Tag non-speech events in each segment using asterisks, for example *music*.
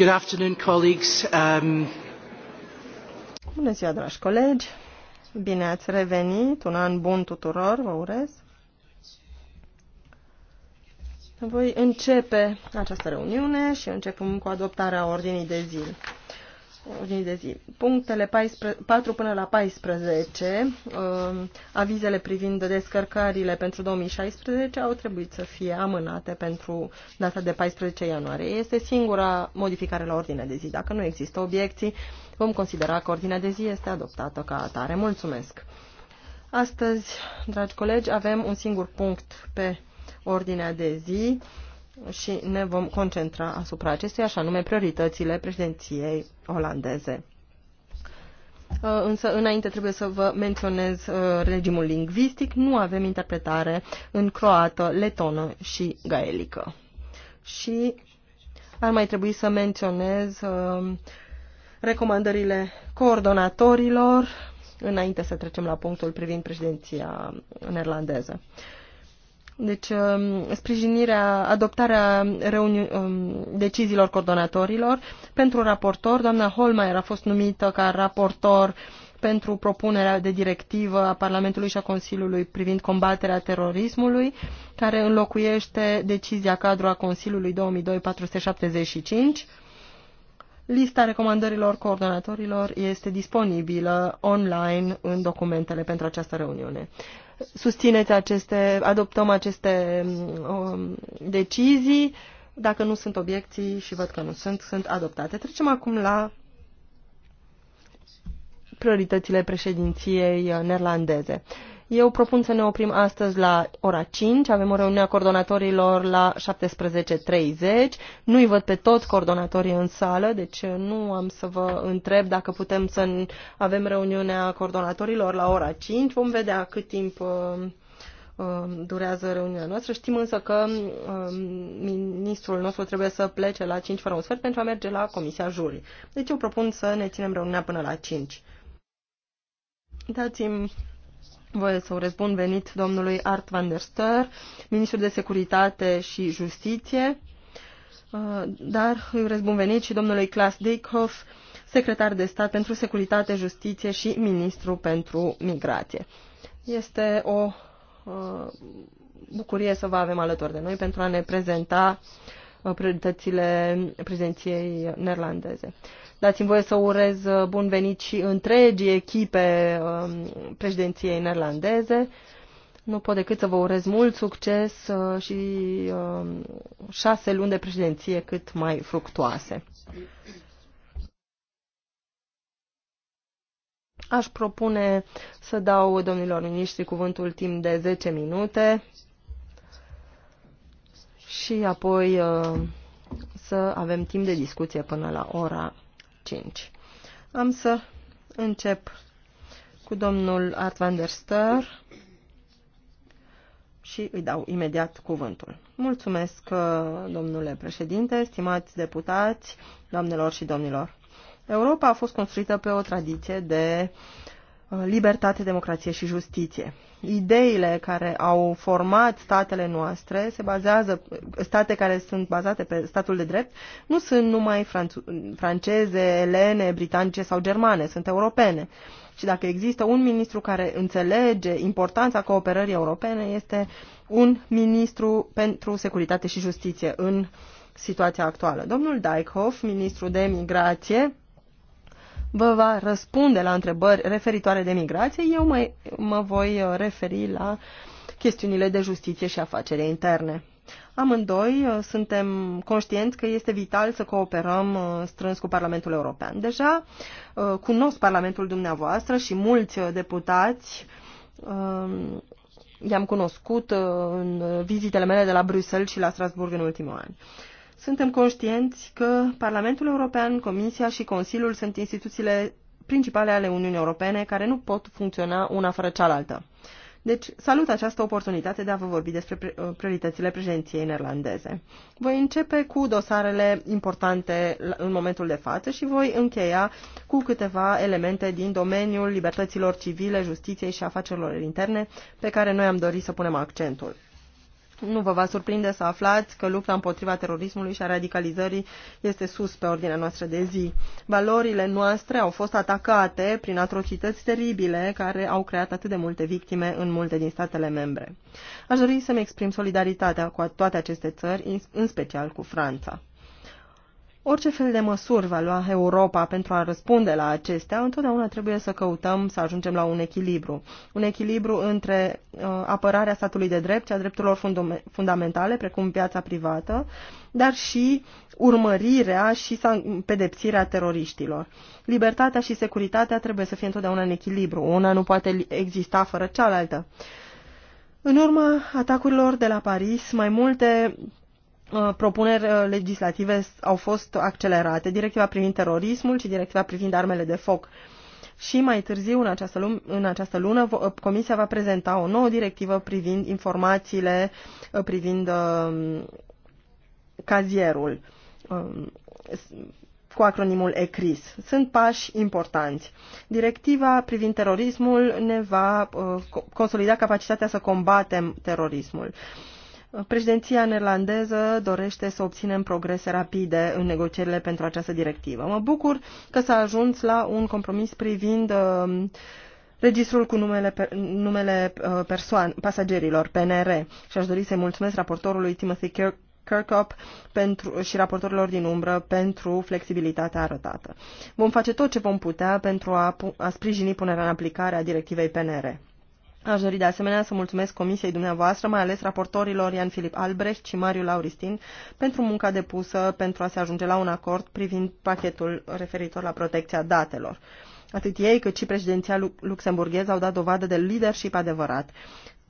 Good afternoon, colleagues. Um... Bună ziua, dragi colegi. Bine ați revenit. Un an bun tuturor, vă urez. Voi începe această reuniune și începem cu adoptarea ordinii de zi ordinii de zi. Punctele 14, 4 până la 14, um, avizele privind descărcările pentru 2016 au trebuit să fie amânate pentru data de 14 ianuarie. Este singura modificare la ordinea de zi. Dacă nu există obiecții, vom considera că ordinea de zi este adoptată ca atare. Mulțumesc! Astăzi, dragi colegi, avem un singur punct pe ordinea de zi și ne vom concentra asupra acestei, așa nume prioritățile președinției olandeze. Uh, însă, înainte trebuie să vă menționez uh, regimul lingvistic. Nu avem interpretare în croată, letonă și gaelică. Și ar mai trebui să menționez uh, recomandările coordonatorilor înainte să trecem la punctul privind președinția neerlandeză. Deci, um, sprijinirea, adoptarea reuni- um, deciziilor coordonatorilor. Pentru raportor, doamna Holmeier a fost numită ca raportor pentru propunerea de directivă a Parlamentului și a Consiliului privind combaterea terorismului, care înlocuiește decizia cadru a Consiliului 2002-475. Lista recomandărilor coordonatorilor este disponibilă online în documentele pentru această reuniune susțineți aceste, adoptăm aceste um, decizii. Dacă nu sunt obiecții și văd că nu sunt, sunt adoptate. Trecem acum la prioritățile președinției neerlandeze. Eu propun să ne oprim astăzi la ora 5, avem o reuniune a coordonatorilor la 17.30. Nu-i văd pe toți coordonatorii în sală, deci nu am să vă întreb dacă putem să avem reuniunea coordonatorilor la ora 5. Vom vedea cât timp uh, uh, durează reuniunea noastră. Știm însă că uh, ministrul nostru trebuie să plece la 5 fără un sfert pentru a merge la Comisia juri. Deci eu propun să ne ținem reuniunea până la 5. Dați-mi Voie să urez bun venit domnului Art van der Stur, ministrul de Securitate și Justiție, uh, dar îi urez bun venit și domnului Klaas Dijkhoff, secretar de stat pentru securitate, justiție și ministru pentru migrație. Este o uh, bucurie să vă avem alături de noi pentru a ne prezenta uh, prioritățile prezenției neerlandeze. Dați-mi voie să urez uh, bun venit și întregii echipe um, președinției neerlandeze. Nu pot decât să vă urez mult succes uh, și um, șase luni de președinție cât mai fructuoase. Aș propune să dau domnilor miniștri cuvântul timp de 10 minute și apoi uh, să avem timp de discuție până la ora 5. Am să încep cu domnul Art van der Steur și îi dau imediat cuvântul. Mulțumesc, uh, domnule președinte, stimați deputați, doamnelor și domnilor. Europa a fost construită pe o tradiție de uh, libertate, democrație și justiție ideile care au format statele noastre se bazează, state care sunt bazate pe statul de drept, nu sunt numai franceze, elene, britanice sau germane, sunt europene. Și dacă există un ministru care înțelege importanța cooperării europene, este un ministru pentru securitate și justiție în situația actuală. Domnul Dijkhoff, ministru de migrație, vă va răspunde la întrebări referitoare de migrație. Eu mă, mă voi uh, referi la chestiunile de justiție și afacere interne. Amândoi uh, suntem conștienți că este vital să cooperăm uh, strâns cu Parlamentul European. Deja cunosc Parlamentul dumneavoastră și mulți deputați um, i-am cunoscut în vizitele mele de la Bruxelles și la Strasburg în ultimul an. Suntem conștienți că Parlamentul European, Comisia și Consiliul sunt instituțiile principale ale Uniunii Europene care nu pot funcționa una fără cealaltă. Deci, salut această oportunitate de a vă vorbi despre uh, prioritățile președinției neerlandeze. Voi începe cu dosarele importante în momentul de față și voi încheia cu câteva elemente din domeniul libertăților civile, justiției și afacerilor interne pe care noi am dorit să punem accentul. Nu vă va surprinde să aflați că lupta împotriva terorismului și a radicalizării este sus pe ordinea noastră de zi. Valorile noastre au fost atacate prin atrocități teribile care au creat atât de multe victime în multe din statele membre. Aș dori să-mi exprim solidaritatea cu toate aceste țări, în special cu Franța. Orice fel de măsuri va lua Europa pentru a răspunde la acestea, întotdeauna trebuie să căutăm să ajungem la un echilibru. Un echilibru între uh, apărarea statului de drept și a drepturilor fundamentale, precum viața privată, dar și urmărirea și pedepsirea teroriștilor. Libertatea și securitatea trebuie să fie întotdeauna în echilibru. Una nu poate exista fără cealaltă. În urma atacurilor de la Paris, mai multe Uh, propuneri uh, legislative au fost accelerate, directiva privind terorismul și directiva privind armele de foc. Și mai târziu, în această, lum- în această lună, uh, Comisia va prezenta o nouă directivă privind informațiile, privind uh, cazierul, uh, cu acronimul ECRIS. Sunt pași importanți. Directiva privind terorismul ne va uh, consolida capacitatea să combatem terorismul. Uh, Președinția neerlandeză dorește să obținem progrese rapide în negocierile pentru această directivă. Mă bucur că s-a ajuns la un compromis privind uh, registrul cu numele, numele uh, persoan, pasagerilor, PNR, și aș dori să-i mulțumesc raportorului Timothy Kirk pentru, și raportorilor din umbră pentru flexibilitatea arătată. Vom face tot ce vom putea pentru a, a sprijini punerea în aplicare a directivei PNR. Aș dori de asemenea să mulțumesc comisiei dumneavoastră, mai ales raportorilor Ian Filip Albrecht și Mariu Lauristin, pentru munca depusă pentru a se ajunge la un acord privind pachetul referitor la protecția datelor. Atât ei cât și președinția luxemburghez au dat dovadă de leadership adevărat.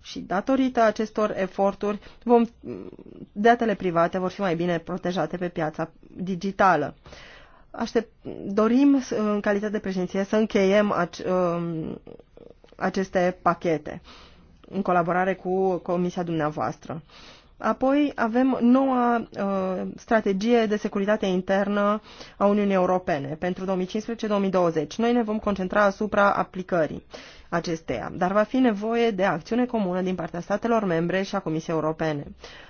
Și datorită acestor eforturi, vom, datele private vor fi mai bine protejate pe piața digitală. Aștept, dorim, în calitate de președinție, să încheiem ac, um, aceste pachete în colaborare cu comisia dumneavoastră. Apoi avem noua uh, strategie de securitate internă a Uniunii Europene pentru 2015-2020. Noi ne vom concentra asupra aplicării acesteia, dar va fi nevoie de acțiune comună din partea statelor membre și a Comisiei Europene.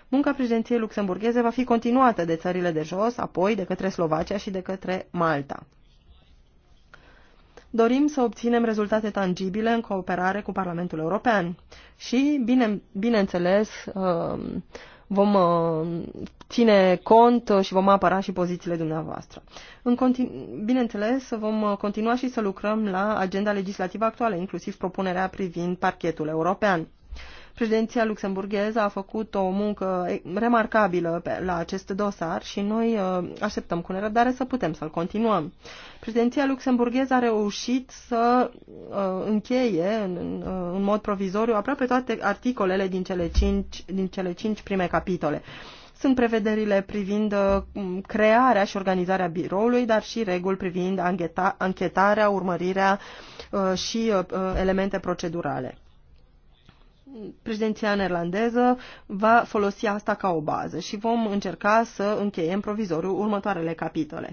Munca președinției luxemburgheze va fi continuată de țările de jos, apoi de către Slovacia și de către Malta dorim să obținem rezultate tangibile în cooperare cu Parlamentul European și, bine, bineînțeles, um, vom um, ține cont și vom apăra și pozițiile dumneavoastră. În continu- bineînțeles, vom continua și să lucrăm la agenda legislativă actuală, inclusiv propunerea privind parchetul european. Președinția luxemburgheză a făcut o muncă remarcabilă pe, la acest dosar și noi uh, așteptăm cu nerăbdare să putem să-l continuăm. Președinția luxemburgheză a reușit să uh, încheie în, uh, în mod provizoriu aproape toate articolele din cele cinci, din cele cinci prime capitole sunt prevederile privind crearea și organizarea biroului, dar și reguli privind ancheta, anchetarea, urmărirea și elemente procedurale președinția neerlandeză va folosi asta ca o bază și vom încerca să încheiem provizoriu următoarele capitole.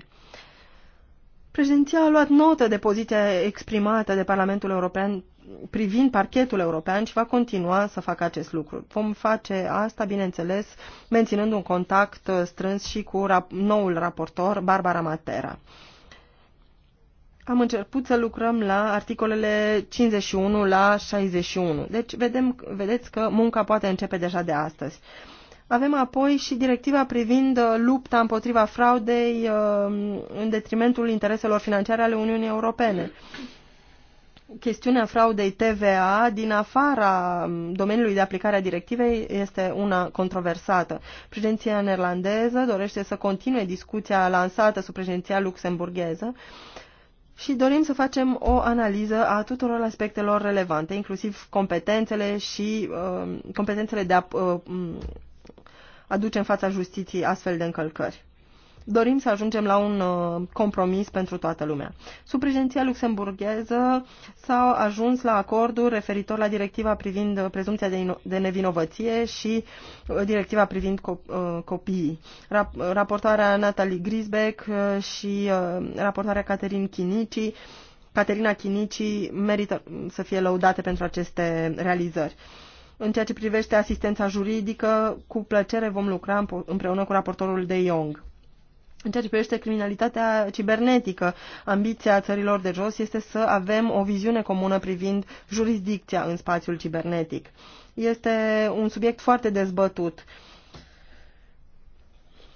Președinția a luat notă de poziția exprimată de Parlamentul European privind parchetul european și va continua să facă acest lucru. Vom face asta, bineînțeles, menținând un contact strâns și cu rap noul raportor, Barbara Matera am început să lucrăm la articolele 51 la 61. Deci vedem, vedeți că munca poate începe deja de astăzi. Avem apoi și directiva privind uh, lupta împotriva fraudei uh, în detrimentul intereselor financiare ale Uniunii Europene. Chestiunea fraudei TVA din afara um, domeniului de aplicare a directivei este una controversată. Președinția neerlandeză dorește să continue discuția lansată sub președinția luxemburgheză și dorim să facem o analiză a tuturor aspectelor relevante, inclusiv competențele și uh, competențele de a uh, aduce în fața justiției astfel de încălcări dorim să ajungem la un uh, compromis pentru toată lumea. Sub prezenția luxemburgheză s-au ajuns la acorduri referitor la directiva privind uh, prezumția de nevinovăție și uh, directiva privind copiii. Raportarea Natalie Grisbeck și raportarea Caterin Chinici Caterina Chinici merită să fie lăudate pentru aceste realizări. În ceea ce privește asistența juridică, cu plăcere vom lucra împreună cu raportorul de Young. În ceea ce privește criminalitatea cibernetică, ambiția țărilor de jos este să avem o viziune comună privind jurisdicția în spațiul cibernetic. Este un subiect foarte dezbătut.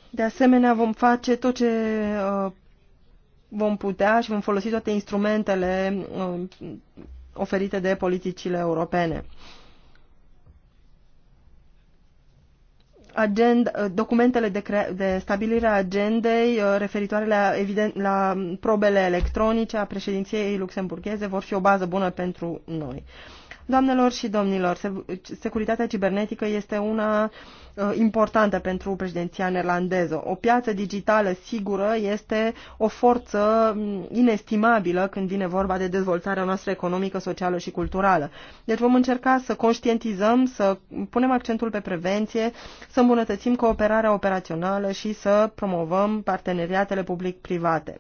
De asemenea, vom face tot ce uh, vom putea și vom folosi toate instrumentele uh, oferite de politicile europene. agenda, uh, documentele de, crea, de stabilire a agendei uh, referitoare la, evident, la probele electronice a președinției luxemburgheze vor fi o bază bună pentru noi. Doamnelor și domnilor, securitatea cibernetică este una Uh, importantă pentru președinția neerlandeză. O piață digitală sigură este o forță mm, inestimabilă când vine vorba de dezvoltarea noastră economică, socială și culturală. Deci vom încerca să conștientizăm, să punem accentul pe prevenție, să îmbunătățim cooperarea operațională și să promovăm parteneriatele public-private.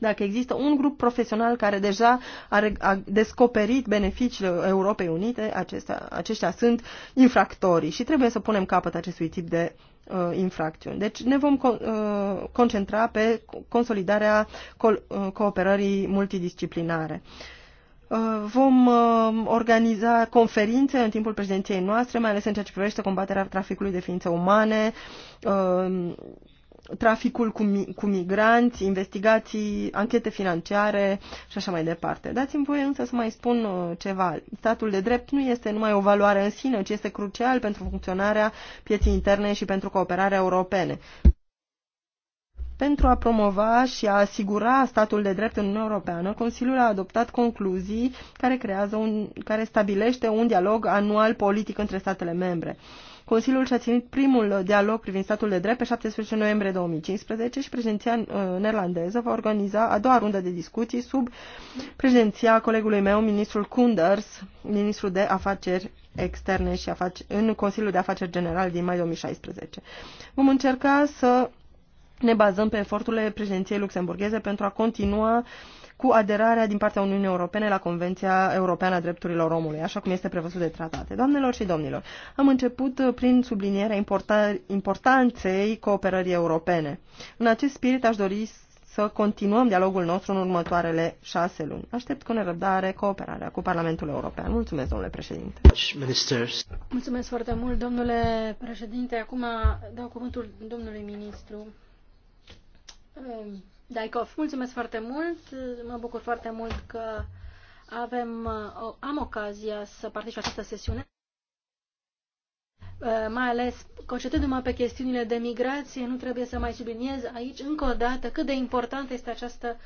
Dacă există un grup profesional care deja are, a descoperit beneficiile Europei Unite, acestea, aceștia sunt infractorii și trebuie să punem capăt acestui tip de uh, infracțiuni. Deci ne vom con, uh, concentra pe consolidarea co uh, cooperării multidisciplinare. Uh, vom uh, organiza conferințe în timpul președinției noastre, mai ales în ceea ce privește combaterea traficului de ființe umane, uh, traficul cu, cu migranți, investigații, anchete financiare și așa mai departe. Dați-mi voie însă să mai spun uh, ceva. Statul de drept nu este numai o valoare în sine, ci este crucial pentru funcționarea pieții interne și pentru cooperarea europene. Pentru a promova și a asigura statul de drept în Uniunea Europeană, Consiliul a adoptat concluzii care, creează un, care stabilește un dialog anual politic între statele membre. Uh, Consiliul și-a ținut primul dialog privind statul de drept pe 17 noiembrie 2015 și președinția uh, neerlandeză va organiza a doua rundă de discuții sub președinția colegului meu, ministrul Kunders, ministru de afaceri externe și afaceri, în Consiliul de Afaceri General din mai 2016. Vom încerca să ne bazăm pe eforturile președinției luxemburgheze pentru a continua uh, cu aderarea din partea Uniunii Europene la Convenția Europeană a Drepturilor Omului, așa cum este prevăzut de tratate. Doamnelor și domnilor, am început uh, prin sublinierea importanței cooperării europene. În acest spirit aș dori să continuăm dialogul nostru în următoarele șase luni. Aștept cu nerăbdare cooperarea cu Parlamentul European. Mulțumesc, domnule președinte. Ministers. Mulțumesc foarte mult, domnule președinte. Acum dau cuvântul domnului ministru. Um, Daikov, mulțumesc foarte mult. Mă bucur foarte mult că avem, am ocazia să particip la această sesiune uh, mai ales concentrându-mă pe chestiunile de migrație, nu trebuie să mai subliniez aici încă o dată cât de importantă este această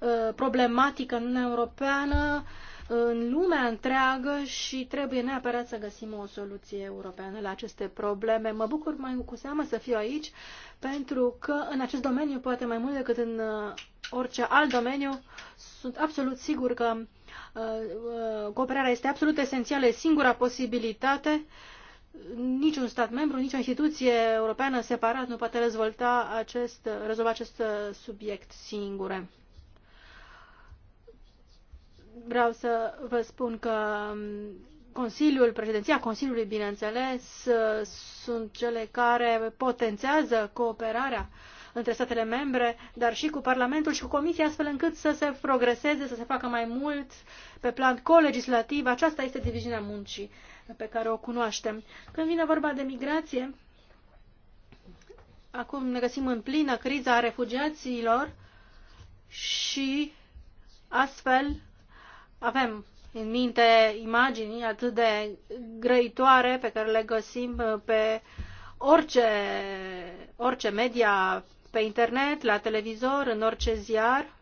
uh, problematică în Uniunea Europeană în lumea întreagă și trebuie neapărat să găsim o soluție europeană la aceste probleme. Mă bucur mai cu seamă să fiu aici pentru că în acest domeniu, poate mai mult decât în uh, orice alt domeniu, sunt absolut sigur că uh, uh, cooperarea este absolut esențială, e singura posibilitate niciun stat membru, nicio instituție europeană separat nu poate rezolva acest, rezolva acest subiect singure vreau să vă spun că um, Consiliul, președinția Consiliului, bineînțeles, uh, sunt cele care potențează cooperarea între statele membre, dar și cu Parlamentul și cu Comisia, astfel încât să se progreseze, să se facă mai mult pe plan colegislativ. Aceasta este diviziunea muncii pe care o cunoaștem. Când vine vorba de migrație, acum ne găsim în plină criza refugiaților și astfel avem în minte imagini atât de grăitoare pe care le găsim uh, pe orice, orice media, pe internet, la televizor, în orice ziar.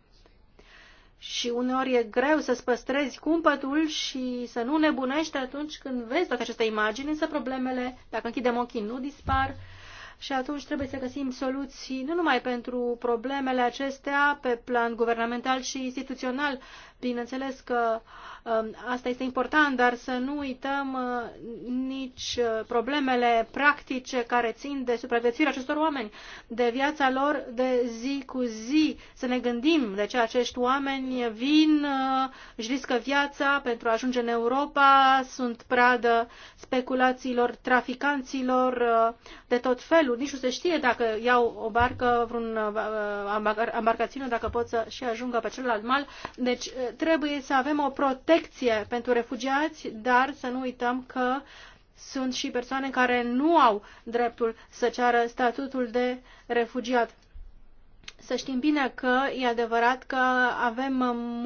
Și uneori e greu să-ți păstrezi cumpătul și să nu nebunești atunci când vezi toate aceste imagini, însă problemele, dacă închidem ochii, nu dispar și atunci trebuie să găsim soluții nu numai pentru problemele acestea pe plan guvernamental și instituțional, Bineînțeles că um, asta este important, dar să nu uităm uh, nici uh, problemele practice care țin de supraviețuirea acestor oameni, de viața lor de zi cu zi. Să ne gândim de ce acești oameni vin, uh, își riscă viața pentru a ajunge în Europa, sunt pradă speculațiilor, traficanților de tot felul. Nici nu se știe dacă iau o barcă, vreun ambarcațiune, dacă pot să și ajungă pe celălalt mal. Deci trebuie să avem o protecție pentru refugiați, dar să nu uităm că sunt și persoane care nu au dreptul să ceară statutul de refugiat. Să știm bine că e adevărat că avem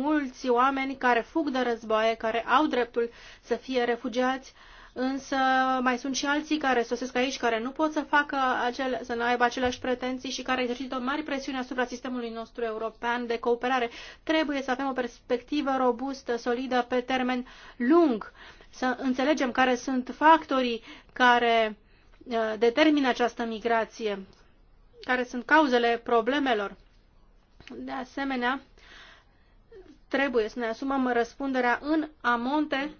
mulți oameni care fug de războaie, care au dreptul să fie refugiați, însă mai sunt și alții care sosesc aici, care nu pot să facă acele, să nu aibă aceleași pretenții și care exercită o mare presiune asupra sistemului nostru european de cooperare. Trebuie să avem o perspectivă robustă, solidă, pe termen lung, să înțelegem care sunt factorii care uh, determină această migrație, care sunt cauzele problemelor. De asemenea, trebuie să ne asumăm răspunderea în amonte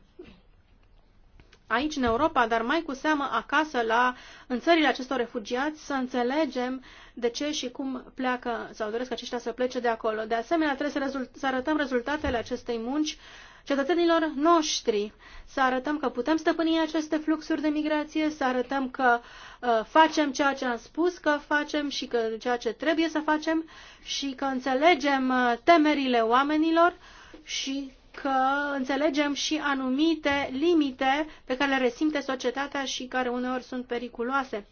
aici în Europa, dar mai cu seamă acasă la, în țările acestor refugiați, să înțelegem de ce și cum pleacă sau doresc aceștia să plece de acolo. De asemenea, trebuie să, rezult, să arătăm rezultatele acestei munci cetățenilor noștri, să arătăm că putem stăpâni aceste fluxuri de migrație, să arătăm că uh, facem ceea ce am spus că facem și că ceea ce trebuie să facem și că înțelegem uh, temerile oamenilor și că înțelegem și anumite limite pe care le resimte societatea și care uneori sunt periculoase.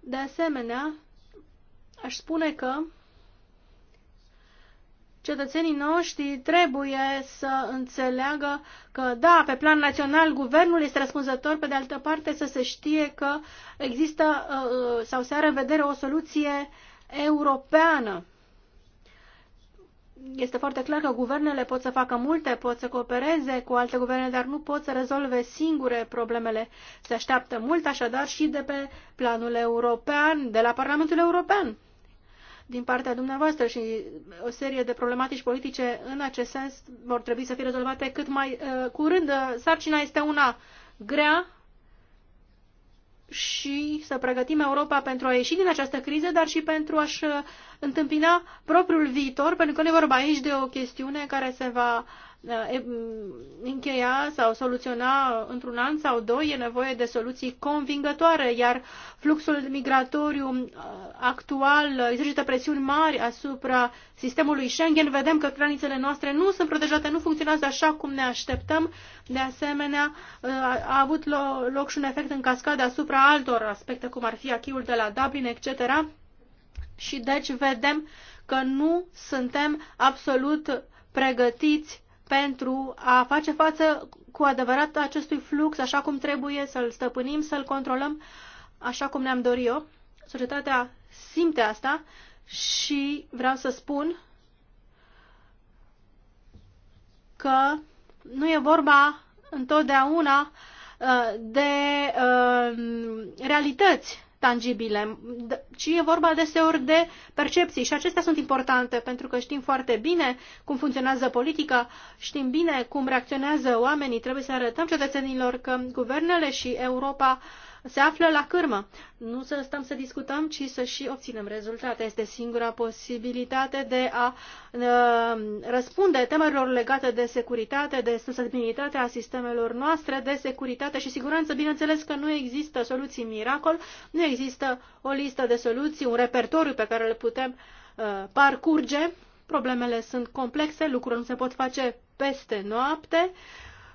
De asemenea, aș spune că cetățenii noștri trebuie să înțeleagă că, da, pe plan național guvernul este răspunzător, pe de altă parte să se știe că există uh, uh, sau se are în vedere o soluție europeană este foarte clar că guvernele pot să facă multe, pot să coopereze cu alte guverne, dar nu pot să rezolve singure problemele. Se așteaptă mult așadar și de pe planul european, de la Parlamentul European, din partea dumneavoastră și o serie de problematici politice în acest sens vor trebui să fie rezolvate cât mai uh, curând. Sarcina este una grea, și să pregătim Europa pentru a ieși din această criză, dar și pentru a-și uh, întâmpina propriul viitor, pentru că nu e vorba aici de o chestiune care se va uh, da, încheia sau soluționa într-un an sau doi, e nevoie de soluții convingătoare, iar fluxul migratoriu uh, actual exercită presiuni mari asupra sistemului Schengen. Vedem că granițele noastre nu sunt protejate, nu funcționează așa cum ne așteptăm. De asemenea, uh, a avut loc și un efect în cascadă asupra altor aspecte, cum ar fi achiul de la Dublin, etc. Și deci vedem că nu suntem absolut pregătiți pentru a face față cu adevărat acestui flux așa cum trebuie, să-l stăpânim, să-l controlăm așa cum ne-am dorit eu. Societatea simte asta și vreau să spun că nu e vorba întotdeauna uh, de uh, realități tangibile, ci e vorba deseori de percepții și acestea sunt importante pentru că știm foarte bine cum funcționează politica, știm bine cum reacționează oamenii, trebuie să arătăm cetățenilor că guvernele și Europa uh, se află la cârmă. Nu să stăm să discutăm, ci să și obținem rezultate. Este singura posibilitate de a uh, răspunde temerilor legate de securitate, de a sistemelor noastre, de securitate și siguranță. Bineînțeles că nu există soluții miracol, nu există o listă de soluții, un repertoriu pe care le putem uh, parcurge. Problemele sunt complexe, lucrurile nu se pot face peste noapte.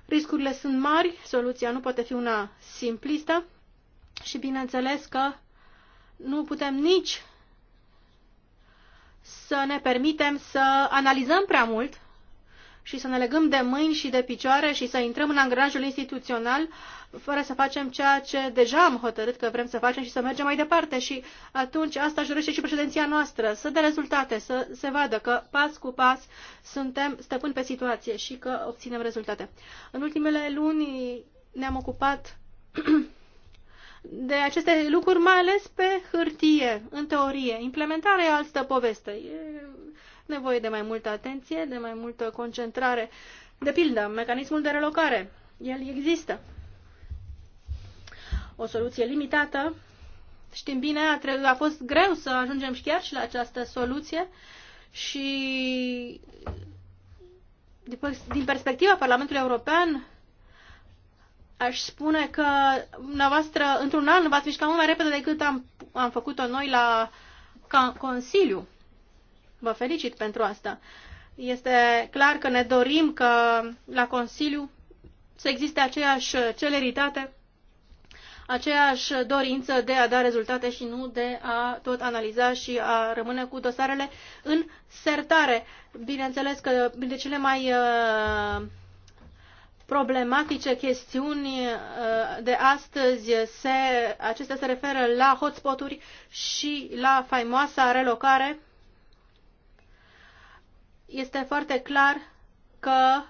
Riscurile sunt mari, soluția nu poate fi una simplistă și bineînțeles că nu putem nici să ne permitem să analizăm prea mult și să ne legăm de mâini și de picioare și să intrăm în angrenajul instituțional fără să facem ceea ce deja am hotărât că vrem să facem și să mergem mai departe. Și atunci asta își dorește și președinția noastră, să de rezultate, să se vadă că pas cu pas suntem stăpâni pe situație și că obținem rezultate. În ultimele luni ne-am ocupat *clears throat* de aceste lucruri, mai ales pe hârtie, în teorie. Implementarea e altă poveste. E nevoie de mai multă atenție, de mai multă concentrare. De pildă, mecanismul de relocare. El există. O soluție limitată. Știm bine, a, a fost greu să ajungem și chiar și la această soluție și din perspectiva Parlamentului European aș spune că dumneavoastră într-un an v-ați mișcat mult mai repede decât am, am făcut-o noi la Consiliu. Vă felicit pentru asta. Este clar că ne dorim că la Consiliu să existe aceeași celeritate, aceeași dorință de a da rezultate și nu de a tot analiza și a rămâne cu dosarele în sertare. Bineînțeles că de cele mai uh, problematice, chestiuni uh, de astăzi, se, acestea se referă la hotspoturi și la faimoasa relocare. Este foarte clar că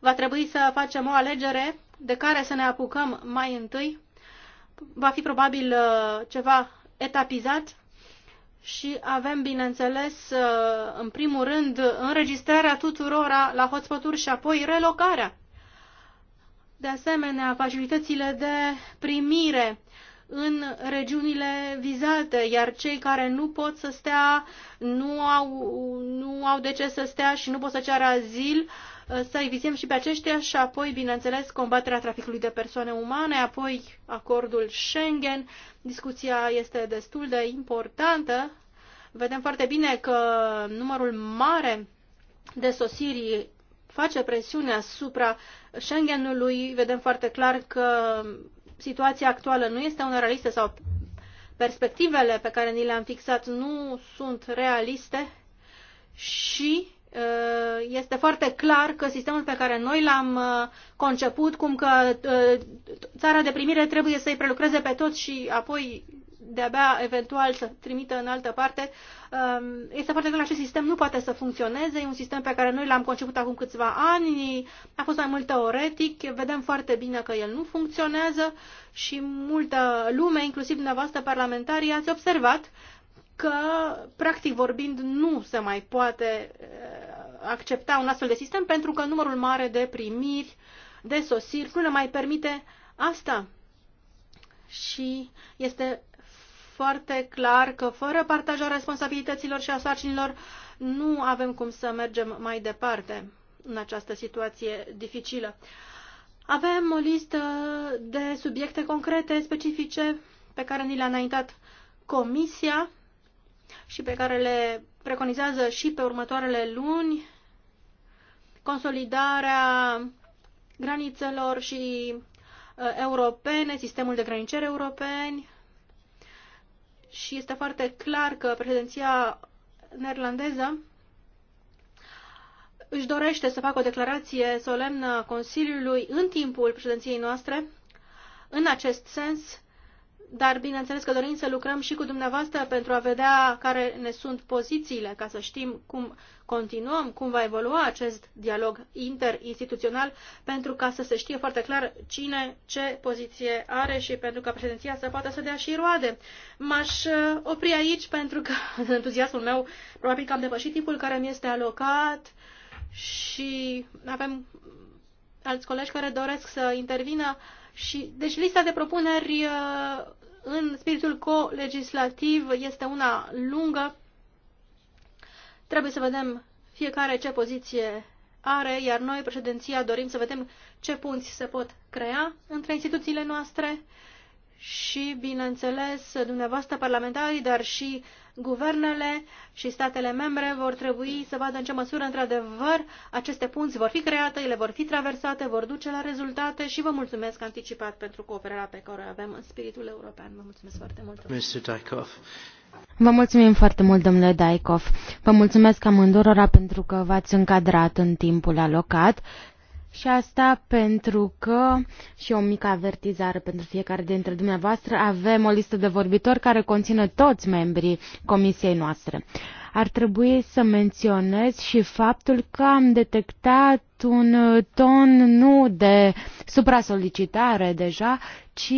va trebui să facem o alegere de care să ne apucăm mai întâi. Va fi probabil uh, ceva etapizat și avem, bineînțeles, uh, în primul rând, înregistrarea tuturora la hotspot și apoi relocarea de asemenea facilitățile de primire în regiunile vizate, iar cei care nu pot să stea, nu au, nu au de ce să stea și nu pot să ceară azil, uh, să-i vizăm și pe aceștia și apoi, bineînțeles, combaterea traficului de persoane umane, apoi acordul Schengen. Discuția este destul de importantă. Vedem foarte bine că numărul mare de sosiri face presiune asupra Schengenului, vedem foarte clar că situația actuală nu este una realistă sau perspectivele pe care ni le-am fixat nu sunt realiste și uh, este foarte clar că sistemul pe care noi l-am uh, conceput, cum că uh, țara de primire trebuie să-i prelucreze pe toți și apoi de-abia eventual să trimită în altă parte. Um, este foarte că acest sistem nu poate să funcționeze, e un sistem pe care noi l-am conceput acum câțiva ani, a fost mai mult teoretic, vedem foarte bine că el nu funcționează și multă lume, inclusiv dumneavoastră parlamentarii, ați observat că, practic vorbind, nu se mai poate uh, accepta un astfel de sistem pentru că numărul mare de primiri, de sosiri, nu ne mai permite asta. Și este foarte clar că fără partajarea responsabilităților și a sarcinilor nu avem cum să mergem mai departe în această situație dificilă. Avem o listă de subiecte concrete, specifice, pe care ni le-a înaintat Comisia și pe care le preconizează și pe următoarele luni, consolidarea granițelor și uh, europene, sistemul de granițeri europeni, și este foarte clar că președinția neerlandeză își dorește să facă o declarație solemnă a Consiliului în timpul președinției noastre în acest sens dar bineînțeles că dorim să lucrăm și cu dumneavoastră pentru a vedea care ne sunt pozițiile, ca să știm cum continuăm, cum va evolua acest dialog interinstituțional, pentru ca să se știe foarte clar cine ce poziție are și pentru ca președinția să poată să dea și roade. M-aș uh, opri aici pentru că *laughs* entuziasmul meu probabil că am depășit timpul care mi este alocat și avem alți colegi care doresc să intervină. Și, deci lista de propuneri uh, în spiritul co-legislativ este una lungă. Trebuie să vedem fiecare ce poziție are, iar noi, președinția, dorim să vedem ce punți se pot crea între instituțiile noastre și, bineînțeles, dumneavoastră parlamentarii, dar și guvernele și statele membre vor trebui să vadă în ce măsură, într-adevăr, aceste punți vor fi create, ele vor fi traversate, vor duce la rezultate și vă mulțumesc anticipat pentru cooperarea pe care o avem în spiritul european. Vă mulțumesc foarte mult. Vă mulțumim foarte mult, domnule Daikov. Vă mulțumesc amândurora pentru că v-ați încadrat în timpul alocat și asta pentru că, și o mică avertizare pentru fiecare dintre dumneavoastră, avem o listă de vorbitori care conține toți membrii comisiei noastre. Ar trebui să menționez și faptul că am detectat un ton nu de supra-solicitare deja, ci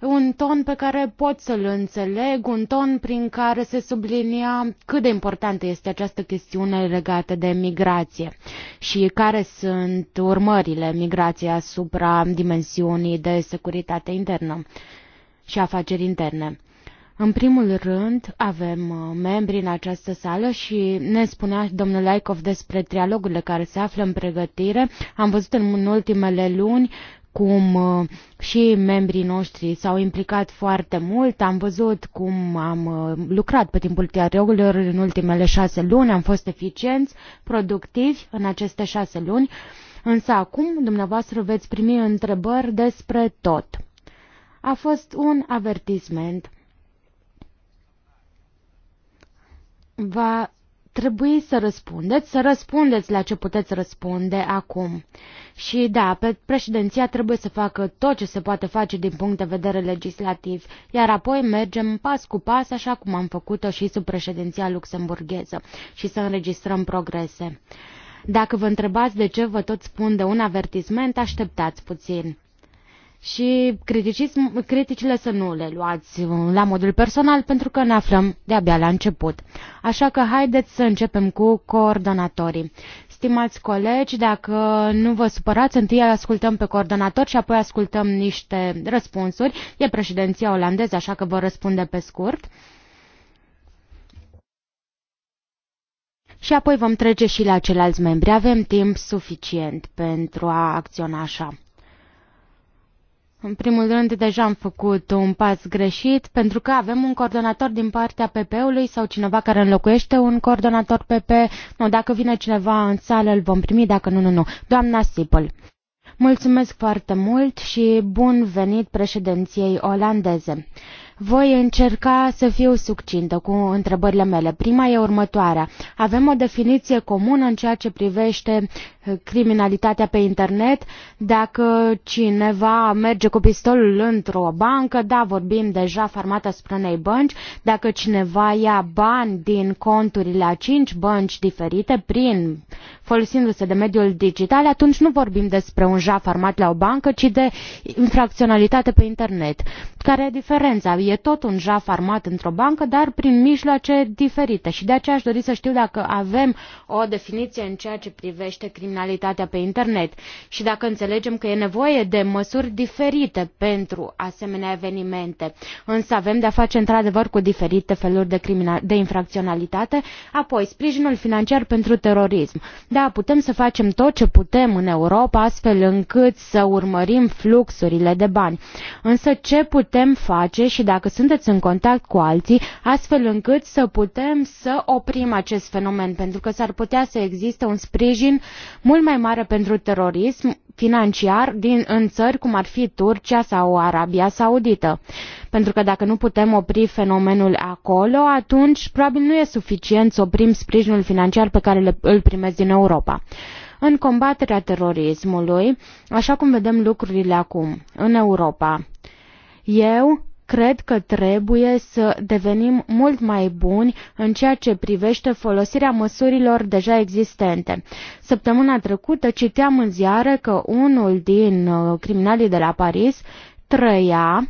un ton pe care pot să-l înțeleg, un ton prin care se sublinia cât de importantă este această chestiune legată de migrație și care sunt urmările migrației asupra dimensiunii de securitate internă și afaceri interne. În primul rând, avem uh, membri în această sală și ne spunea domnul Laikov despre trialogurile care se află în pregătire. Am văzut în ultimele luni cum uh, și membrii noștri s-au implicat foarte mult. Am văzut cum am uh, lucrat pe timpul tiareogurilor în ultimele șase luni, am fost eficienți, productivi în aceste șase luni, însă acum dumneavoastră veți primi întrebări despre tot. A fost un avertisment. Va Trebuie să răspundeți, să răspundeți la ce puteți răspunde acum. Și da, pe președinția trebuie să facă tot ce se poate face din punct de vedere legislativ, iar apoi mergem pas cu pas, așa cum am făcut-o și sub președinția luxemburgheză, și să înregistrăm progrese. Dacă vă întrebați de ce vă tot spun de un avertisment, așteptați puțin și criticile să nu le luați la modul personal pentru că ne aflăm de-abia la început. Așa că haideți să începem cu coordonatorii. Stimați colegi, dacă nu vă supărați, întâi ascultăm pe coordonator și apoi ascultăm niște răspunsuri. E președinția olandeză, așa că vă răspunde pe scurt. Și apoi vom trece și la ceilalți membri. Avem timp suficient pentru a acționa așa. În primul rând, deja am făcut un pas greșit, pentru că avem un coordonator din partea PP-ului sau cineva care înlocuiește un coordonator PP. Nu, dacă vine cineva în sală, îl vom primi, dacă nu, nu, nu. Doamna Sipol. Mulțumesc foarte mult și bun venit președinției olandeze. Voi încerca să fiu succintă cu întrebările mele. Prima e următoarea. Avem o definiție comună în ceea ce privește eh, criminalitatea pe internet. Dacă cineva merge cu pistolul într-o bancă, da, vorbim deja farmată spre unei bănci, dacă cineva ia bani din conturile a cinci bănci diferite prin folosindu-se de mediul digital, atunci nu vorbim despre un jaf armat la o bancă, ci de infracționalitate pe internet. Care e diferența? e tot un jaf armat într-o bancă, dar prin mijloace diferite. Și de aceea aș dori să știu dacă avem o definiție în ceea ce privește criminalitatea pe internet și dacă înțelegem că e nevoie de măsuri diferite pentru asemenea evenimente. Însă avem de-a face într-adevăr cu diferite feluri de, de infracționalitate, apoi sprijinul financiar pentru terorism. Da, putem să facem tot ce putem în Europa astfel încât să urmărim fluxurile de bani. Însă ce putem face și dacă dacă sunteți în contact cu alții, astfel încât să putem să oprim acest fenomen, pentru că s-ar putea să existe un sprijin mult mai mare pentru terorism financiar din, în țări cum ar fi Turcia sau Arabia Saudită. Pentru că dacă nu putem opri fenomenul acolo, atunci probabil nu e suficient să oprim sprijinul financiar pe care le, îl primesc din Europa în combaterea terorismului, așa cum vedem lucrurile acum în Europa. Eu Cred că trebuie să devenim mult mai buni în ceea ce privește folosirea măsurilor deja existente. Săptămâna trecută citeam în ziare că unul din uh, criminalii de la Paris trăia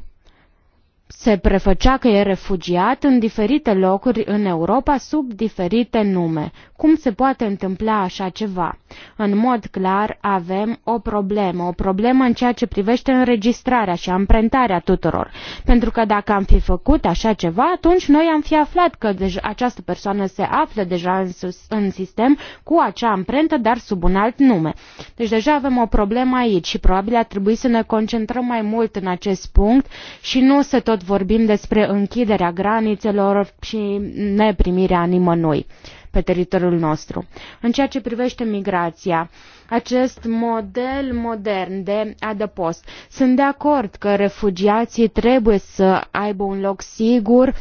se prefăcea că e refugiat în diferite locuri în Europa sub diferite nume. Cum se poate întâmpla așa ceva? În mod clar, avem o problemă, o problemă în ceea ce privește înregistrarea și amprentarea tuturor. Pentru că dacă am fi făcut așa ceva, atunci noi am fi aflat că deja această persoană se află deja în, sus, în sistem cu acea amprentă, dar sub un alt nume. Deci deja avem o problemă aici și probabil ar trebui să ne concentrăm mai mult în acest punct și nu să tot tot vorbim despre închiderea granițelor și neprimirea nimănui pe teritoriul nostru. În ceea ce privește migrația, acest model modern de adăpost. Sunt de acord că refugiații trebuie să aibă un loc sigur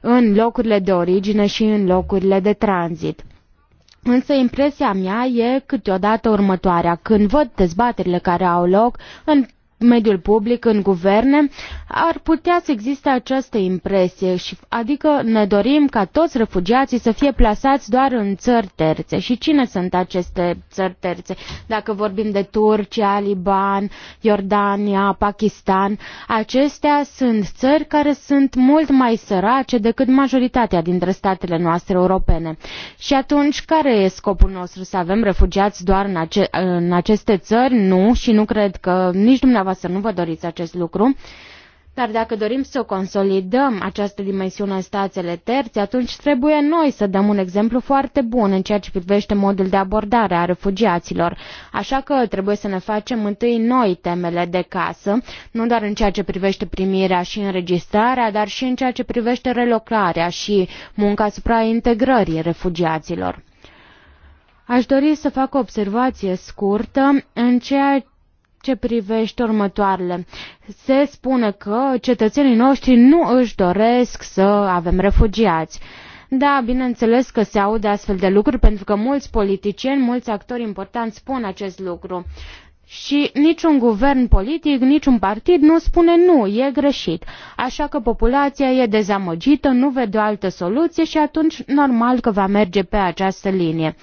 în locurile de origine și în locurile de tranzit. Însă impresia mea e câteodată următoarea. Când văd dezbaterile care au loc în mediul public, în guverne, ar putea să existe această impresie, și, adică ne dorim ca toți refugiații să fie plasați doar în țări terțe. Și cine sunt aceste țări terțe? Dacă vorbim de Turcia, Liban, Iordania, Pakistan, acestea sunt țări care sunt mult mai sărace decât majoritatea dintre statele noastre europene. Și atunci, care e scopul nostru? Să avem refugiați doar în, ace- în aceste țări? Nu, și nu cred că nici dumneavoastră dumneavoastră nu vă doriți acest lucru, dar dacă dorim să consolidăm această dimensiune în stațiile terțe, atunci trebuie noi să dăm un exemplu foarte bun în ceea ce privește modul de abordare a refugiaților. Așa că trebuie să ne facem întâi noi temele de casă, nu doar în ceea ce privește primirea și înregistrarea, dar și în ceea ce privește relocarea și munca asupra integrării refugiaților. Aș dori să fac o observație scurtă în ceea ce privește următoarele. Se spune că cetățenii noștri nu își doresc să avem refugiați. Da, bineînțeles că se aude astfel de lucruri pentru că mulți politicieni, mulți actori importanți spun acest lucru. Și niciun guvern politic, niciun partid nu spune nu, e greșit. Așa că populația e dezamăgită, nu vede o altă soluție și atunci normal că va merge pe această linie.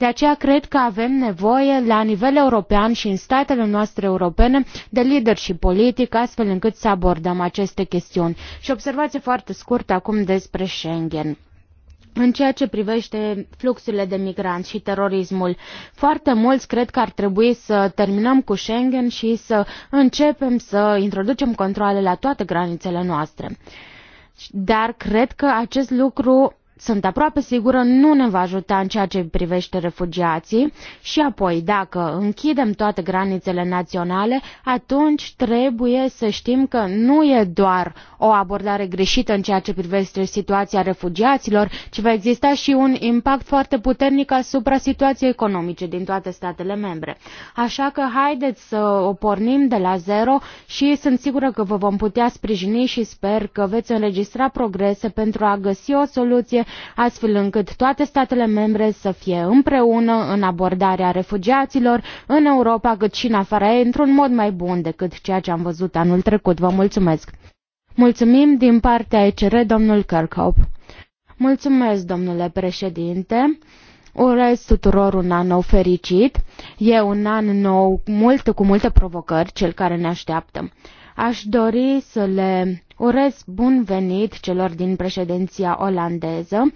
De aceea cred că avem nevoie la nivel european și în statele noastre europene de leadership politic astfel încât să abordăm aceste chestiuni. Și observație foarte scurtă acum despre Schengen în ceea ce privește fluxurile de migranți și terorismul. Foarte mulți cred că ar trebui să terminăm cu Schengen și să începem să introducem controle la toate granițele noastre. Dar cred că acest lucru sunt aproape sigură, nu ne va ajuta în ceea ce privește refugiații și apoi, dacă închidem toate granițele naționale, atunci trebuie să știm că nu e doar o abordare greșită în ceea ce privește situația refugiaților, ci va exista și un impact foarte puternic asupra situației economice din toate statele membre. Așa că haideți să o pornim de la zero și sunt sigură că vă vom putea sprijini și sper că veți înregistra progrese pentru a găsi o soluție astfel încât toate statele membre să fie împreună în abordarea refugiaților în Europa cât și în afara ei într-un mod mai bun decât ceea ce am văzut anul trecut. Vă mulțumesc! Mulțumim din partea ECR, domnul Kirkhope. Mulțumesc, domnule președinte. Urez tuturor un an nou fericit. E un an nou mult cu multe provocări, cel care ne așteaptă. Aș dori să le urez bun venit celor din președinția olandeză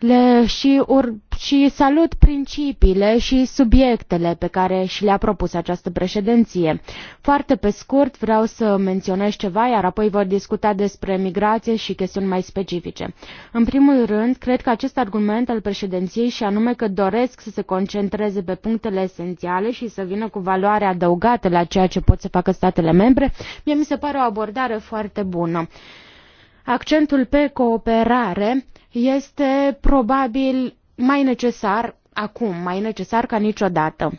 le și, ur- și salut principiile și subiectele pe care și le-a propus această președinție. Foarte pe scurt vreau să menționez ceva, iar apoi vor discuta despre migrație și chestiuni mai specifice. În primul rând, cred că acest argument al președinției și anume că doresc să se concentreze pe punctele esențiale și să vină cu valoare adăugată la ceea ce pot să facă statele membre, mie mi se pare o abordare foarte bună. Accentul pe cooperare este probabil mai necesar acum, mai necesar ca niciodată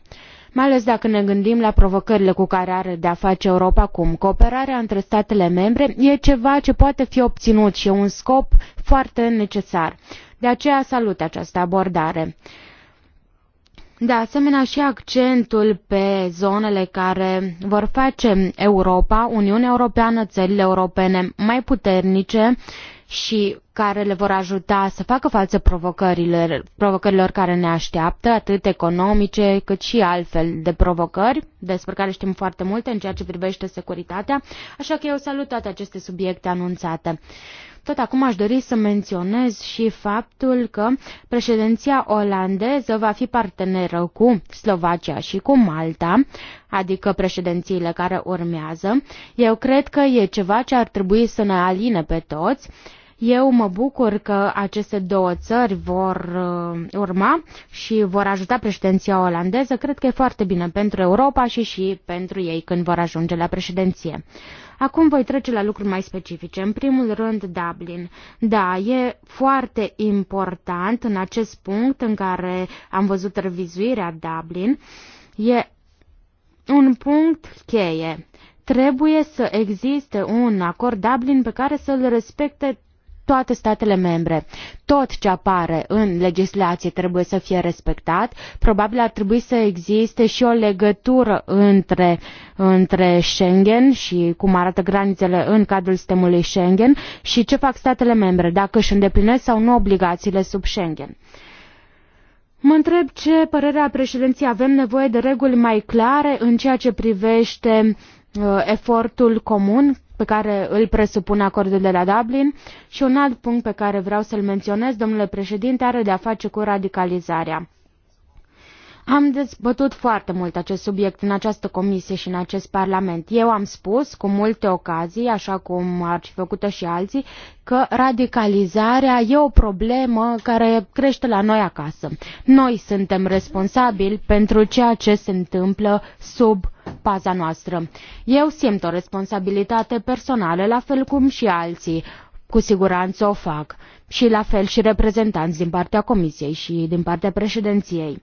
mai ales dacă ne gândim la provocările cu care are de a face Europa acum. Cooperarea între statele membre e ceva ce poate fi obținut și e un scop foarte necesar. De aceea salut această abordare. De asemenea, și accentul pe zonele care vor face Europa, Uniunea Europeană, țările europene mai puternice și care le vor ajuta să facă față provocărilor, provocărilor care ne așteaptă, atât economice cât și altfel de provocări, despre care știm foarte multe în ceea ce privește securitatea, așa că eu salut toate aceste subiecte anunțate. Tot acum aș dori să menționez și faptul că președinția olandeză va fi parteneră cu Slovacia și cu Malta, adică președințiile care urmează. Eu cred că e ceva ce ar trebui să ne aline pe toți, eu mă bucur că aceste două țări vor uh, urma și vor ajuta președinția olandeză. Cred că e foarte bine pentru Europa și și pentru ei când vor ajunge la președinție. Acum voi trece la lucruri mai specifice. În primul rând, Dublin. Da, e foarte important în acest punct în care am văzut revizuirea Dublin. E un punct cheie trebuie să existe un acord Dublin pe care să-l respecte toate statele membre. Tot ce apare în legislație trebuie să fie respectat. Probabil ar trebui să existe și o legătură între, între Schengen și cum arată granițele în cadrul sistemului Schengen și ce fac statele membre, dacă își îndeplinesc sau nu obligațiile sub Schengen. Mă întreb ce părere a președinției avem nevoie de reguli mai clare în ceea ce privește uh, efortul comun pe care îl presupune acordul de la Dublin și un alt punct pe care vreau să-l menționez, domnule președinte, are de a face cu radicalizarea. Am dezbătut foarte mult acest subiect în această comisie și în acest parlament. Eu am spus cu multe ocazii, așa cum ar fi făcută și alții, că radicalizarea e o problemă care crește la noi acasă. Noi suntem responsabili pentru ceea ce se întâmplă sub paza noastră. Eu simt o responsabilitate personală, la fel cum și alții. Cu siguranță o fac. Și la fel și reprezentanți din partea Comisiei și din partea președinției.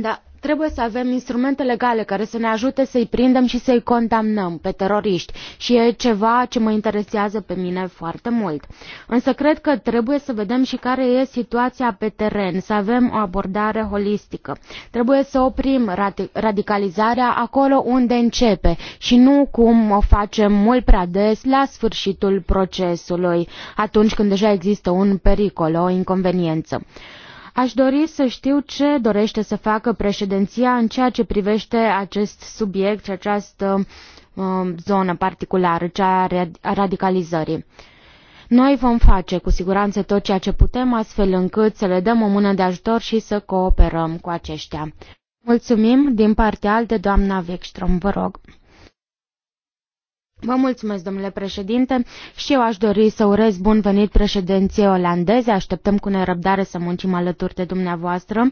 Da, trebuie să avem instrumente legale care să ne ajute să-i prindem și să-i condamnăm pe teroriști și e ceva ce mă interesează pe mine foarte mult. Însă cred că trebuie să vedem și care e situația pe teren, să avem o abordare holistică. Trebuie să oprim radicalizarea acolo unde începe și nu cum o facem mult prea des la sfârșitul procesului, atunci când deja există un pericol, o inconveniență. Aș dori să știu ce dorește să facă președinția în ceea ce privește acest subiect și această uh, zonă particulară, cea a radicalizării. Noi vom face cu siguranță tot ceea ce putem astfel încât să le dăm o mână de ajutor și să cooperăm cu aceștia. Mulțumim din partea altă, doamna Vecstrom, vă rog. Vă mulțumesc, domnule președinte, și eu aș dori să urez bun venit președinției olandeze. Așteptăm cu nerăbdare să muncim alături de dumneavoastră.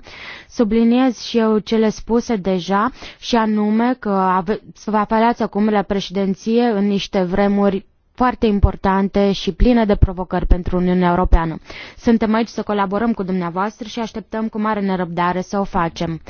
Subliniez și eu cele spuse deja și anume că ave- vă apelați acum la președinție în niște vremuri foarte importante și pline de provocări pentru Uniunea Europeană. Suntem aici să colaborăm cu dumneavoastră și așteptăm cu mare nerăbdare să o facem.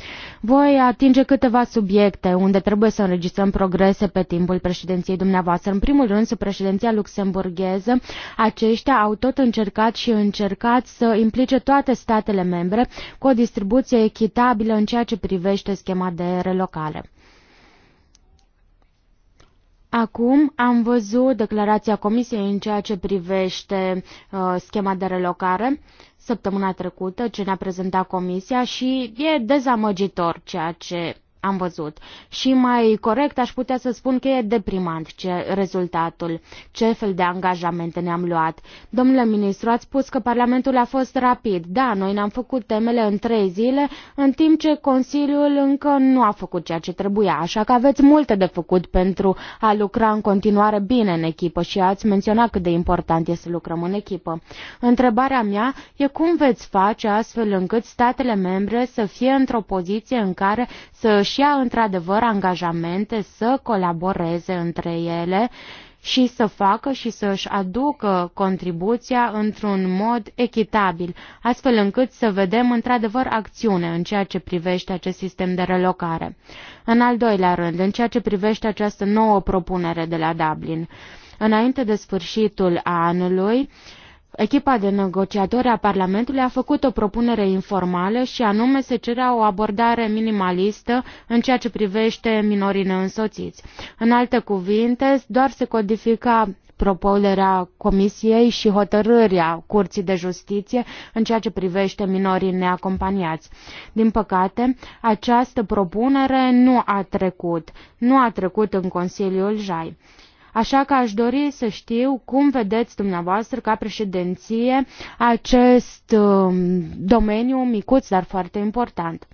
Voi atinge câteva subiecte unde trebuie să înregistrăm progrese pe timpul președinției dumneavoastră. În primul rând, sub președinția luxemburgheză, aceștia au tot încercat și încercat să implice toate statele membre cu o distribuție echitabilă în ceea ce privește schema de relocare. Acum am văzut declarația Comisiei în ceea ce privește uh, schema de relocare săptămâna trecută, ce ne-a prezentat Comisia și e dezamăgitor ceea ce am văzut. Și mai corect aș putea să spun că e deprimant ce rezultatul, ce fel de angajamente ne-am luat. Domnule ministru, ați spus că Parlamentul a fost rapid. Da, noi ne-am făcut temele în trei zile, în timp ce Consiliul încă nu a făcut ceea ce trebuia, așa că aveți multe de făcut pentru a lucra în continuare bine în echipă și ați menționat cât de important este să lucrăm în echipă. Întrebarea mea e cum veți face astfel încât statele membre să fie într-o poziție în care să își să-și ia într-adevăr angajamente, să colaboreze între ele și să facă și să își aducă contribuția într-un mod echitabil, astfel încât să vedem într-adevăr acțiune în ceea ce privește acest sistem de relocare. În al doilea rând, în ceea ce privește această nouă propunere de la Dublin, înainte de sfârșitul anului, uh, Echipa de negociatori a Parlamentului a făcut o propunere informală și anume se cerea o abordare minimalistă în ceea ce privește minorii neînsoțiți. În alte cuvinte, doar se codifica propunerea Comisiei și hotărârea Curții de Justiție în ceea ce privește minorii neacompaniați. Din păcate, această propunere nu a trecut, nu a trecut în Consiliul Jai. Așa că aș dori să știu cum vedeți dumneavoastră ca președinție acest um, domeniu micuț, dar foarte important.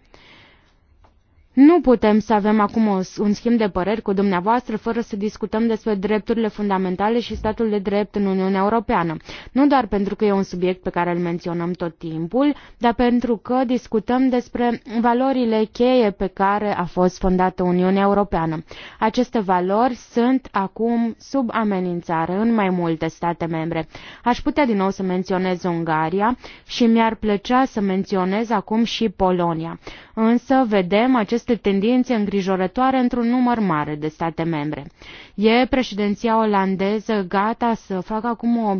Nu putem să avem acum o, un schimb de păreri cu dumneavoastră fără să discutăm despre drepturile fundamentale și statul de drept în Uniunea Europeană. Nu doar pentru că e un subiect pe care îl menționăm tot timpul, dar pentru că discutăm despre valorile cheie pe care a fost fondată Uniunea Europeană. Aceste valori sunt acum sub amenințare în mai multe state membre. Aș putea din nou să menționez Ungaria și mi-ar plăcea să menționez acum și Polonia. Însă vedem acest aceste tendințe îngrijorătoare într-un număr mare de state membre. E președinția olandeză gata să facă acum o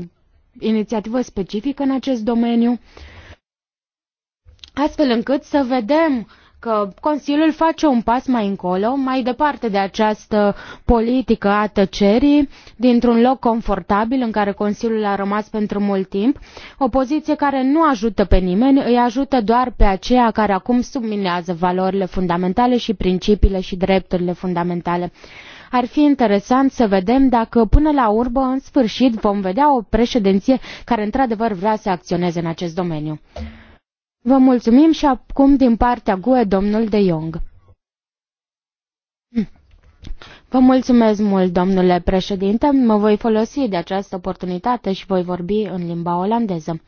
inițiativă specifică în acest domeniu, astfel încât să vedem că Consiliul face un pas mai încolo, mai departe de această politică a tăcerii, dintr-un loc confortabil în care Consiliul a rămas pentru mult timp, o poziție care nu ajută pe nimeni, îi ajută doar pe aceia care acum subminează valorile fundamentale și principiile și drepturile fundamentale. Ar fi interesant să vedem dacă până la urmă, în sfârșit, vom vedea o președinție care într-adevăr vrea să acționeze în acest domeniu. Vă mulțumim și acum din partea GUE, domnul De Jong. Hm. Vă mulțumesc mult, domnule președinte. Mă voi folosi de această oportunitate și voi vorbi în limba olandeză.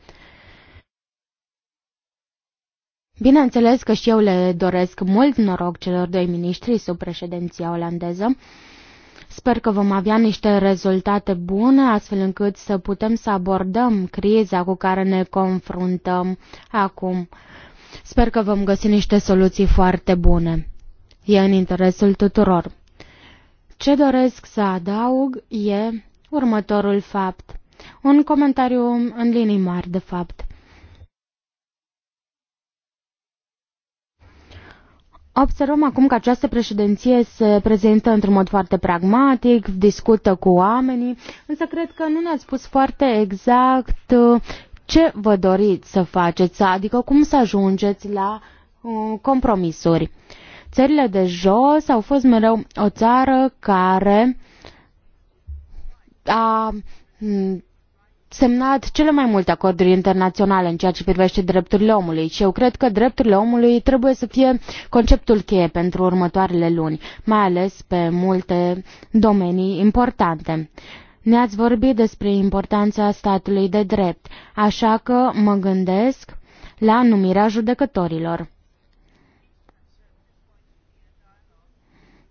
Bineînțeles că și eu le doresc mult noroc celor doi miniștri sub președinția olandeză. Sper că vom avea niște rezultate bune, astfel încât să putem să abordăm criza cu care ne confruntăm acum. Sper că vom găsi niște soluții foarte bune. E în interesul tuturor. Ce doresc să adaug e următorul fapt. Un comentariu în linii mari, de fapt. Observăm acum că această președinție se prezintă într-un mod foarte pragmatic, discută cu oamenii, însă cred că nu ne-ați spus foarte exact uh, ce vă doriți să faceți, adică cum să ajungeți la uh, compromisuri. Țările de jos au fost mereu o țară care a semnat cele mai multe acorduri internaționale în ceea ce privește drepturile omului și eu cred că drepturile omului trebuie să fie conceptul cheie pentru următoarele luni, mai ales pe multe domenii importante. Ne-ați vorbit despre importanța statului de drept, așa că mă gândesc la numirea judecătorilor.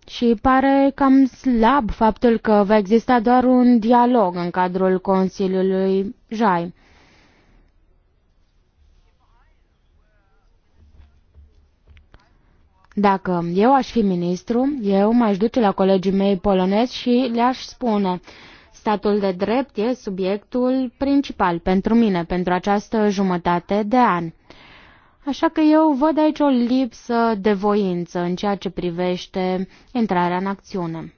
și pare cam slab faptul că va exista doar un dialog în cadrul Consiliului Jai. Dacă eu aș fi ministru, eu m-aș duce la colegii mei polonezi și le-aș spune statul de drept e subiectul principal pentru mine pentru această jumătate de an. Așa că eu văd aici o lipsă de voință în ceea ce privește intrarea în acțiune.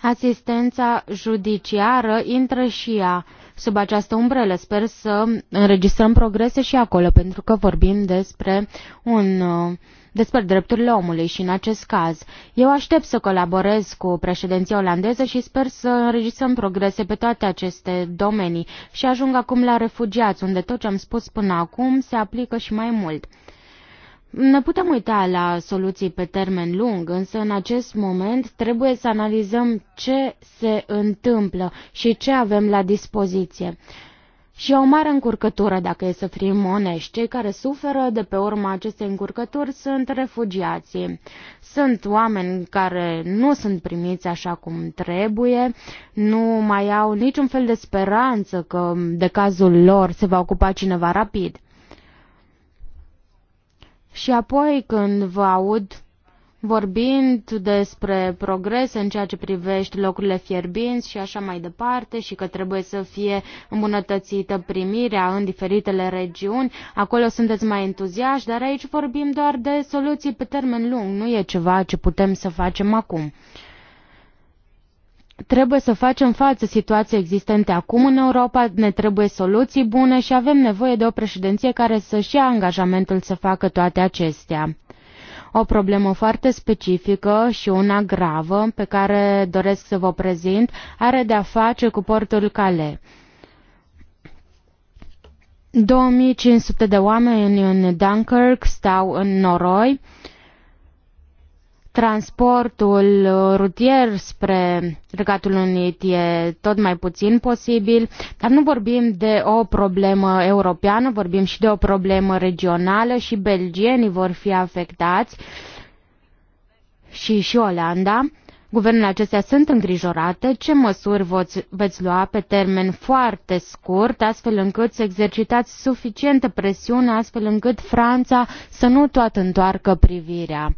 Asistența judiciară intră și ea sub această umbrelă. Sper să înregistrăm progrese și acolo, pentru că vorbim despre un uh, despre drepturile omului și în acest caz. Eu aștept să colaborez cu președinția olandeză și sper să înregistrăm progrese pe toate aceste domenii și ajung acum la refugiați, unde tot ce am spus până acum se aplică și mai mult. Ne putem uita la soluții pe termen lung, însă în acest moment trebuie să analizăm ce se întâmplă și ce avem la dispoziție. Și o mare încurcătură, dacă e să fim onești. Cei care suferă de pe urma acestei încurcături sunt refugiații. Sunt oameni care nu sunt primiți așa cum trebuie, nu mai au niciun fel de speranță că de cazul lor se va ocupa cineva rapid. Și apoi când vă aud vorbind despre progrese în ceea ce privește locurile fierbinți și așa mai departe și că trebuie să fie îmbunătățită primirea în diferitele regiuni. Acolo sunteți mai entuziași, dar aici vorbim doar de soluții pe termen lung, nu e ceva ce putem să facem acum trebuie să facem față situației existente acum în Europa, ne trebuie soluții bune și avem nevoie de o președinție care să-și ia angajamentul să facă toate acestea o problemă foarte specifică și una gravă pe care doresc să vă prezint are de-a face cu portul Calais. 2500 de oameni în Dunkirk stau în noroi. Uh, transportul uh, rutier spre Regatul Unit e tot mai puțin posibil, dar nu vorbim de o problemă europeană, vorbim și de o problemă regională și belgienii vor fi afectați și și Olanda. Guvernul acestea sunt îngrijorate. Ce măsuri voți, veți lua pe termen foarte scurt, astfel încât să exercitați suficientă presiune, astfel încât Franța să nu tot întoarcă privirea?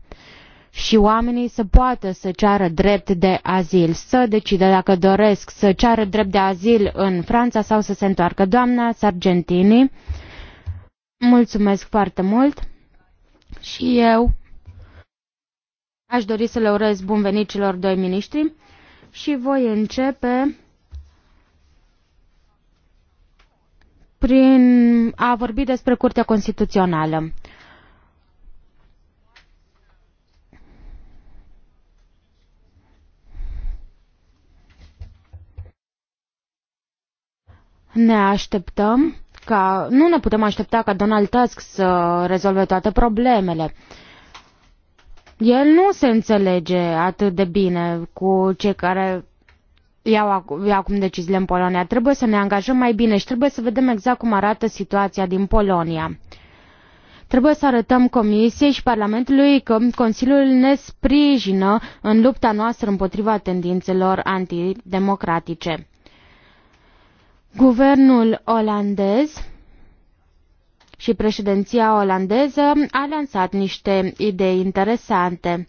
și oamenii să poată să ceară drept de azil, să decidă dacă doresc să ceară drept de azil în Franța sau să se întoarcă. Doamna Sargentini, mulțumesc foarte mult și eu aș dori să le urez bun venit celor doi miniștri și voi începe prin a vorbi despre Curtea Constituțională. Ne așteptăm ca, nu ne putem aștepta ca Donald Tusk să rezolve toate problemele. El nu se înțelege atât de bine cu cei care iau acum deciziile în Polonia. Trebuie să ne angajăm mai bine și trebuie să vedem exact cum arată situația din Polonia. Trebuie să arătăm Comisiei și Parlamentului că Consiliul ne sprijină în lupta noastră împotriva tendințelor antidemocratice. Guvernul olandez și președinția olandeză a lansat niște idei interesante.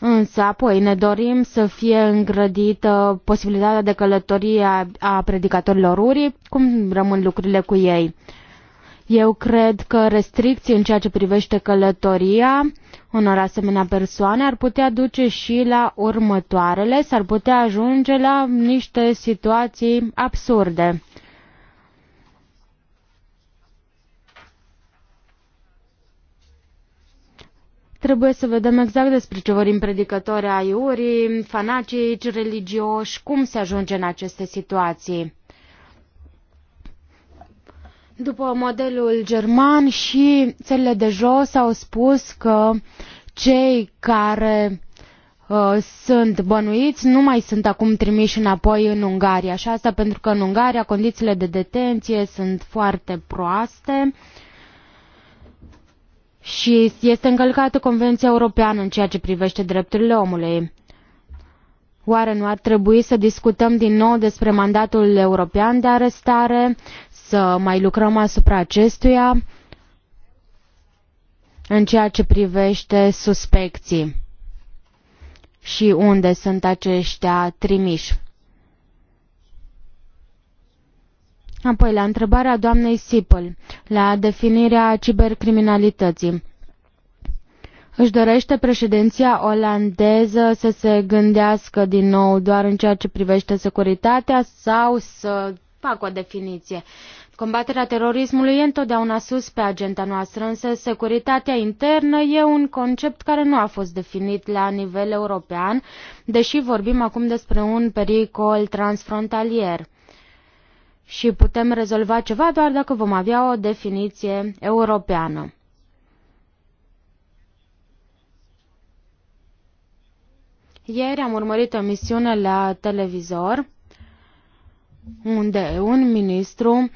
Însă apoi ne dorim să fie îngrădită posibilitatea de călătorie a, predicatorilor urii, cum rămân lucrurile cu ei. Eu cred că restricții în ceea ce privește călătoria unor asemenea persoane ar putea duce și la următoarele, s-ar putea ajunge la niște situații absurde. Trebuie să vedem exact despre ce vorim predicători aiurii, fanatici, religioși, cum se ajunge în aceste situații. După modelul german și țările de jos au spus că cei care uh, sunt bănuiți, nu mai sunt acum trimiși înapoi în Ungaria. Și asta pentru că în Ungaria condițiile de detenție sunt foarte proaste și este încălcată Convenția Europeană în ceea ce privește drepturile omului. Oare nu ar trebui să discutăm din nou despre mandatul european de arestare, să mai lucrăm asupra acestuia în ceea ce privește suspecții și unde sunt aceștia trimiși. Apoi, la întrebarea doamnei Sipăl, la definirea cibercriminalității. Își dorește președinția olandeză să se gândească din nou doar în ceea ce privește securitatea sau să facă o definiție? Uh, Combaterea terorismului e întotdeauna sus pe agenda noastră, însă securitatea internă e un concept care nu a fost definit la nivel european, deși vorbim acum despre un pericol transfrontalier. Și putem rezolva ceva doar dacă vom avea o definiție europeană. Ieri am urmărit o misiune la televizor unde un ministru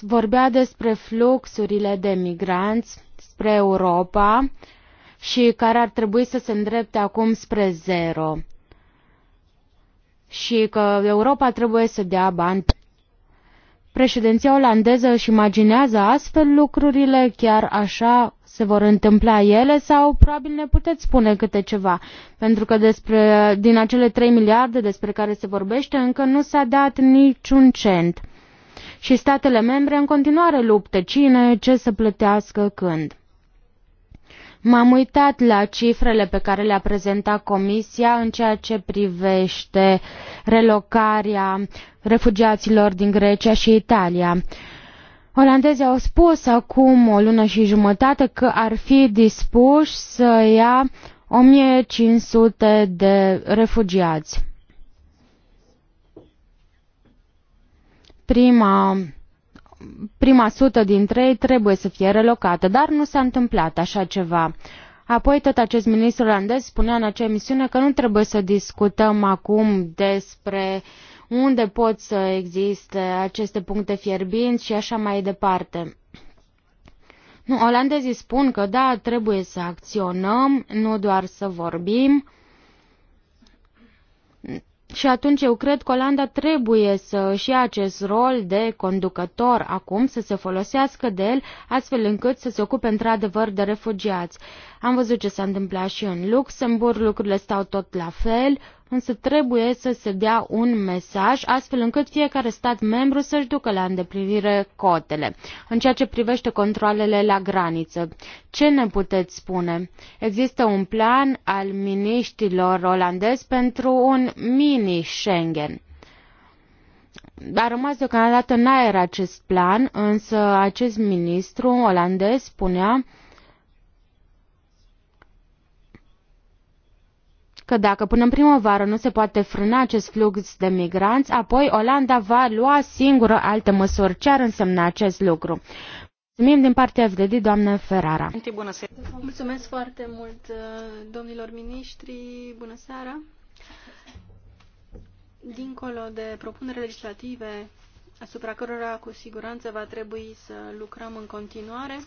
vorbea despre fluxurile de migranți spre Europa și care ar trebui să se îndrepte acum spre zero și că Europa trebuie să dea bani. Președinția olandeză își imaginează astfel lucrurile, chiar așa se vor întâmpla ele sau probabil ne puteți spune câte ceva, pentru că despre, din acele 3 miliarde despre care se vorbește încă nu s-a dat niciun cent și statele membre în continuare luptă cine, ce să plătească când. M-am uitat la cifrele pe care le-a prezentat Comisia în ceea ce privește relocarea refugiaților din Grecia și Italia. Olandezii au spus acum o lună și jumătate că ar fi dispuși să ia 1500 de refugiați. prima prima sută dintre ei trebuie să fie relocată, dar nu s-a întâmplat așa ceva. Apoi tot acest ministru olandez spunea în acea emisiune că nu trebuie să discutăm acum despre unde pot să existe aceste puncte fierbinți și așa mai departe. Nu, olandezii spun că da, trebuie să acționăm, nu doar să vorbim. Și atunci eu cred că Olanda trebuie să și ia acest rol de conducător acum, să se folosească de el, astfel încât să se ocupe într-adevăr de refugiați. Am văzut ce s-a întâmplat și în Luxemburg, lucrurile stau tot la fel, însă trebuie să se dea un mesaj astfel încât fiecare stat membru să-și ducă la îndeplinire cotele. În ceea ce privește controlele la graniță, ce ne puteți spune? Există un plan al miniștilor olandezi pentru un mini-Schengen. Dar rămas deocamdată n-a era acest plan, însă acest ministru olandez spunea că dacă până în primăvară nu se poate frâna acest flux de migranți, apoi Olanda va lua singură alte măsuri. Ce ar însemna acest lucru? Mulțumim din partea FDD, doamnă Ferrara. Bună seara. Mulțumesc foarte mult, uh, domnilor miniștri. Bună seara. Dincolo de propuneri legislative asupra cărora cu siguranță va trebui să lucrăm în continuare,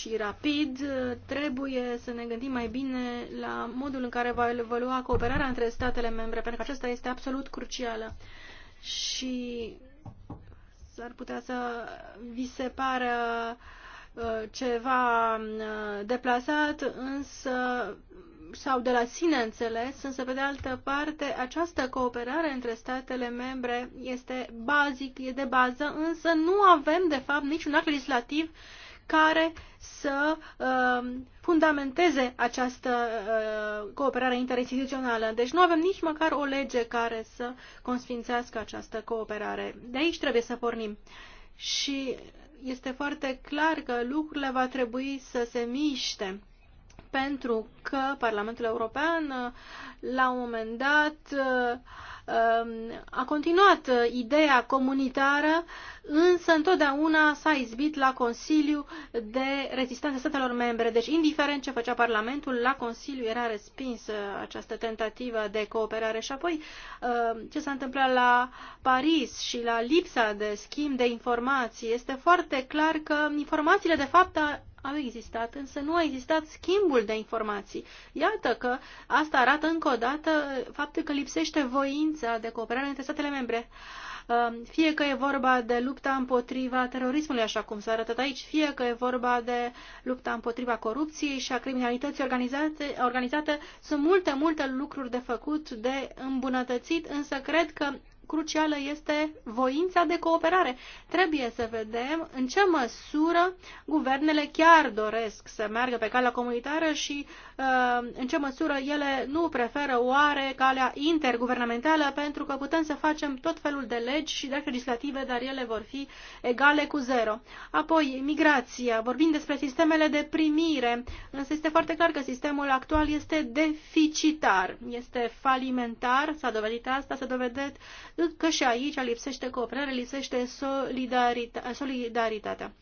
și rapid, trebuie să ne gândim mai bine la modul în care va evolua cooperarea între statele membre, pentru că aceasta este absolut crucială. Și s-ar putea să vi se pară uh, ceva uh, deplasat, însă sau de la sine înțeles, însă pe de altă parte această cooperare între statele membre este bazic, e de bază, însă nu avem de fapt niciun act legislativ uh, care să uh, fundamenteze această uh, cooperare interinstituțională. Deci nu avem nici măcar o lege care să consfințească această cooperare. De aici trebuie să pornim. Și este foarte clar că lucrurile va trebui să se miște pentru că Parlamentul European uh, la un moment dat uh, um, a continuat uh, ideea comunitară, însă întotdeauna s-a izbit la Consiliu de rezistență statelor membre. Deci, indiferent ce făcea Parlamentul, la Consiliu era respinsă această tentativă de cooperare. Și apoi, ce s-a întâmplat la Paris și la lipsa de schimb de informații, este foarte clar că informațiile, de fapt, au existat, însă nu a existat schimbul de informații. Iată că asta arată încă o dată faptul că lipsește voința de cooperare între statele membre. Um, fie că e vorba de lupta împotriva terorismului, așa cum s-a arătat aici, fie că e vorba de lupta împotriva corupției și a criminalității organizate, organizate, sunt multe, multe lucruri de făcut, de îmbunătățit, însă cred că crucială este voința de cooperare. Trebuie să vedem în ce măsură guvernele chiar doresc să meargă pe calea comunitară și Uh, în ce măsură ele nu preferă oare calea interguvernamentală, pentru că putem să facem tot felul de legi și de legislative, dar ele vor fi egale cu zero. Apoi, migrația. Vorbim despre sistemele de primire, însă este foarte clar că sistemul actual este deficitar, este falimentar, s-a dovedit asta, s-a dovedit că și aici lipsește cooperare, lipsește solidaritatea.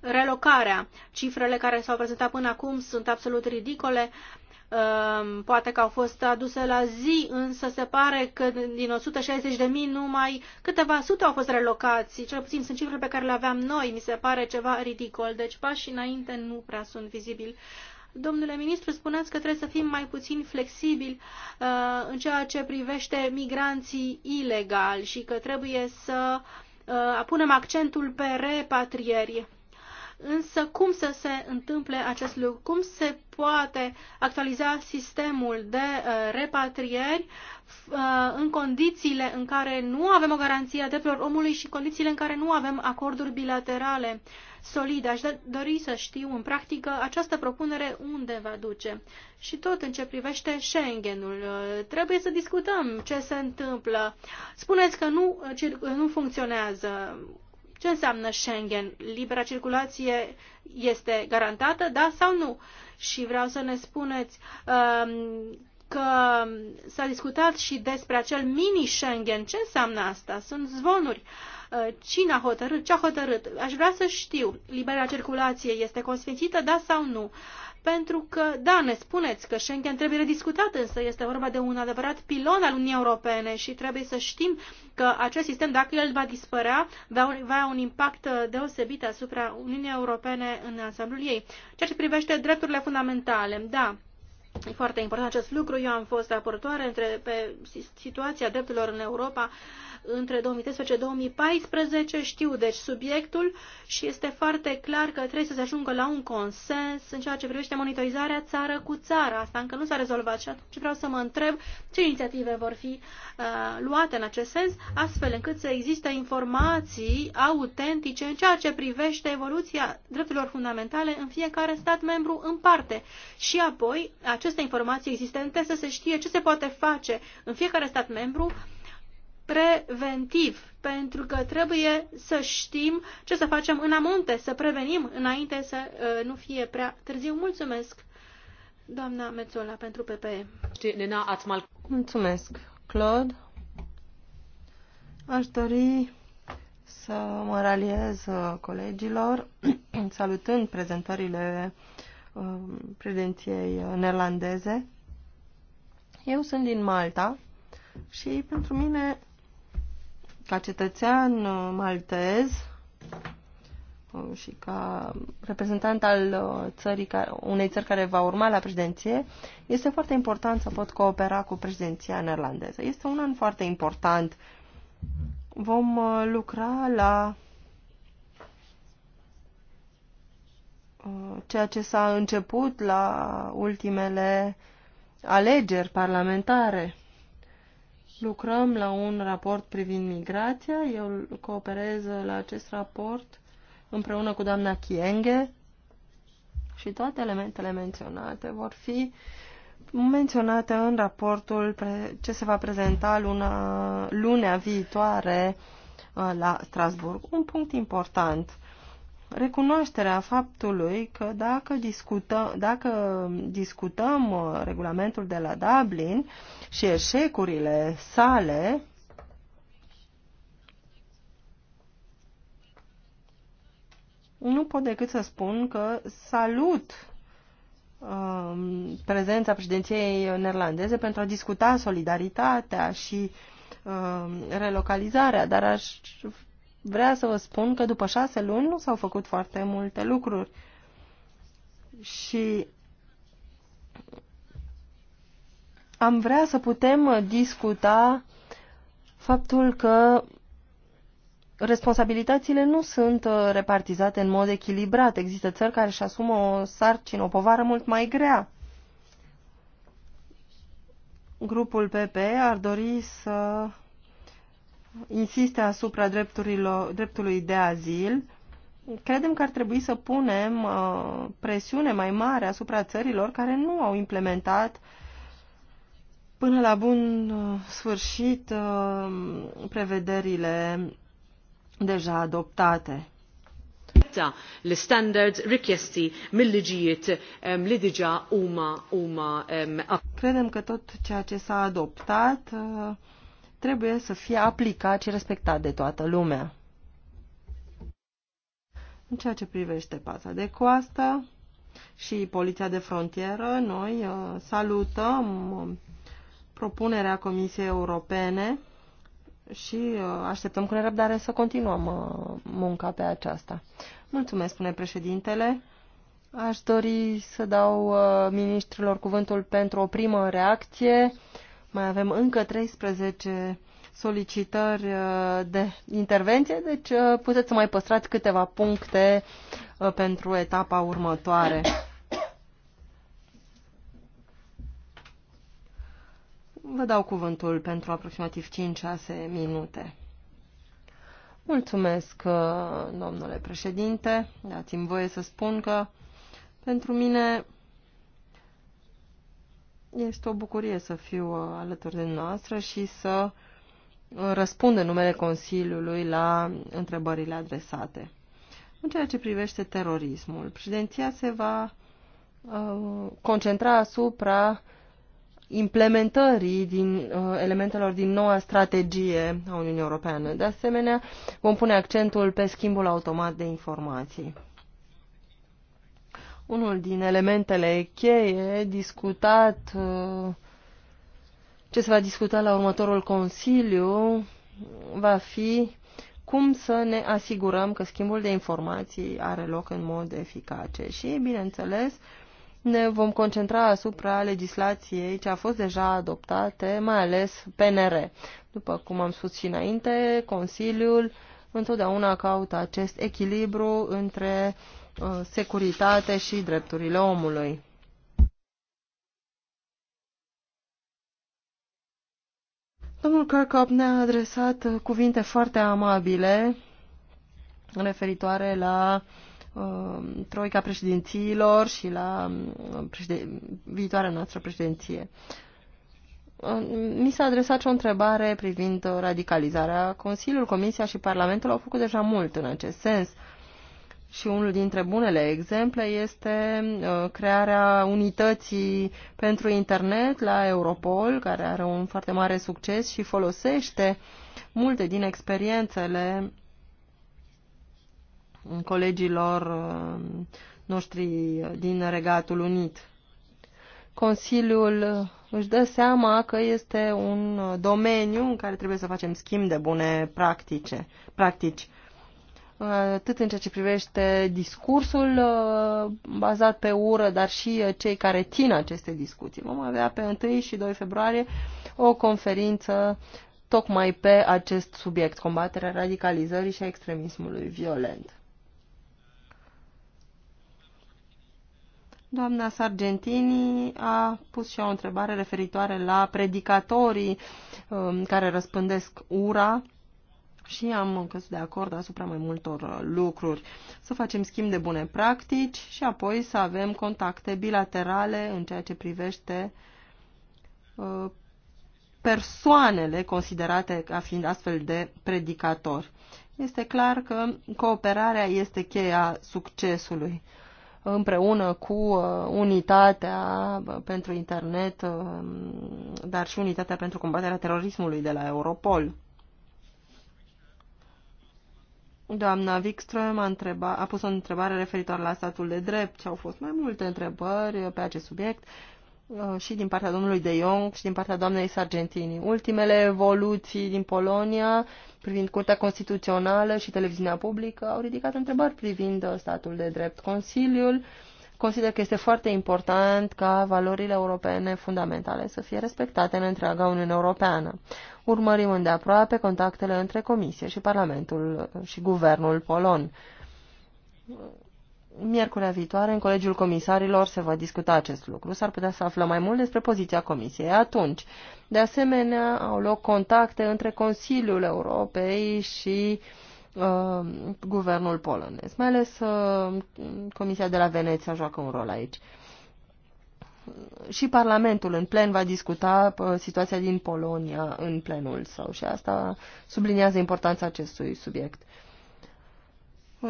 Relocarea. Cifrele care s-au prezentat până acum sunt absolut ridicole. Ehm, poate că au fost aduse la zi, însă se pare că din 160.000 numai câteva sute au fost relocați. Cel puțin sunt cifrele pe care le aveam noi. Mi se pare ceva ridicol. Deci pașii înainte nu prea sunt vizibili. Domnule ministru, spuneați că trebuie să fim mai puțin flexibili uh, în ceea ce privește migranții ilegali și că trebuie să uh, punem accentul pe repatrieri. Însă cum să se întâmple acest lucru? Cum se poate actualiza sistemul de uh, repatrieri uh, în condițiile în care nu avem o garanție a drepturilor omului și condițiile în care nu avem acorduri bilaterale solide? Aș dori să știu în practică această propunere unde va duce. Și tot în ce privește Schengenul, uh, trebuie să discutăm ce se întâmplă. Spuneți că nu, nu funcționează ce înseamnă Schengen? Libera circulație este garantată, da sau nu? Și vreau să ne spuneți um, că s-a discutat și despre acel mini-Schengen. Ce înseamnă asta? Sunt zvonuri. Uh, cine a hotărât? Ce a hotărât? Aș vrea să știu. Libera circulație este consfințită, da sau nu? Uh, pentru că, da, ne spuneți că Schengen trebuie rediscutat, însă este vorba de un adevărat pilon al Uniunii Europene și trebuie să știm că acest sistem, dacă el va dispărea, va avea un impact deosebit asupra Uniunii Europene în ansamblul ei. Ceea ce privește drepturile fundamentale, da, E foarte important acest lucru. Eu am fost raportoare între, pe situația drepturilor în Europa între 2013-2014. Știu, deci, subiectul și este foarte clar că trebuie să se ajungă la un consens în ceea ce privește monitorizarea țară cu țară. Asta încă nu s-a rezolvat și atunci vreau să mă întreb ce inițiative vor fi Uh, luate în acest sens, astfel încât să existe informații autentice în ceea ce privește evoluția drepturilor fundamentale în fiecare stat membru în parte. Și apoi, aceste informații existente să se știe ce se poate face în fiecare stat membru preventiv, pentru că trebuie să știm ce să facem în amonte, să prevenim înainte să uh, nu fie prea târziu. Mulțumesc, doamna Mețola, pentru PPE. Mulțumesc. Claude. Aș dori să mă raliez uh, colegilor, *clears throat* salutând prezentările um, prezenției neerlandeze. Eu sunt din Malta și pentru mine, ca cetățean uh, maltez, Uh, și ca reprezentant al uh, țării, unei țări care va urma la președinție, este foarte important să pot coopera cu președinția neerlandeză. Este un an foarte important. Vom uh, lucra la ceea ce s-a început la ultimele alegeri parlamentare. Lucrăm la un raport privind migrația. Eu cooperez la acest raport împreună cu doamna Chienghe și toate elementele menționate vor fi menționate în raportul ce se va prezenta luna, lunea viitoare uh, la Strasburg. Un punct important recunoașterea faptului că dacă discutăm, dacă discutăm uh, regulamentul de la Dublin și eșecurile sale, nu pot decât să spun că salut um, prezența președinției neerlandeze pentru a discuta solidaritatea și um, relocalizarea, dar aș vrea să vă spun că după șase luni nu s-au făcut foarte multe lucruri și am vrea să putem discuta faptul că responsabilitățile nu sunt uh, repartizate în mod echilibrat. Există țări care își asumă o sarcină, o povară mult mai grea. Grupul PP ar dori să insiste asupra drepturilor, dreptului de azil. Credem că ar trebui să punem uh, presiune mai mare asupra țărilor care nu au implementat până la bun uh, sfârșit prevederile deja adoptate ta' da, standards ehm, li huma huma ehm, Credem că tot ceea ce s-a adoptat eh, trebuie să fie aplicat și respectat de toată lumea. În ceea ce privește paza de coastă și poliția de frontieră, noi eh, salutăm eh, propunerea Comisiei Europene și uh, așteptăm cu nerăbdare să continuăm uh, munca pe aceasta. Mulțumesc, spune președintele. Aș dori să dau uh, ministrilor cuvântul pentru o primă reacție. Mai avem încă 13 solicitări de intervenție, deci puteți să mai păstrați câteva puncte pentru etapa următoare. Vă dau cuvântul pentru aproximativ 5-6 minute. Mulțumesc, uh, domnule președinte. Dați-mi voie să spun că pentru mine este o bucurie să fiu uh, alături de noastră și să uh, răspund în numele Consiliului la întrebările adresate. În ceea ce privește terorismul, președinția se va concentra asupra implementării din, uh, elementelor din noua strategie a Uniunii Europeană. De asemenea, vom pune accentul pe schimbul automat de informații. Unul din elementele cheie discutat, uh, ce se va discuta la următorul Consiliu, va fi cum să ne asigurăm că schimbul de informații are loc în mod eficace. Și, bineînțeles, uh, ne vom concentra asupra legislației ce a fost deja adoptate, mai ales PNR. După cum am spus și înainte, Consiliul întotdeauna caută acest echilibru între uh, securitate și drepturile omului. Domnul Kirkhope ne-a adresat uh, cuvinte foarte amabile referitoare la uh, Uh, troica președințiilor și la uh, președin... viitoarea noastră președinție. Uh, mi s-a adresat și o întrebare privind radicalizarea. Consiliul, Comisia și Parlamentul au făcut deja mult în acest sens. Și unul dintre bunele exemple este crearea unității pentru internet la Europol, care are un foarte mare succes și folosește multe din experiențele colegilor uh, noștri din Regatul Unit. Consiliul uh, își dă seama că este un uh, domeniu în care trebuie să facem schimb de bune practice, practici. Atât în ceea ce privește discursul bazat pe ură, dar și cei care țin aceste discuții. Vom avea pe 1 și 2 februarie o conferință tocmai pe acest subiect, combaterea radicalizării și a extremismului violent. Doamna Sargentini a pus și o întrebare referitoare la predicatorii um, care răspândesc ura și am căzut de acord asupra mai multor uh, lucruri. Să facem schimb de bune practici și apoi să avem contacte bilaterale în ceea ce privește uh, persoanele considerate ca fiind astfel de predicatori. Este clar că cooperarea este cheia succesului împreună cu uh, unitatea pentru internet, uh, dar și unitatea pentru combaterea terorismului de la Europol. Doamna Wikström a, întreba, a pus o întrebare referitor la statul de drept ce au fost mai multe întrebări pe acest subiect Uh, și din partea domnului De Jong și din partea doamnei Sargentini. Ultimele evoluții din Polonia privind Curtea Constituțională și televiziunea publică au ridicat întrebări privind uh, statul de drept. Consiliul consider că este foarte important ca valorile europene fundamentale să fie respectate în întreaga Uniune Europeană. Urmărim îndeaproape contactele între Comisie și Parlamentul uh, și Guvernul Polon Miercurea viitoare, în Colegiul Comisarilor, se va discuta acest lucru. S-ar putea să aflăm mai mult despre poziția Comisiei atunci. De asemenea, au loc contacte între Consiliul Europei și uh, guvernul polonez. Mai ales uh, Comisia de la Veneția joacă un rol aici. Și Parlamentul în plen va discuta uh, situația din Polonia în plenul său și asta subliniază importanța acestui subiect.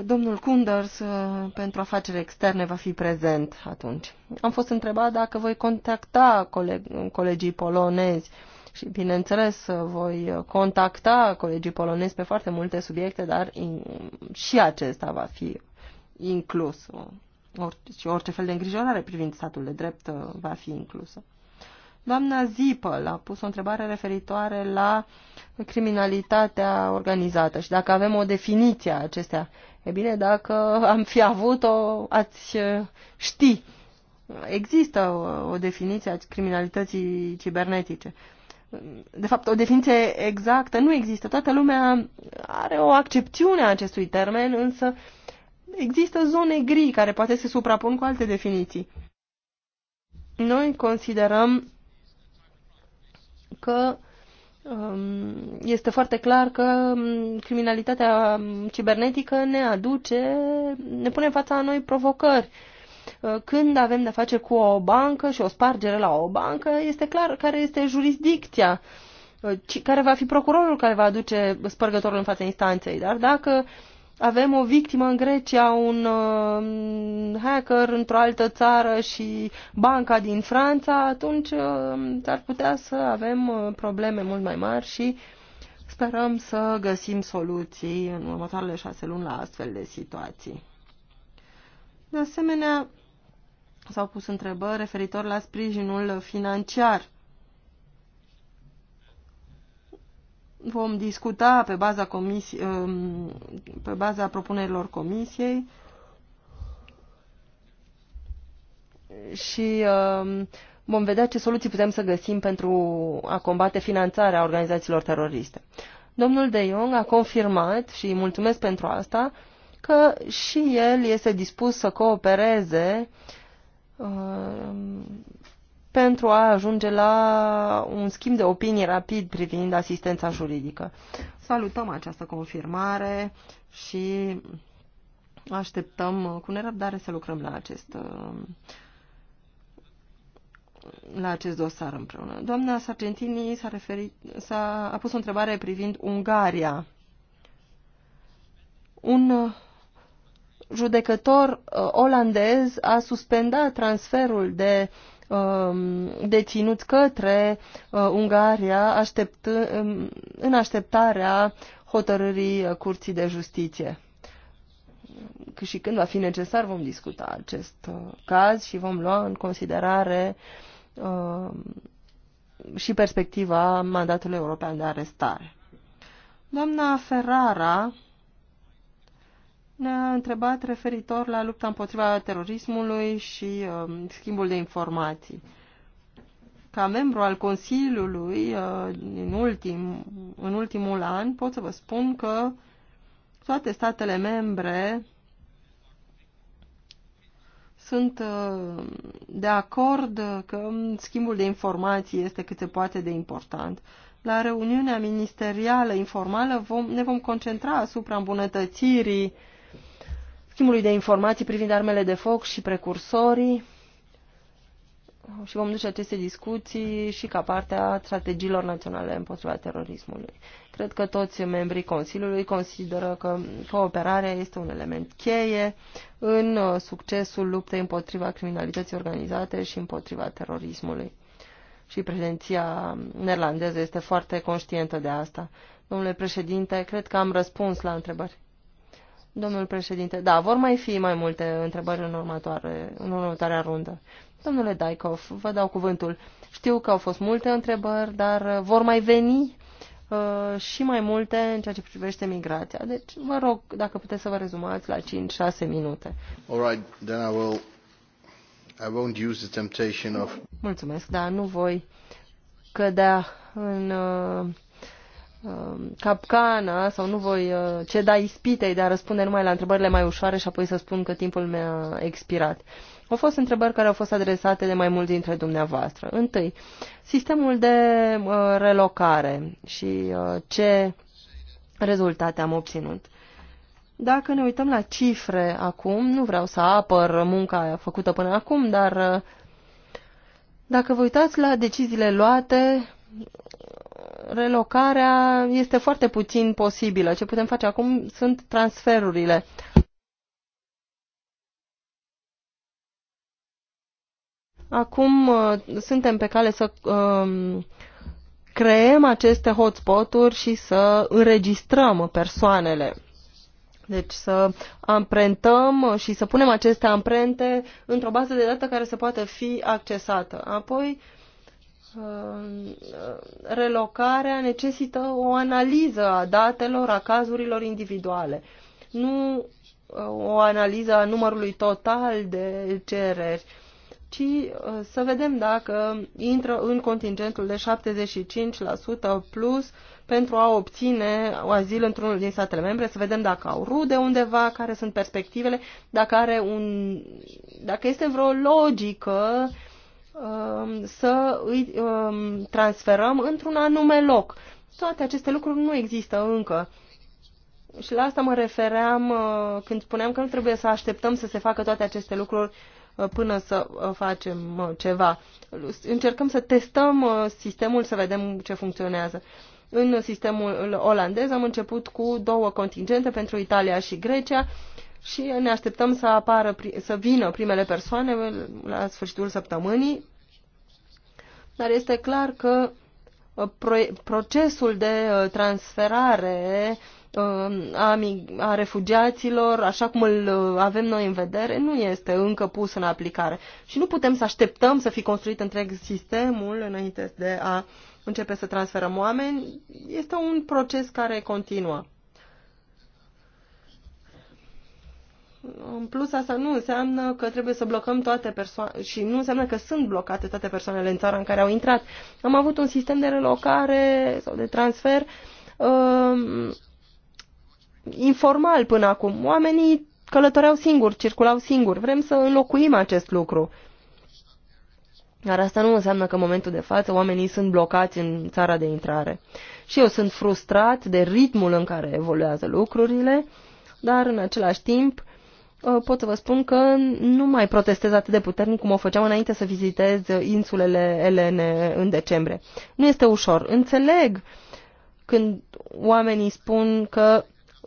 Domnul Kunders uh, pentru afaceri externe va fi prezent atunci. Am fost întrebat dacă voi contacta coleg colegii polonezi și, bineînțeles, voi contacta colegii polonezi pe foarte multe subiecte, dar și acesta va fi inclus. Or, și orice fel de îngrijorare privind statul de drept uh, va fi inclusă. Doamna Zipăl a pus o întrebare referitoare la criminalitatea organizată și dacă avem o definiție a acestea. E bine, dacă am fi avut-o, ați uh, ști. Există o, definiție a criminalității cibernetice. De fapt, o definiție exactă nu există. Toată lumea are o accepțiune a acestui termen, însă există zone gri care poate se suprapun cu alte definiții. Noi considerăm că Um, este foarte clar că um, criminalitatea um, cibernetică ne aduce, ne pune în fața noi provocări. Uh, când avem de-a face cu o bancă și o spargere la o bancă, este clar care este jurisdicția, uh, care va fi procurorul care va aduce spărgătorul în fața instanței. Dar dacă avem o victimă în Grecia, un uh, hacker într-o altă țară și banca din Franța, atunci uh, ar putea să avem uh, probleme mult mai mari și sperăm să găsim soluții în următoarele șase luni la astfel de situații. De asemenea, s-au pus întrebări referitor la sprijinul financiar vom discuta pe baza, comisi, um, pe baza propunerilor comisiei și um, vom vedea ce soluții putem să găsim pentru a combate finanțarea organizațiilor teroriste. Domnul De Jong a confirmat și îi mulțumesc pentru asta că și el este dispus să coopereze um, pentru a ajunge la un schimb de opinii rapid privind asistența juridică. Salutăm această confirmare și așteptăm cu nerăbdare să lucrăm la acest, la acest dosar împreună. Doamna Sargentini s-a, referit, s-a a pus o întrebare privind Ungaria. Un judecător uh, olandez a suspendat transferul de uh, Um, deținuți către uh, Ungaria aștept, um, în așteptarea hotărârii uh, Curții de Justiție. Și când va fi necesar vom discuta acest uh, caz și vom lua în considerare um, și perspectiva mandatului european de arestare. Doamna Ferrara ne-a întrebat referitor la lupta împotriva terorismului și uh, schimbul de informații. Ca membru al Consiliului, uh, în, ultim, în ultimul an, pot să vă spun că toate statele membre sunt uh, de acord că schimbul de informații este cât se poate de important. La reuniunea ministerială informală vom, ne vom concentra asupra îmbunătățirii uh, schimbului de informații privind armele de foc și precursorii și vom duce aceste discuții și ca parte a strategiilor naționale împotriva terorismului. Cred că toți membrii Consiliului consideră că cooperarea este un element cheie în uh, succesul luptei împotriva criminalității organizate și împotriva terorismului. Și președinția neerlandeză este foarte conștientă de asta. Domnule președinte, cred că am răspuns la întrebări. Domnul președinte, da, vor mai fi mai multe întrebări în, următoare, în următoarea rundă. Domnule Daikov, vă dau cuvântul. Știu că au fost multe întrebări, dar vor mai veni uh, și mai multe în ceea ce privește migrația. Deci, vă rog, dacă puteți să vă rezumați la 5-6 minute. All right, then I will... I won't use the temptation of... Mulțumesc, dar nu voi cădea în... Uh, Um, capcana sau nu voi uh, ceda ispitei de a răspunde numai la întrebările mai ușoare și apoi să spun că timpul mi-a expirat. Au fost întrebări care au fost adresate de mai mulți dintre dumneavoastră. Întâi, sistemul de uh, relocare și uh, ce rezultate am obținut. Dacă ne uităm la cifre acum, nu vreau să apăr munca făcută până acum, dar dacă vă uitați la deciziile luate relocarea este foarte puțin posibilă. Ce putem face acum sunt transferurile. Acum uh, suntem pe cale să uh, creăm aceste hotspot-uri și să înregistrăm persoanele. Deci să amprentăm și să punem aceste amprente într-o bază de dată care să poată fi accesată. Apoi uh, Uh, relocarea necesită o analiză a datelor, a cazurilor individuale. Nu uh, o analiză a numărului total de cereri, ci uh, să vedem dacă intră în contingentul de 75% plus pentru a obține azil într-unul din statele membre, să vedem dacă au rude undeva, care sunt perspectivele, dacă, are un, dacă este vreo logică uh, Um, să îi um, transferăm într-un anume loc. Toate aceste lucruri nu există încă. Și la asta mă refeream uh, când spuneam că nu trebuie să așteptăm să se facă toate aceste lucruri uh, până să uh, facem ceva. Încercăm să testăm sistemul, să vedem ce funcționează. În sistemul olandez am început cu două contingente pentru Italia și Grecia și ne așteptăm să, apară, să vină primele persoane la sfârșitul săptămânii, dar este clar că uh, procesul de uh, transferare uh, a, refugiaților, așa cum îl avem noi în vedere, nu este încă pus în aplicare. Și nu putem să așteptăm să fi construit întreg sistemul înainte de a începe să transferăm oameni. Este un proces care continuă. În plus, asta nu înseamnă că trebuie să blocăm toate persoanele și nu înseamnă că sunt blocate toate persoanele în țara în care au intrat. Am avut un sistem de relocare sau de transfer uh, informal până acum. Oamenii călătoreau singuri, circulau singuri. Vrem să înlocuim acest lucru. Dar asta nu înseamnă că în momentul de față oamenii sunt blocați în țara de intrare. Și eu sunt frustrat de ritmul în care evoluează lucrurile, dar în același timp Uh, pot să vă spun că nu mai protestez atât de puternic cum o făceam înainte să vizitez insulele Elene în decembrie. Nu este ușor. Înțeleg când oamenii spun că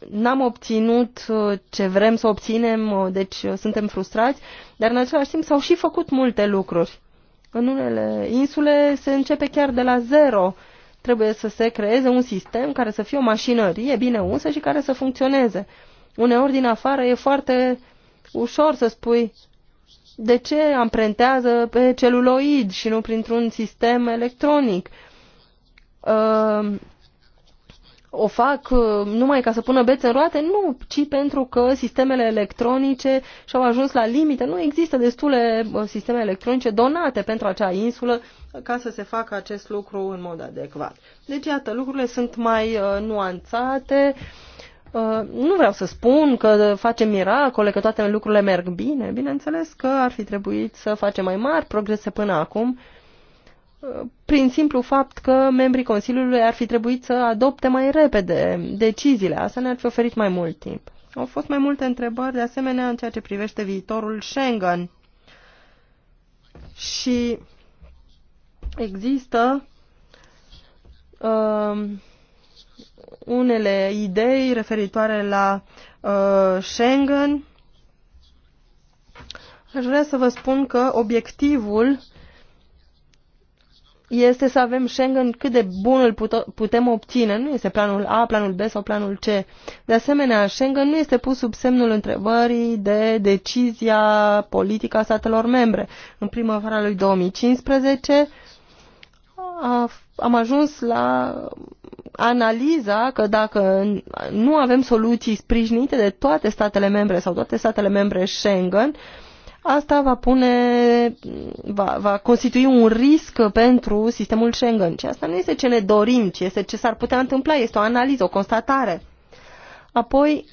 n-am obținut uh, ce vrem să obținem, uh, deci suntem frustrați, dar în același timp s-au și făcut multe lucruri. În unele insule se începe chiar de la zero. Trebuie să se creeze un sistem care să fie o mașinărie bine unsă și care să funcționeze. Uneori din afară e foarte ușor să spui de ce amprentează pe celuloid și nu printr-un sistem electronic. Ă, o fac ă, numai ca să pună bețe în roate? Nu, ci pentru că sistemele electronice și-au ajuns la limită. Nu există destule ă, sisteme electronice donate pentru acea insulă ca să se facă acest lucru în mod adecvat. Deci, iată, lucrurile sunt mai nuanțate, uh, Uh, nu vreau să spun că facem miracole, că toate lucrurile merg bine. Bineînțeles că ar fi trebuit să facem mai mari progrese până acum, uh, prin simplu fapt că membrii Consiliului ar fi trebuit să adopte mai repede deciziile. Asta ne-ar fi oferit mai mult timp. Au fost mai multe întrebări, de asemenea, în ceea ce privește viitorul Schengen. Și există uh, unele idei referitoare la uh, Schengen. Aș vrea să vă spun că obiectivul este să avem Schengen cât de bun îl putem obține. Nu este planul A, planul B sau planul C. De asemenea, Schengen nu este pus sub semnul întrebării de decizia politică a statelor membre. În primăvara lui 2015 a, am ajuns la analiza că dacă nu avem soluții sprijinite de toate statele membre sau toate statele membre Schengen, asta va pune, va, va constitui un risc pentru sistemul Schengen. Și asta nu este ce ne dorim, ci este ce s-ar putea întâmpla, este o analiză, o constatare. Apoi,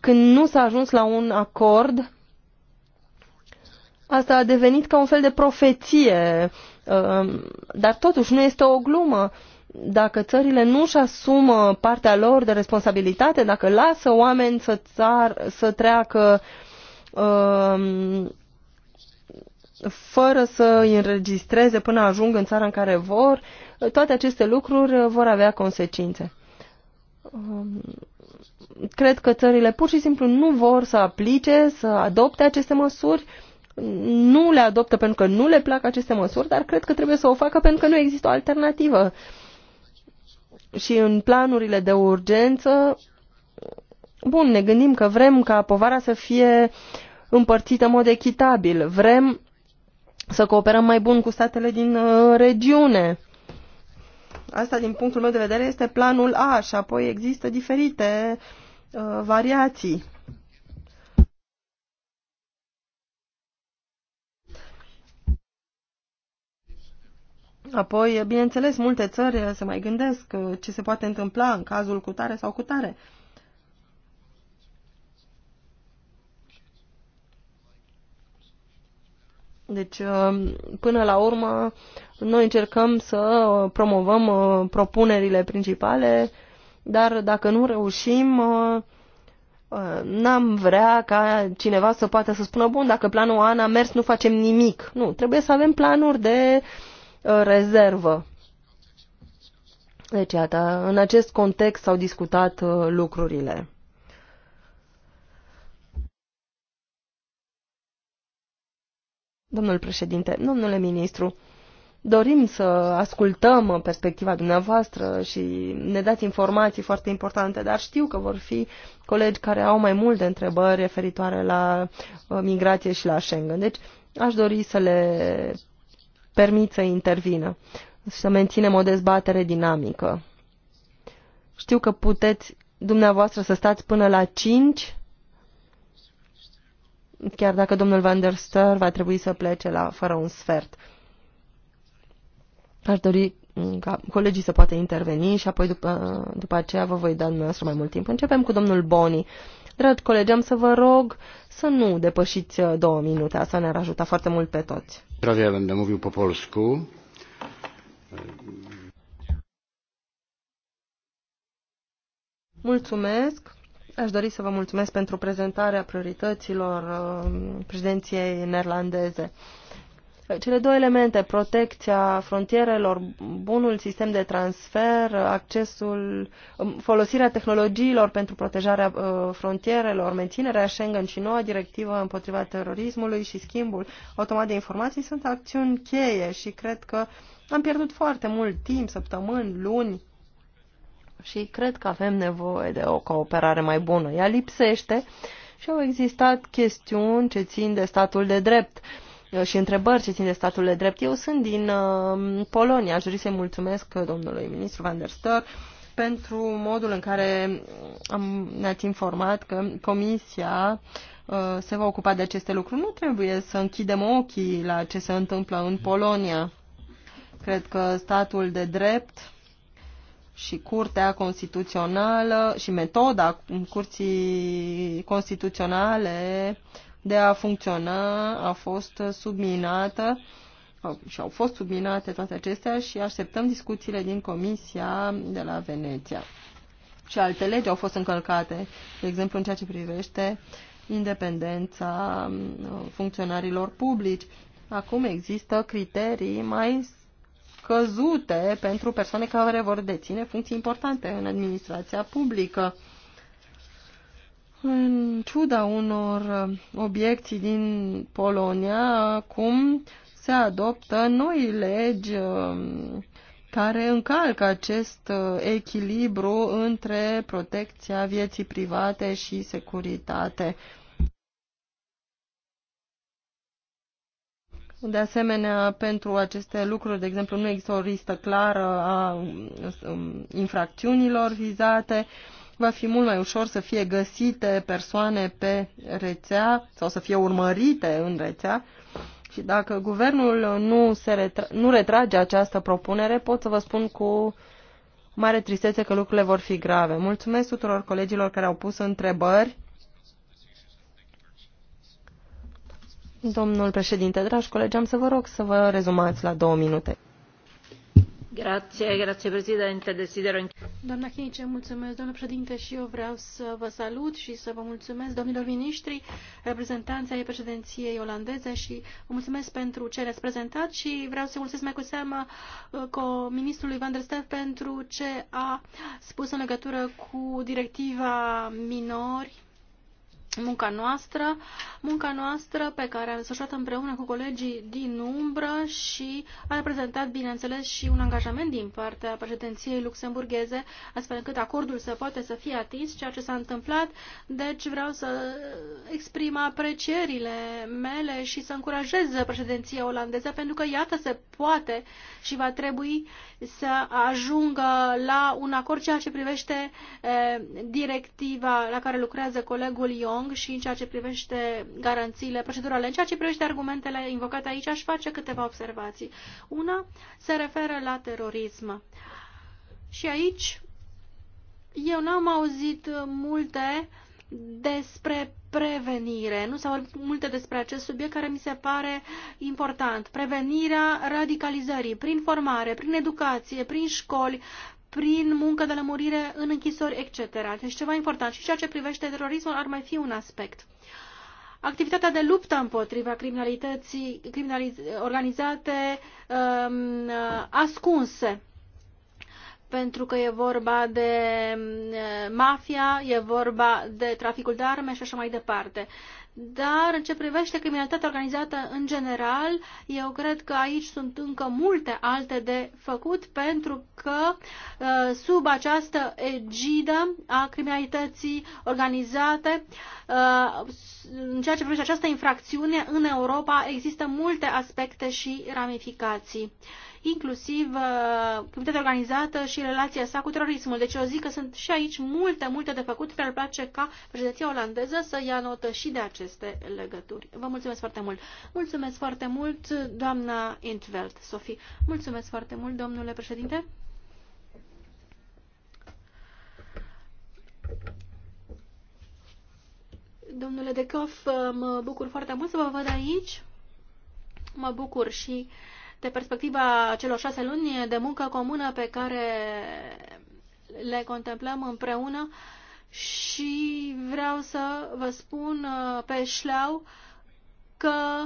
când nu s-a ajuns la un acord, asta a devenit ca un fel de profeție uh, Um, dar totuși nu este o glumă dacă țările nu își asumă partea lor de responsabilitate, dacă lasă oameni să, țar, să treacă um, fără să îi înregistreze până ajung în țara în care vor, toate aceste lucruri vor avea consecințe. Um, cred că țările pur și simplu nu vor să aplice, să adopte aceste măsuri nu le adoptă pentru că nu le plac aceste măsuri, dar cred că trebuie să o facă pentru că nu există o alternativă. Și în planurile de urgență, bun, ne gândim că vrem ca povara să fie împărțită în mod echitabil, vrem să cooperăm mai bun cu statele din uh, regiune. Asta, din punctul meu de vedere, este planul A și apoi există diferite uh, variații. Apoi, bineînțeles, multe țări se mai gândesc uh, ce se poate întâmpla în cazul cu tare sau cu tare. Deci, uh, până la urmă, noi încercăm să promovăm uh, propunerile principale, dar dacă nu reușim, n-am vrea ca cineva să poată să spună, bun, dacă planul A n-a mers, nu facem nimic. Nu, trebuie să avem planuri de uh, Uh, rezervă. Deci, iată, în acest context s-au discutat uh, lucrurile. Domnul președinte, domnule ministru, dorim să ascultăm uh, perspectiva dumneavoastră și ne dați informații foarte importante, dar știu că vor fi colegi care au mai multe întrebări referitoare la migrație și la Schengen. Deci aș dori să le permit să intervină să menținem o dezbatere dinamică. Știu că puteți dumneavoastră să stați până la 5, chiar dacă domnul Van der Stur va trebui să plece la fără un sfert. Aș dori mm, ca colegii să poată interveni și apoi după, după aceea vă voi da dumneavoastră mai mult timp. Începem cu domnul Boni. Dragi colegi, am să vă rog să nu depășiți uh, două minute, asta ne-ar ajuta foarte mult pe toți. Prawie będę mówił po polsku. Mulțumesc. Aș dori să vă mulțumesc pentru prezentarea priorităților uh, președinției neerlandeze. Cele două elemente, protecția frontierelor, bunul sistem de transfer, accesul, um, folosirea tehnologiilor pentru protejarea uh, frontierelor, menținerea Schengen și noua directivă împotriva terorismului și schimbul automat de informații sunt acțiuni cheie și cred că am pierdut foarte mult timp, săptămâni, luni și cred că avem nevoie de o cooperare mai bună. Ea lipsește și au existat chestiuni ce țin de statul de drept și întrebări ce țin de statul de drept. Eu sunt din uh, Polonia. Aș dori să-i mulțumesc domnului ministru Van der Stor pentru modul în care am, ne-ați informat că Comisia uh, se va ocupa de aceste lucruri. Nu trebuie să închidem ochii la ce se întâmplă în Polonia. Cred că statul de drept și Curtea Constituțională și metoda Curții Constituționale de a funcționa a fost subminată și au fost subminate toate acestea și așteptăm discuțiile din Comisia de la Veneția. Și alte legi au fost încălcate, de exemplu în ceea ce privește independența um, funcționarilor publici. Acum există criterii mai scăzute pentru persoane care vor deține funcții importante în administrația publică. În ciuda unor uh, obiecții din Polonia, acum se adoptă noi legi um, care încalcă acest uh, echilibru între protecția vieții private și securitate. De asemenea, pentru aceste lucruri, de exemplu, nu există o listă clară a um, infracțiunilor vizate. Uh, va fi mult mai ușor să fie găsite persoane pe rețea sau să fie urmărite în rețea. Și dacă guvernul nu, se retra- nu retrage această propunere, pot să vă spun cu mare tristețe că lucrurile vor fi grave. Mulțumesc tuturor colegilor care au pus întrebări. Domnul președinte, dragi colegi, am să vă rog să vă rezumați la două minute. Grazie, grazie Presidente. mulțumesc, domnule președinte, și eu vreau să vă salut și să vă mulțumesc, domnilor miniștri, reprezentanți ai președinției olandeze și vă mulțumesc pentru ce ați prezentat și vreau să mulțumesc mai cu seamă uh, cu ministrului Van der Stel pentru ce a spus în legătură cu directiva minori munca noastră, munca noastră pe care am desfășurat împreună cu colegii din umbră și a reprezentat, bineînțeles, și un angajament din partea președinției luxemburgheze, astfel încât acordul să poate să fie atins, ceea ce s-a întâmplat. Deci vreau să exprim aprecierile mele și să încurajez președinția olandeză, pentru că, iată, se poate și va trebui să ajungă la un acord ceea ce privește directiva la care lucrează colegul Young și în ceea ce privește garanțiile procedurale. În ceea ce privește argumentele invocate aici, aș face câteva observații. Una se referă la terorism. Și aici eu n-am auzit multe uh, despre prevenire. Nu s-au vorbit multe despre acest subiect care mi se pare important. Prevenirea radicalizării prin formare, prin educație, prin școli, prin muncă de lămurire în închisori, etc. Deci ceva important. Și ceea ce privește terorismul ar mai fi un aspect. Activitatea de luptă împotriva criminalității criminaliz organizate um, ascunse pentru că e vorba de mm, mafia, e vorba de traficul de arme și așa mai departe. Dar în ce privește criminalitatea organizată în general, eu cred că aici sunt încă multe alte de făcut pentru că uh, sub această egidă a criminalității organizate, uh, în ceea ce privește această infracțiune, în Europa există multe aspecte și ramificații inclusiv uh, criminalitatea organizată și relația sa cu terorismul. Deci eu zic că sunt și aici multe, multe de făcut, care ar place ca președinția olandeză să ia notă și de aceste legături. Vă mulțumesc foarte mult. Mulțumesc foarte mult, doamna Intveld, Sofie. Mulțumesc foarte mult, domnule președinte. Domnule Decof, mă bucur foarte mult să vă văd aici. Mă bucur și uh, de perspectiva celor șase luni de muncă comună pe care le contemplăm împreună și vreau să vă spun uh, pe șleau că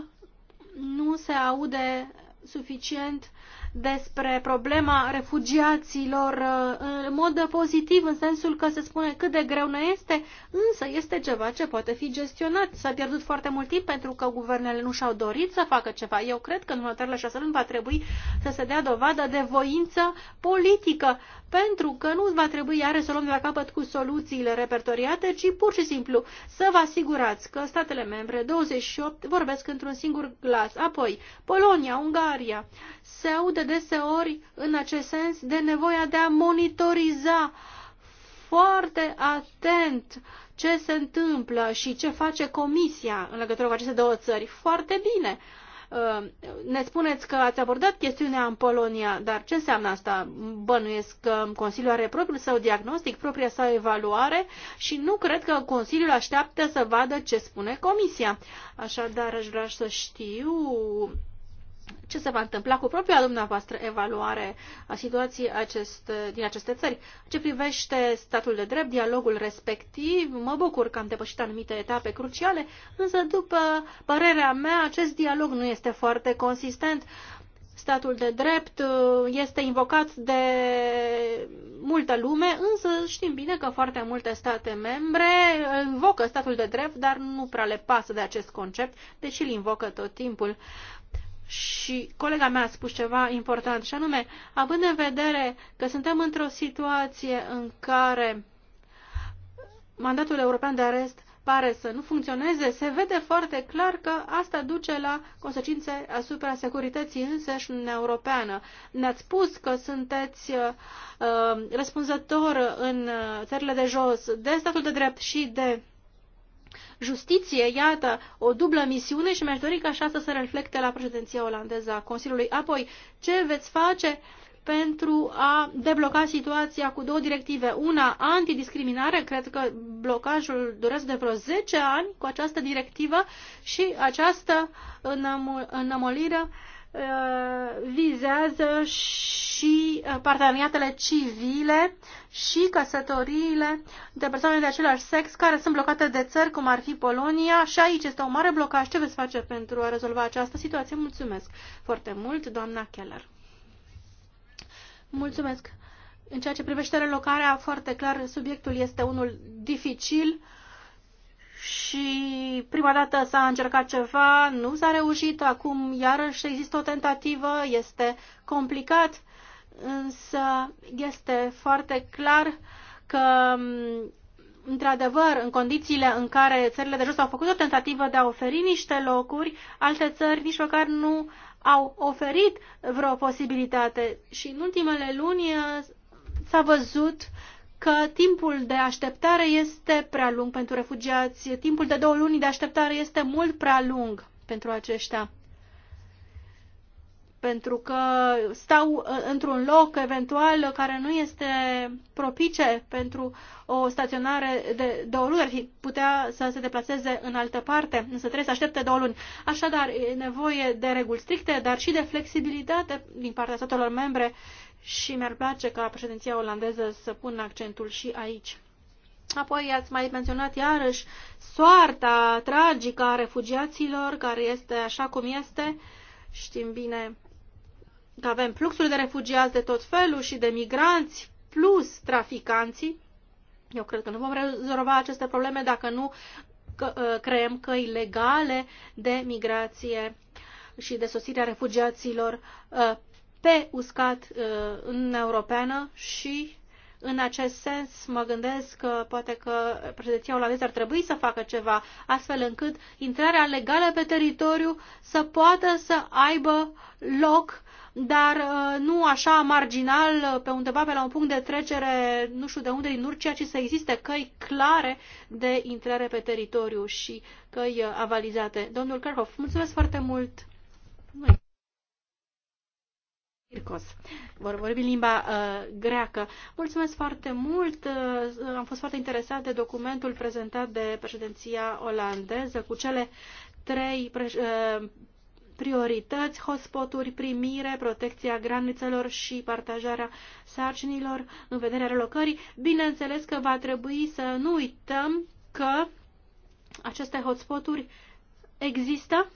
nu se aude suficient uh, despre problema refugiaților uh, în mod pozitiv, în sensul că se spune cât de greu ne este, însă este ceva ce poate fi gestionat. S-a pierdut foarte mult timp pentru că guvernele nu și-au dorit să facă ceva. Eu cred că în următoarele șase luni va trebui să se dea dovadă de voință politică, pentru că nu va trebui iară să luăm de la capăt cu soluțiile repertoriate, ci pur și simplu să vă asigurați că statele membre 28 vorbesc într-un singur glas. Apoi, Polonia, Ungaria, se aud conștiente deseori în acest sens de nevoia de a monitoriza foarte atent ce se întâmplă și ce face Comisia în legătură cu aceste două țări. Foarte bine. Uh, ne spuneți că ați abordat chestiunea în Polonia, dar ce înseamnă asta? Bănuiesc că Consiliul are propriul său diagnostic, propria sa evaluare și nu cred că Consiliul așteaptă să vadă ce spune Comisia. Așadar, aș vrea să știu ce se va întâmpla cu propria dumneavoastră evaluare a situației acest, din aceste țări. Ce privește statul de drept, dialogul respectiv, mă bucur că am depășit anumite etape cruciale, însă după părerea mea acest dialog nu este foarte consistent. Statul de drept uh, este invocat de multă lume, însă știm bine că foarte multe state membre invocă statul de drept, dar nu prea le pasă de acest concept, deși îl invocă tot timpul și colega mea a spus ceva important, și anume, având în vedere că suntem într-o situație în care mandatul european de arest pare să nu funcționeze, se vede foarte clar că asta duce la consecințe asupra securității însăși în europeană. Ne-ați spus că sunteți uh, uh răspunzător în uh, țările de jos de statul de drept și de justiție, iată, o dublă misiune și mi-aș dori ca așa să se reflecte la președinția olandeză a Consiliului. Apoi, ce veți face pentru a debloca situația cu două directive. Una, antidiscriminare, cred că blocajul durează de vreo 10 ani cu această directivă și această înămolire Uh, vizează și uh, parteneriatele civile și căsătoriile de persoane de același sex care sunt blocate de țări, cum ar fi Polonia. Și aici este o mare blocaj. Ce veți face pentru a rezolva această situație? Mulțumesc foarte mult, doamna Keller. Mulțumesc. În ceea ce privește relocarea, foarte clar, subiectul este unul dificil și prima dată s-a încercat ceva, nu s-a reușit, acum iarăși există o tentativă, este complicat, însă este foarte clar că, mm, într-adevăr, în condițiile în care țările de jos au făcut o tentativă de a oferi niște locuri, alte țări nici măcar nu au oferit vreo posibilitate. Și în ultimele luni uh, s-a văzut că timpul de așteptare este prea lung pentru refugiați, timpul de două luni de așteptare este mult prea lung pentru aceștia. Pentru că stau ă, într-un loc eventual care nu este propice pentru o staționare de două luni, ar fi putea să se deplaseze în altă parte, însă trebuie să aștepte două luni. Așadar, e nevoie de reguli stricte, dar și de flexibilitate din partea statelor membre și mi-ar place ca președinția olandeză să pună accentul și aici. Apoi ați mai menționat iarăși soarta tragică a refugiaților, care este așa cum este. Știm bine că avem fluxul de refugiați de tot felul și de migranți, plus traficanții. Eu cred că nu vom rezolva aceste probleme dacă nu ă, creăm căi legale de migrație și de sosirea refugiaților ă, pe uscat uh, în Europeană și în acest sens mă gândesc că poate că președinția olandeză ar trebui să facă ceva astfel încât intrarea legală pe teritoriu să poată să aibă loc dar uh, nu așa marginal, pe undeva pe la un punct de trecere, nu știu de unde, din Urcia, ci să existe căi clare de intrare pe teritoriu și căi uh, avalizate. Domnul Kerhoff, mulțumesc foarte mult! Ircos. Vor vorbi limba uh, greacă. Mulțumesc foarte mult. Uh, am fost foarte interesat de documentul prezentat de președinția olandeză cu cele trei pre- uh, priorități, hotspoturi, primire, protecția granițelor și partajarea sarcinilor în vederea relocării. Bineînțeles că va trebui să nu uităm că aceste hotspoturi există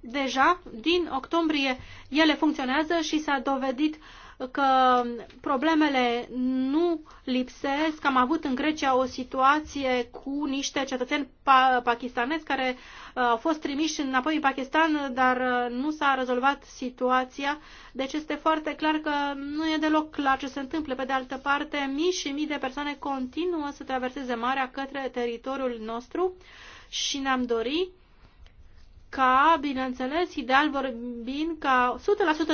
deja din octombrie ele funcționează și s-a dovedit că problemele nu lipsesc. Am avut în Grecia o situație cu niște cetățeni pa pakistanezi care uh, au fost trimiși înapoi în Pakistan, dar uh, nu s-a rezolvat situația. Deci este foarte clar că nu e deloc clar ce se întâmplă. Pe de altă parte, mii și mii de persoane continuă să traverseze marea către teritoriul nostru și ne-am dorit ca, bineînțeles, ideal vorbind, ca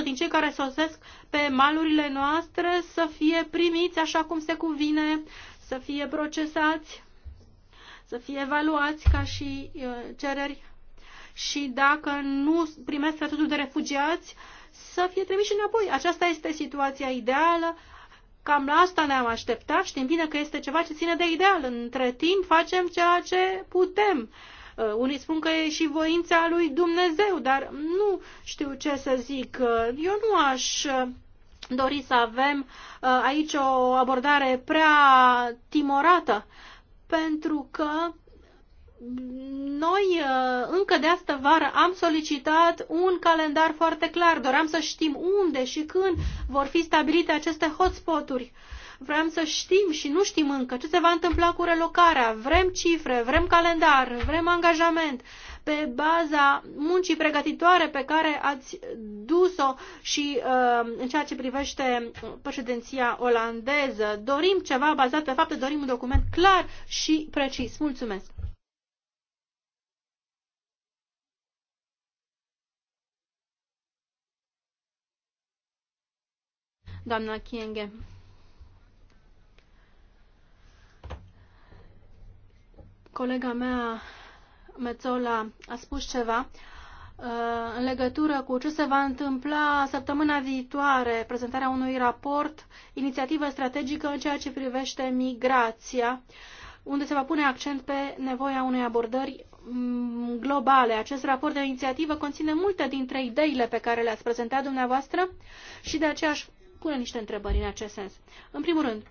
100% din cei care sosesc pe malurile noastre să fie primiți așa cum se cuvine, să fie procesați, să fie evaluați ca și uh, cereri și dacă nu primesc statutul de refugiați, să fie trimiși înapoi. Aceasta este situația ideală, cam la asta ne-am așteptat, știm bine că este ceva ce ține de ideal. Între timp facem ceea ce putem Eh, unii spun că e și voința lui Dumnezeu, dar nu știu ce să zic. Eh, eu nu aș eh, dori să avem aici o abordare prea timorată, pentru că noi încă de astă vară am solicitat un calendar foarte clar. Doream să știm unde și când vor fi stabilite aceste hotspoturi. uri Vrem să știm și nu știm încă ce se va întâmpla cu relocarea. Vrem cifre, vrem calendar, vrem angajament pe baza muncii pregătitoare pe care ați dus-o și uh, în ceea ce privește președinția olandeză. Dorim ceva bazat pe fapte, dorim un document clar și precis. Mulțumesc! Doamna Kienge. Colega mea, Mețola, a spus ceva uh, în legătură cu ce se va întâmpla săptămâna viitoare, prezentarea unui raport, inițiativă strategică în ceea ce privește migrația, unde se va pune accent pe nevoia unei abordări mm, globale. Acest raport de inițiativă conține multe dintre ideile pe care le-ați prezentat dumneavoastră și de aceea aș pune niște întrebări în acest sens. În primul rând,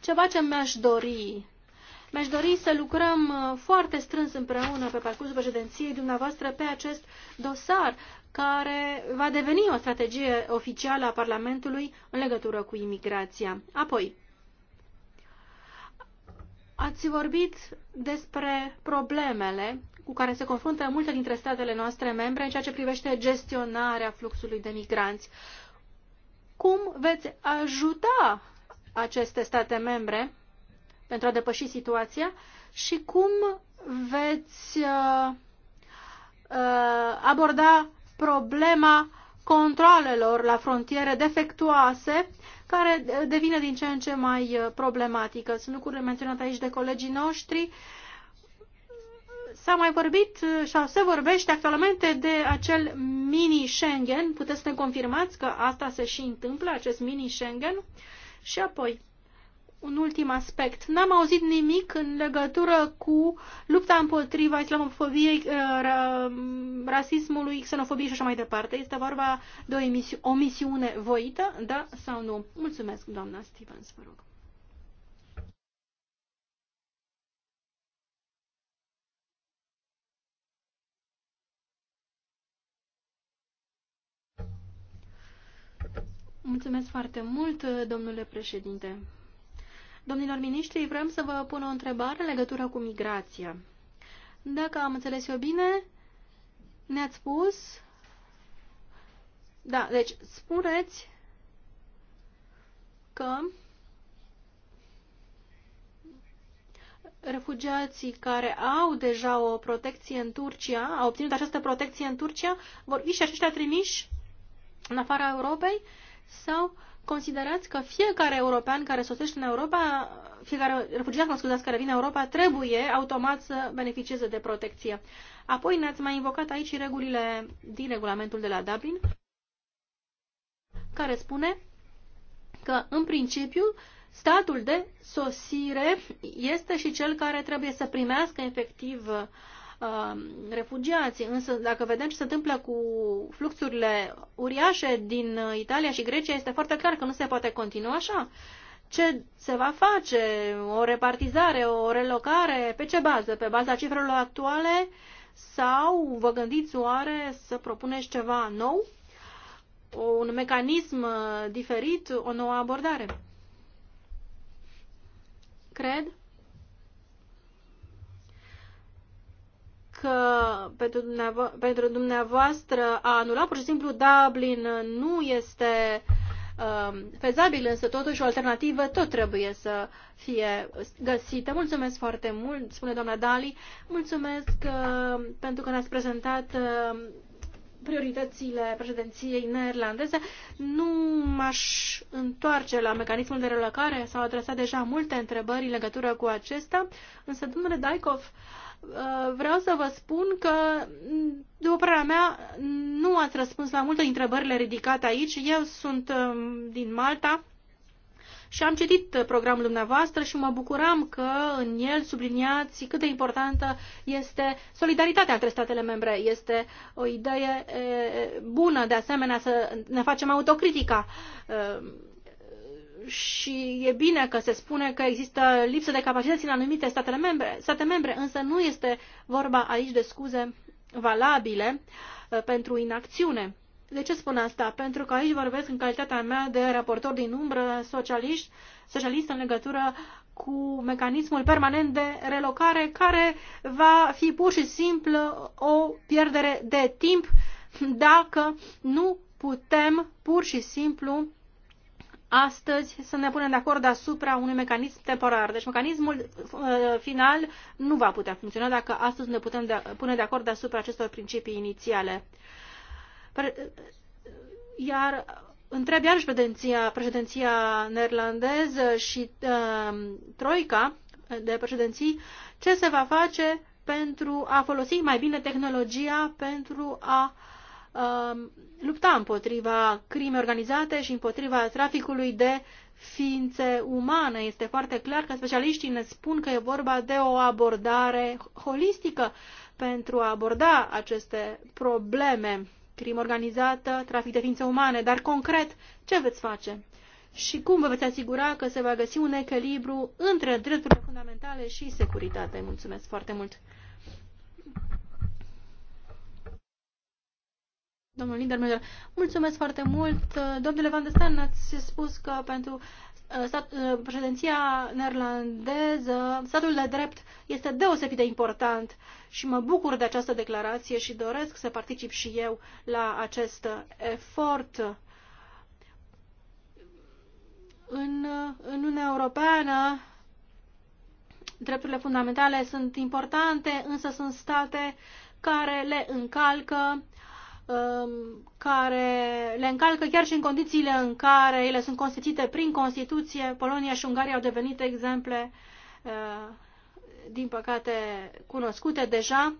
ceva ce mi-aș dori mi-aș dori să lucrăm uh, foarte strâns împreună pe parcursul președinției dumneavoastră pe acest dosar care va deveni o strategie oficială a Parlamentului în legătură cu imigrația. Apoi, ați vorbit despre problemele cu care se confruntă multe dintre statele noastre membre în ceea ce privește gestionarea fluxului de migranți. Cum veți ajuta aceste state membre pentru a depăși situația și cum veți uh, uh, aborda problema controlelor la frontiere defectuoase, care uh, devine din ce în ce mai uh, problematică. Sunt lucruri menționate aici de colegii noștri. S-a mai vorbit uh, sau se vorbește actualmente de acel mini Schengen. Puteți să ne confirmați că asta se și întâmplă, acest mini Schengen? Și apoi, un ultim aspect. N-am auzit nimic în legătură cu lupta împotriva islamofobiei, uh, rasismului, xenofobiei și așa mai departe. Este vorba de o, emisi- o misiune voită, da sau nu? Mulțumesc, doamna Stevens, vă rog. Mulțumesc foarte mult, domnule președinte. Domnilor miniștri, vrem să vă pun o întrebare în legătură cu migrația. Dacă am înțeles eu bine, ne-ați spus... Da, deci spuneți că refugiații care au deja o protecție în Turcia, au obținut această protecție în Turcia, vor fi și aceștia trimiși în afara Europei sau uh, considerați că fiecare european care sosește în Europa, fiecare refugiat, mă scuzați, care vine în Europa, trebuie automat să beneficieze de protecție. Apoi ne-ați mai invocat aici regulile din regulamentul de la Dublin, care spune că, în principiu, statul de sosire este și cel care trebuie să primească efectiv uh, Uh, refugiații. Însă, dacă vedem ce se întâmplă cu fluxurile uriașe din uh, Italia și Grecia, este foarte clar că nu se poate continua așa. Ce se va face? O repartizare, o relocare? Pe ce bază? Pe baza cifrelor actuale? Sau vă gândiți oare să propuneți ceva nou? Un mecanism uh, diferit? O nouă abordare? Cred că pentru, dumneavo- pentru dumneavoastră a anulat, pur și simplu Dublin nu este uh, fezabil, însă totuși o alternativă tot trebuie să fie găsită. Mulțumesc foarte mult, spune doamna Dali. Mulțumesc uh, pentru că ne-ați prezentat uh, prioritățile președinției neerlandeze. Nu m-aș întoarce la mecanismul de relocare, s-au adresat deja multe întrebări în legătură cu acesta, însă, domnule Daikov, uh, Uh, vreau să vă spun că, după părerea mea, nu ați răspuns la multe întrebările ridicate aici. Eu sunt um, din Malta și am citit programul dumneavoastră și mă bucuram că în el subliniați cât de importantă este solidaritatea între statele membre. Este o idee bună, de asemenea, să ne facem autocritica uh, și e bine că se spune că există lipsă de capacități în anumite statele membre, state membre, însă nu este vorba aici de scuze valabile uh, pentru inacțiune. De ce spun asta? Pentru că aici vorbesc în calitatea mea de raportor din umbră socialist, socialist în legătură cu mecanismul permanent de relocare care va fi pur și simplu o pierdere de timp dacă nu putem pur și simplu astăzi să ne punem de acord asupra unui mecanism temporar. Deci mecanismul uh, final nu va putea funcționa dacă astăzi ne putem de, pune de acord asupra acestor principii inițiale. Uh, iar întreb iarăși președinția, președinția neerlandeză și uh, troica de președinții ce se va face pentru a folosi mai bine tehnologia pentru a uh, Um, lupta împotriva crimei organizate și împotriva traficului de ființe umane. Este foarte clar că specialiștii ne spun că e vorba de o abordare holistică pentru a aborda aceste probleme, crimă organizată, trafic de ființe umane, dar concret ce veți face? Și cum vă veți asigura că se va găsi un echilibru între drepturile fundamentale și securitate? Mulțumesc foarte mult! Domnul Lindermüller, mulțumesc foarte mult. Domnule Van de Stan, ați spus că pentru uh, stat, uh, președinția neerlandeză, statul de drept este deosebit de important și mă bucur de această declarație și doresc să particip și eu la acest efort. În, uh, în Uniunea Europeană, drepturile fundamentale sunt importante, însă sunt state care le încalcă Um, care le încalcă chiar și în condițiile în care ele sunt constituite prin Constituție. Polonia și Ungaria au devenit exemple, uh, din păcate, cunoscute deja.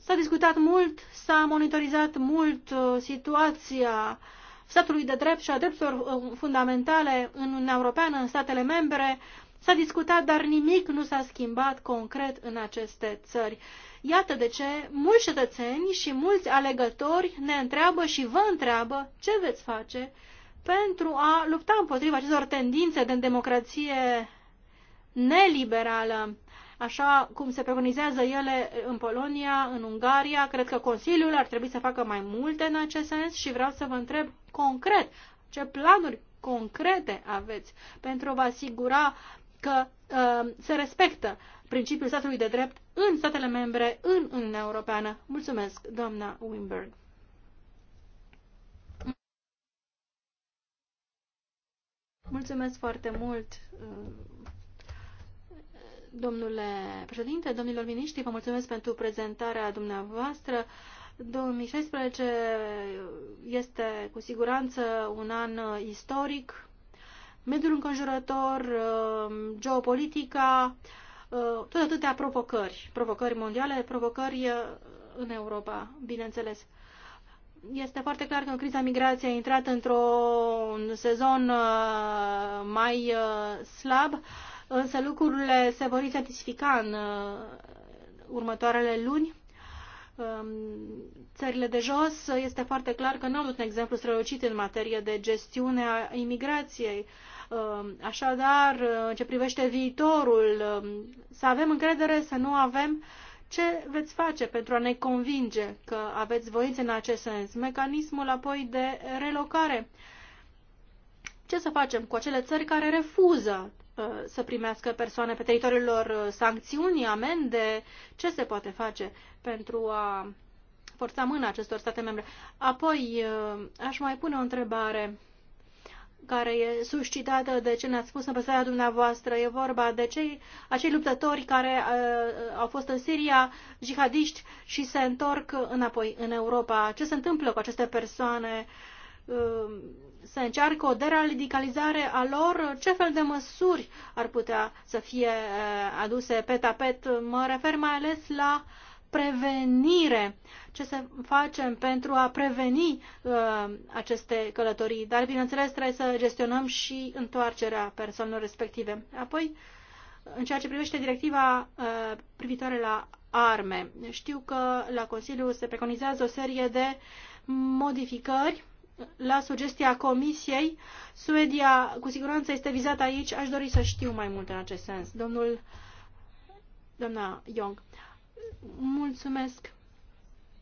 S-a discutat mult, s-a monitorizat mult uh, situația statului de drept și a drepturilor uh, fundamentale în Uniunea Europeană, în statele membre. S-a discutat, dar nimic nu s-a schimbat concret în aceste țări. Iată de ce mulți cetățeni și mulți alegători ne întreabă și vă întreabă ce veți face pentru a lupta împotriva acestor tendințe de democrație neliberală, așa cum se preconizează ele în Polonia, în Ungaria. Cred că Consiliul ar trebui să facă mai multe în acest sens și vreau să vă întreb concret ce planuri concrete aveți pentru a vă asigura că uh, se respectă principiul statului de drept în statele membre, în Uniunea Europeană. Mulțumesc, doamna Wimberg. Mulțumesc foarte mult, uh, domnule președinte, domnilor miniștri, vă mulțumesc pentru prezentarea dumneavoastră. 2016 este cu siguranță un an istoric mediul înconjurător, uh, geopolitica, uh, tot atâtea provocări, provocări mondiale, provocări uh, în Europa, bineînțeles. Este foarte clar că în criza migrației a intrat într-un sezon mai slab, însă lucrurile se vor intensifica în următoarele luni. Um, țările de jos este foarte clar că nu au un exemplu strălucit în materie de gestiune a imigrației. Um, așadar, uh, în ce privește viitorul, um, să avem încredere, să nu avem ce veți face pentru a ne convinge că aveți voință în acest sens? Mecanismul apoi de relocare. Ce să facem cu acele țări care refuză uh, să primească persoane pe teritoriul lor uh, sancțiuni, amende? Ce se poate face pentru a forța mâna acestor state membre? Apoi, uh, aș mai pune o întrebare care e suscitată de ce ne-ați spus în prezentarea dumneavoastră. E vorba de cei, acei luptători care uh, au fost în Siria, jihadiști, și se întorc înapoi în Europa. Ce se întâmplă cu aceste persoane? Uh, se încearcă o deradicalizare a lor? Ce fel de măsuri ar putea să fie uh, aduse pe tapet? Mă refer mai ales la uh, prevenire, ce să facem pentru a preveni uh, aceste călătorii. Dar, bineînțeles, trebuie să gestionăm și întoarcerea persoanelor respective. Apoi, în ceea ce privește directiva uh, privitoare la arme, știu că la Consiliu se preconizează o serie de modificări la sugestia Comisiei. Suedia, cu siguranță, este vizată aici. Aș dori să știu mai mult în acest sens. Domnul, doamna Young. Mulțumesc.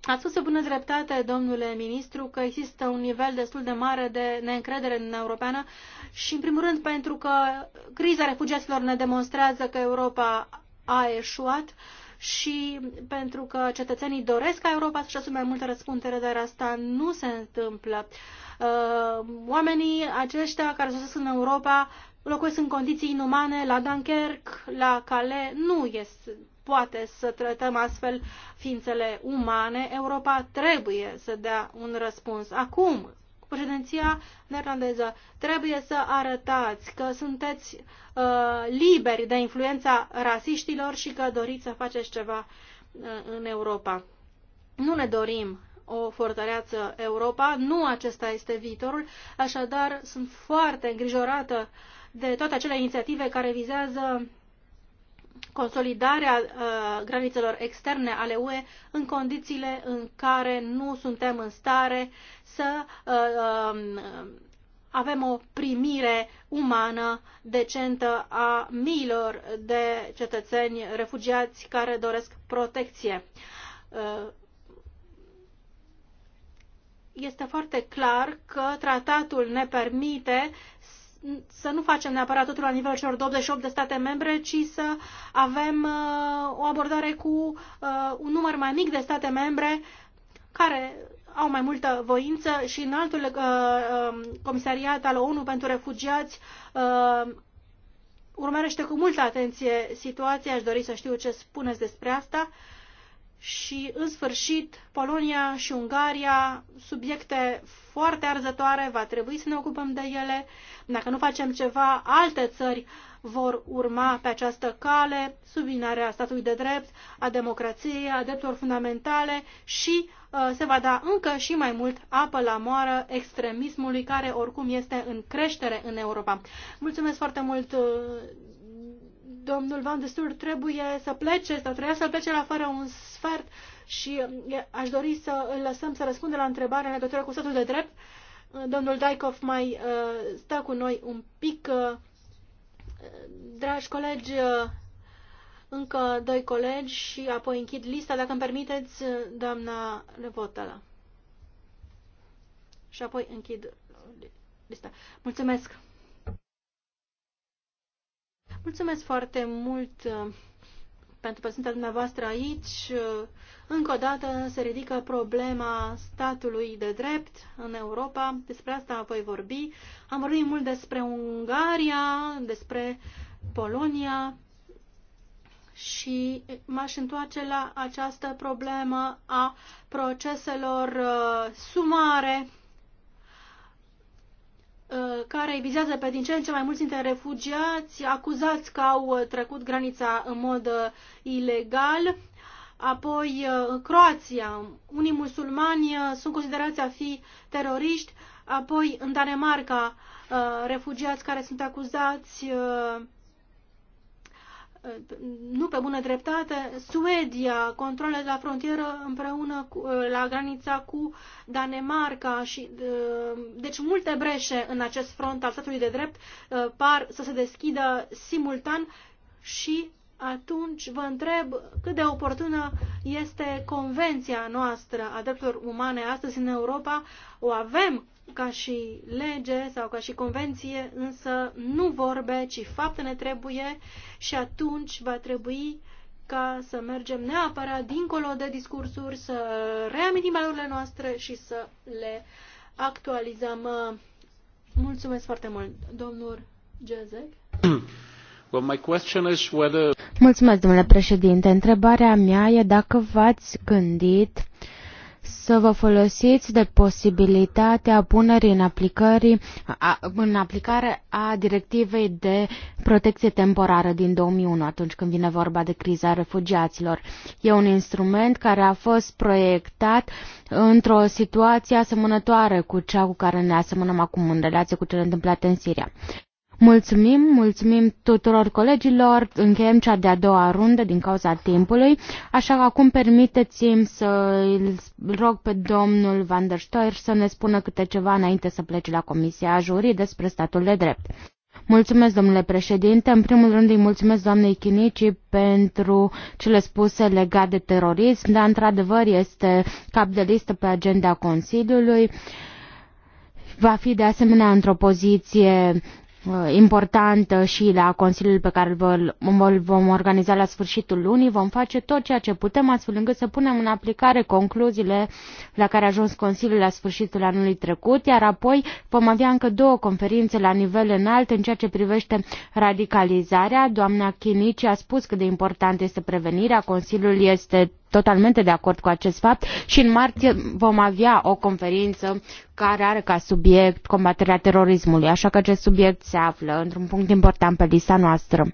Ați spus pe bună dreptate, domnule ministru, că există un nivel destul de mare de neîncredere în Europeană și, în primul rând, pentru că criza refugiaților ne demonstrează că Europa a eșuat și pentru că cetățenii doresc ca Europa să-și asume mai multă răspundere, dar asta nu se întâmplă. Uh, oamenii aceștia care sosesc în Europa locuiesc în condiții inumane la Dunkerque, la Calais, nu este poate să tratăm astfel ființele umane. Europa trebuie să dea un răspuns. Acum, cu președinția neerlandeză, trebuie să arătați că sunteți uh, liberi de influența rasiștilor și că doriți să faceți ceva uh, în Europa. Nu ne dorim o fortăreață Europa, nu acesta este viitorul, așadar sunt foarte îngrijorată de toate acele inițiative care vizează consolidarea uh, granițelor externe ale UE în condițiile în care nu suntem în stare să uh, uh, avem o primire umană decentă a miilor de cetățeni refugiați care doresc protecție. Uh, este foarte clar că tratatul ne permite să nu facem neapărat totul la nivelul celor 28 de state membre, ci să avem uh, o abordare cu uh, un număr mai mic de state membre care au mai multă voință și în altul uh, um, comisariat al ONU pentru refugiați urmărește cu multă atenție situația. Aș dori să știu ce spuneți despre asta. Uh, și, în sfârșit, Polonia și Ungaria, subiecte foarte arzătoare, va trebui să ne ocupăm de ele. Dacă nu facem ceva, alte țări vor urma pe această cale, subminarea statului de drept, a democrației, a drepturilor fundamentale și uh, se va da încă și mai mult apă la moară extremismului care oricum este în creștere în Europa. Mulțumesc foarte mult, uh, domnul Van de Stur, trebuie să plece, sau trebuie să plece la fără un expert și um, aș dori să îl lăsăm să răspundă la întrebarea în legătură cu statul de drept. Domnul Daikov mai uh, stă cu noi un pic. Uh, dragi colegi, uh, încă doi colegi și apoi închid lista, dacă îmi permiteți, doamna Revotala. Și apoi închid lista. Mulțumesc! Mulțumesc foarte mult! pentru prezența dumneavoastră aici. Încă o dată se ridică problema statului de drept în Europa. Despre asta voi vorbi. Am vorbit mult despre Ungaria, despre Polonia și m-aș întoarce la această problemă a proceselor uh, sumare Uh, care vizează pe din ce în ce mai mulți dintre refugiați acuzați că au uh, trecut granița în mod uh, ilegal. Apoi, în Croația, unii musulmani sunt considerați a fi teroriști. Apoi, în Danemarca, refugiați care sunt acuzați nu pe bună dreptate, Suedia, controle la frontieră împreună cu, ă, la granița cu Danemarca și ă, deci multe breșe în acest front al statului de drept ă, par să se deschidă simultan și atunci vă întreb cât de oportună este convenția noastră a drepturilor umane astăzi în Europa. O avem ca și lege sau ca și convenție, însă nu vorbe, ci fapte ne trebuie și atunci va trebui ca să mergem neapărat dincolo de discursuri, să reamintim valorile noastre și să le actualizăm. Mulțumesc foarte mult, domnul Jezek. *clears throat* Well, my question is whether... Mulțumesc, domnule președinte. Întrebarea mea e dacă v-ați gândit uh, să vă folosiți de posibilitatea punerii în, aplicării, a, în aplicare a directivei de protecție temporară din 2001, atunci când vine vorba de criza refugiaților. E un instrument care a fost proiectat într-o situație asemănătoare cu cea cu care ne asemănăm acum în relație cu cele întâmplate în Siria. Mulțumim, mulțumim tuturor colegilor. Încheiem cea de-a doua rundă din cauza timpului, așa că acum permiteți-mi să îl rog pe domnul Van der Stoer să ne spună câte ceva înainte să plece la Comisia Jurii despre statul de drept. Mulțumesc, domnule președinte. În primul rând îi mulțumesc doamnei Chinici pentru cele spuse legate de terorism, dar într-adevăr este cap de listă pe agenda Consiliului va fi de asemenea într-o poziție Uh, importantă și la Consiliul pe care îl vom organiza la sfârșitul lunii. Vom face tot ceea ce putem astfel încât să punem în aplicare concluziile la care a ajuns Consiliul la sfârșitul anului trecut, iar apoi vom avea încă două conferințe la nivel înalt în ceea ce privește radicalizarea. Doamna Chinici a spus cât de important este prevenirea. Consiliul este totalmente de acord cu acest fapt și în martie vom avea o conferință care are ca subiect combaterea terorismului, așa că acest subiect se află într-un punct important pe lista noastră. Uh,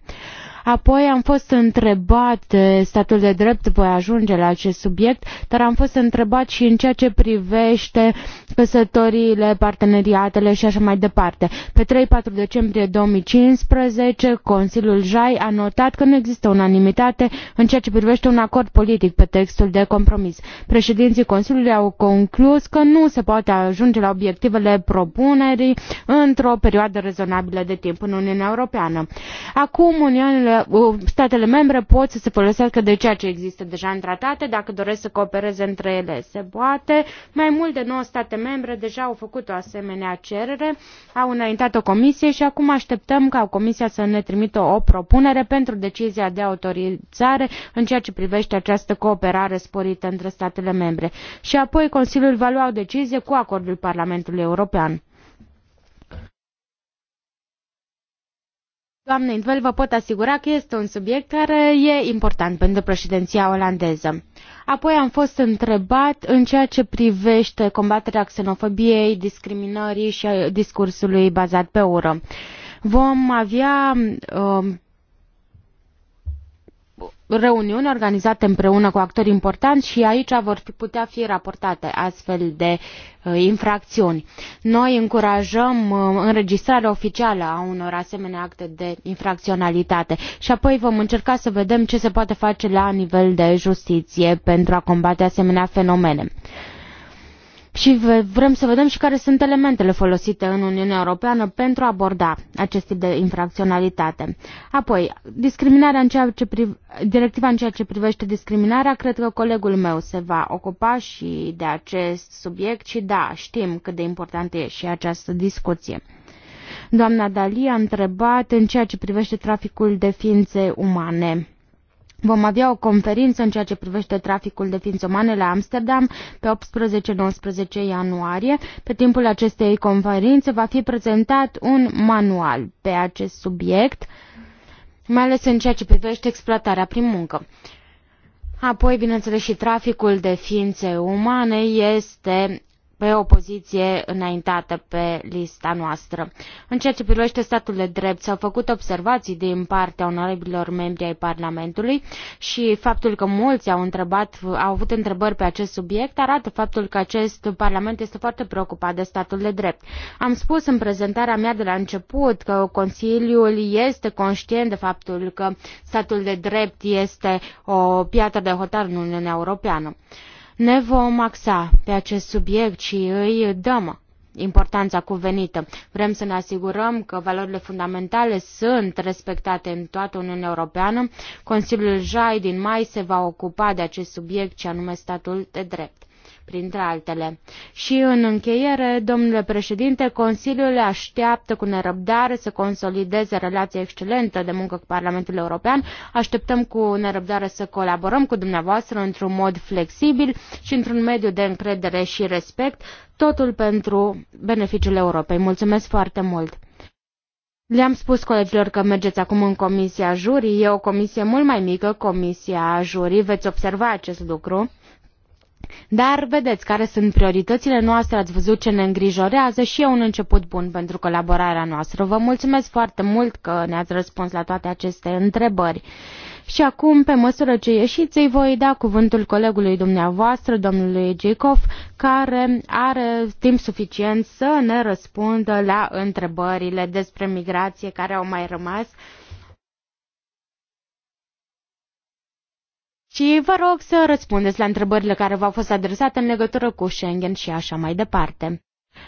Apoi am fost întrebat, statul de drept voi ajunge la acest subiect, dar am fost întrebat și în ceea ce privește căsătoriile, parteneriatele și așa mai departe. Pe 3-4 decembrie 2015, Consiliul JAI a notat că nu există unanimitate în ceea ce privește un acord politic pe textul de compromis. Președinții Consiliului au conclus că nu se poate ajunge la obiectivele propunerii într-o perioadă rezonabilă de timp în Uniunea Europeană. Acum, Uniunea Uh, statele membre pot să se folosească de ceea ce există deja în tratate, dacă doresc să coopereze între ele se poate. Mai mult de 9 state membre deja au făcut o asemenea cerere, au înaintat o comisie și acum așteptăm ca comisia să ne trimită o propunere pentru decizia de autorizare în ceea ce privește această cooperare sporită între statele membre. Și apoi Consiliul va lua o decizie cu acordul Parlamentului European. Doamne Intvel, vă pot asigura că este un subiect care e important pentru președinția olandeză. Apoi am fost întrebat în ceea ce privește combaterea xenofobiei, discriminării și discursului bazat pe ură. Vom avea uh, reuniuni organizate împreună cu actori importanți și aici vor fi, putea fi raportate astfel de uh, infracțiuni. Noi încurajăm uh, înregistrarea oficială a unor asemenea acte de infracționalitate și apoi vom încerca să vedem ce se poate face la nivel de justiție pentru a combate asemenea fenomene. Uh, și vrem să vedem și care sunt elementele folosite în Uniunea Europeană pentru a aborda acest tip de infracționalitate. Apoi, discriminarea în ceea ce priv- directiva în ceea ce privește discriminarea, cred că colegul meu se va ocupa și de acest subiect și da, știm cât de importantă e și această discuție. Doamna Dalia a întrebat în ceea ce privește traficul de ființe umane. Vom avea o conferință în ceea ce privește traficul de ființe umane la Amsterdam pe 18-19 ianuarie. Pe timpul acestei conferințe va fi prezentat un manual pe acest subiect, mai ales în ceea ce privește exploatarea prin muncă. Apoi, bineînțeles, și traficul de ființe umane este pe o poziție înaintată pe lista noastră. În ceea ce privește statul de drept, s-au făcut observații din partea onorabilor membri ai Parlamentului și faptul că mulți au, întrebat, au avut întrebări pe acest subiect arată faptul că acest Parlament este foarte preocupat de statul de drept. Am spus în prezentarea mea de la început că Consiliul este conștient de faptul că statul de drept este o piatră de hotar în Uniunea Europeană. Ne vom axa pe acest subiect și îi dăm importanța cuvenită. Vrem să ne asigurăm că valorile fundamentale sunt respectate în toată Uniunea Europeană. Consiliul JAI din mai se va ocupa de acest subiect, ce anume statul de drept printre altele. Și în încheiere, domnule președinte, Consiliul așteaptă cu nerăbdare să consolideze relația excelentă de muncă cu Parlamentul European. Așteptăm cu nerăbdare să colaborăm cu dumneavoastră într-un mod flexibil și într-un mediu de încredere și respect, totul pentru beneficiul Europei. Mulțumesc foarte mult! Le-am spus colegilor că mergeți acum în comisia jurii, e o comisie mult mai mică, comisia jurii, veți observa acest lucru. Dar vedeți care sunt prioritățile noastre, ați văzut ce ne îngrijorează și e un început bun pentru colaborarea noastră. Vă mulțumesc foarte mult că ne-ați răspuns la toate aceste întrebări. Și acum, pe măsură ce ieșiți, îi voi da cuvântul colegului dumneavoastră, domnului Gicov, care are timp suficient să ne răspundă la întrebările despre migrație care au mai rămas Și vă rog să răspundeți la întrebările care v-au fost adresate în legătură cu Schengen și așa mai departe.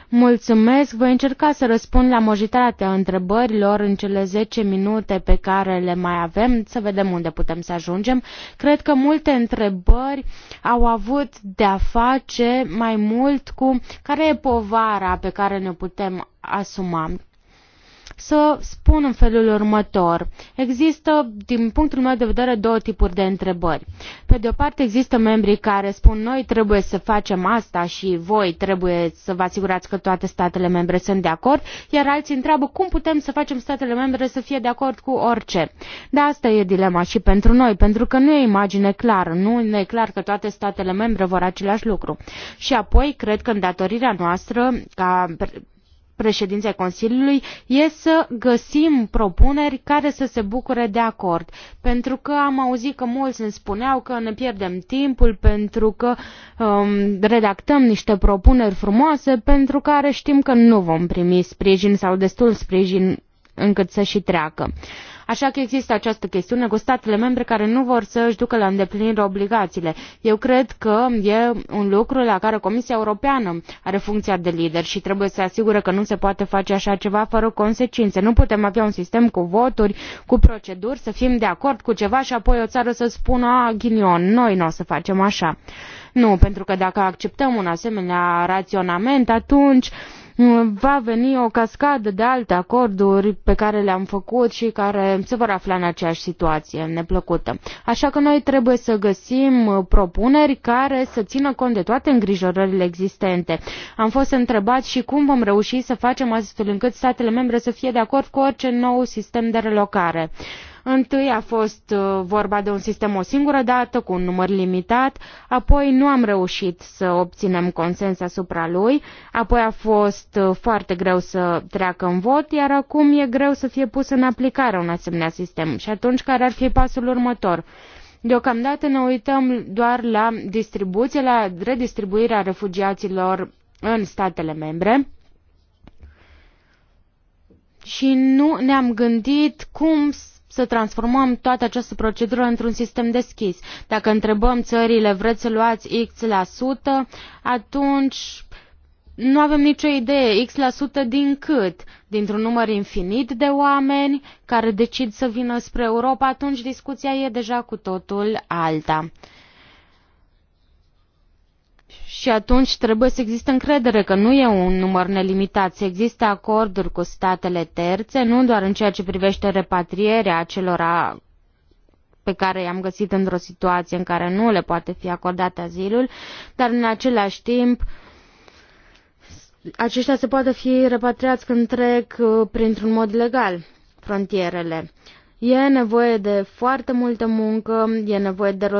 Mulțumesc, voi încerca să răspund la majoritatea întrebărilor în cele 10 minute pe care le mai avem, să vedem unde putem să ajungem. Cred că multe întrebări au avut de-a face mai mult cu care e povara pe care ne putem asuma să spun în felul următor. Există, din punctul meu de vedere, două tipuri de întrebări. Pe de o parte, există membrii care spun noi trebuie să facem asta și voi trebuie să vă asigurați că toate statele membre sunt de acord, iar alții întreabă cum putem să facem statele membre să fie de acord cu orice. De da, asta e dilema și pentru noi, pentru că nu e imagine clară, nu e clar că toate statele membre vor același lucru. Și apoi, cred că îndatorirea noastră ca președinței Consiliului e să găsim propuneri care să se bucure de acord. Pentru că am auzit că mulți îmi spuneau că ne pierdem timpul pentru că um, redactăm niște propuneri frumoase pentru care știm că nu vom primi sprijin sau destul sprijin încât să și treacă. Uh, Așa că există această chestiune cu statele membre care nu vor să își ducă la îndeplinire obligațiile. Eu cred că e un lucru la care Comisia Europeană are funcția de lider și trebuie să asigure că nu se poate face așa ceva fără consecințe. Nu putem avea un sistem cu voturi, cu proceduri, să fim de acord cu ceva și apoi o țară să spună, a, ghinion, noi nu o să facem așa. Nu, pentru că dacă acceptăm un asemenea raționament, atunci uh, va veni o cascadă de alte acorduri pe care le-am făcut și care se vor afla în aceeași situație neplăcută. Așa că noi trebuie să găsim uh, propuneri care să țină cont de toate îngrijorările existente. Am fost întrebat și cum vom reuși să facem astfel încât statele membre să fie de acord cu orice nou sistem de relocare. Uh, Întâi a fost uh, vorba de un sistem o singură dată, cu un număr limitat, apoi nu am reușit să obținem consens asupra lui, apoi a fost uh, foarte greu să treacă în vot, iar acum e greu să fie pus în aplicare un asemenea sistem. Și atunci care ar fi pasul următor? Deocamdată ne uităm doar la distribuție, la redistribuirea refugiaților în statele membre și nu ne-am gândit cum să transformăm toată această procedură într-un sistem deschis. Dacă întrebăm țările, vreți să luați X%, atunci nu avem nicio idee X% din cât, dintr-un număr infinit de oameni care decid să vină spre Europa, atunci discuția e deja cu totul alta și atunci trebuie să existe încredere că nu e un număr nelimitat, să existe acorduri cu statele terțe, nu doar în ceea ce privește repatrierea acelora pe care i-am găsit într-o situație în care nu le poate fi acordat azilul, dar în același timp aceștia se poate fi repatriați când trec uh, printr-un mod legal frontierele. E nevoie de foarte multă muncă, e nevoie de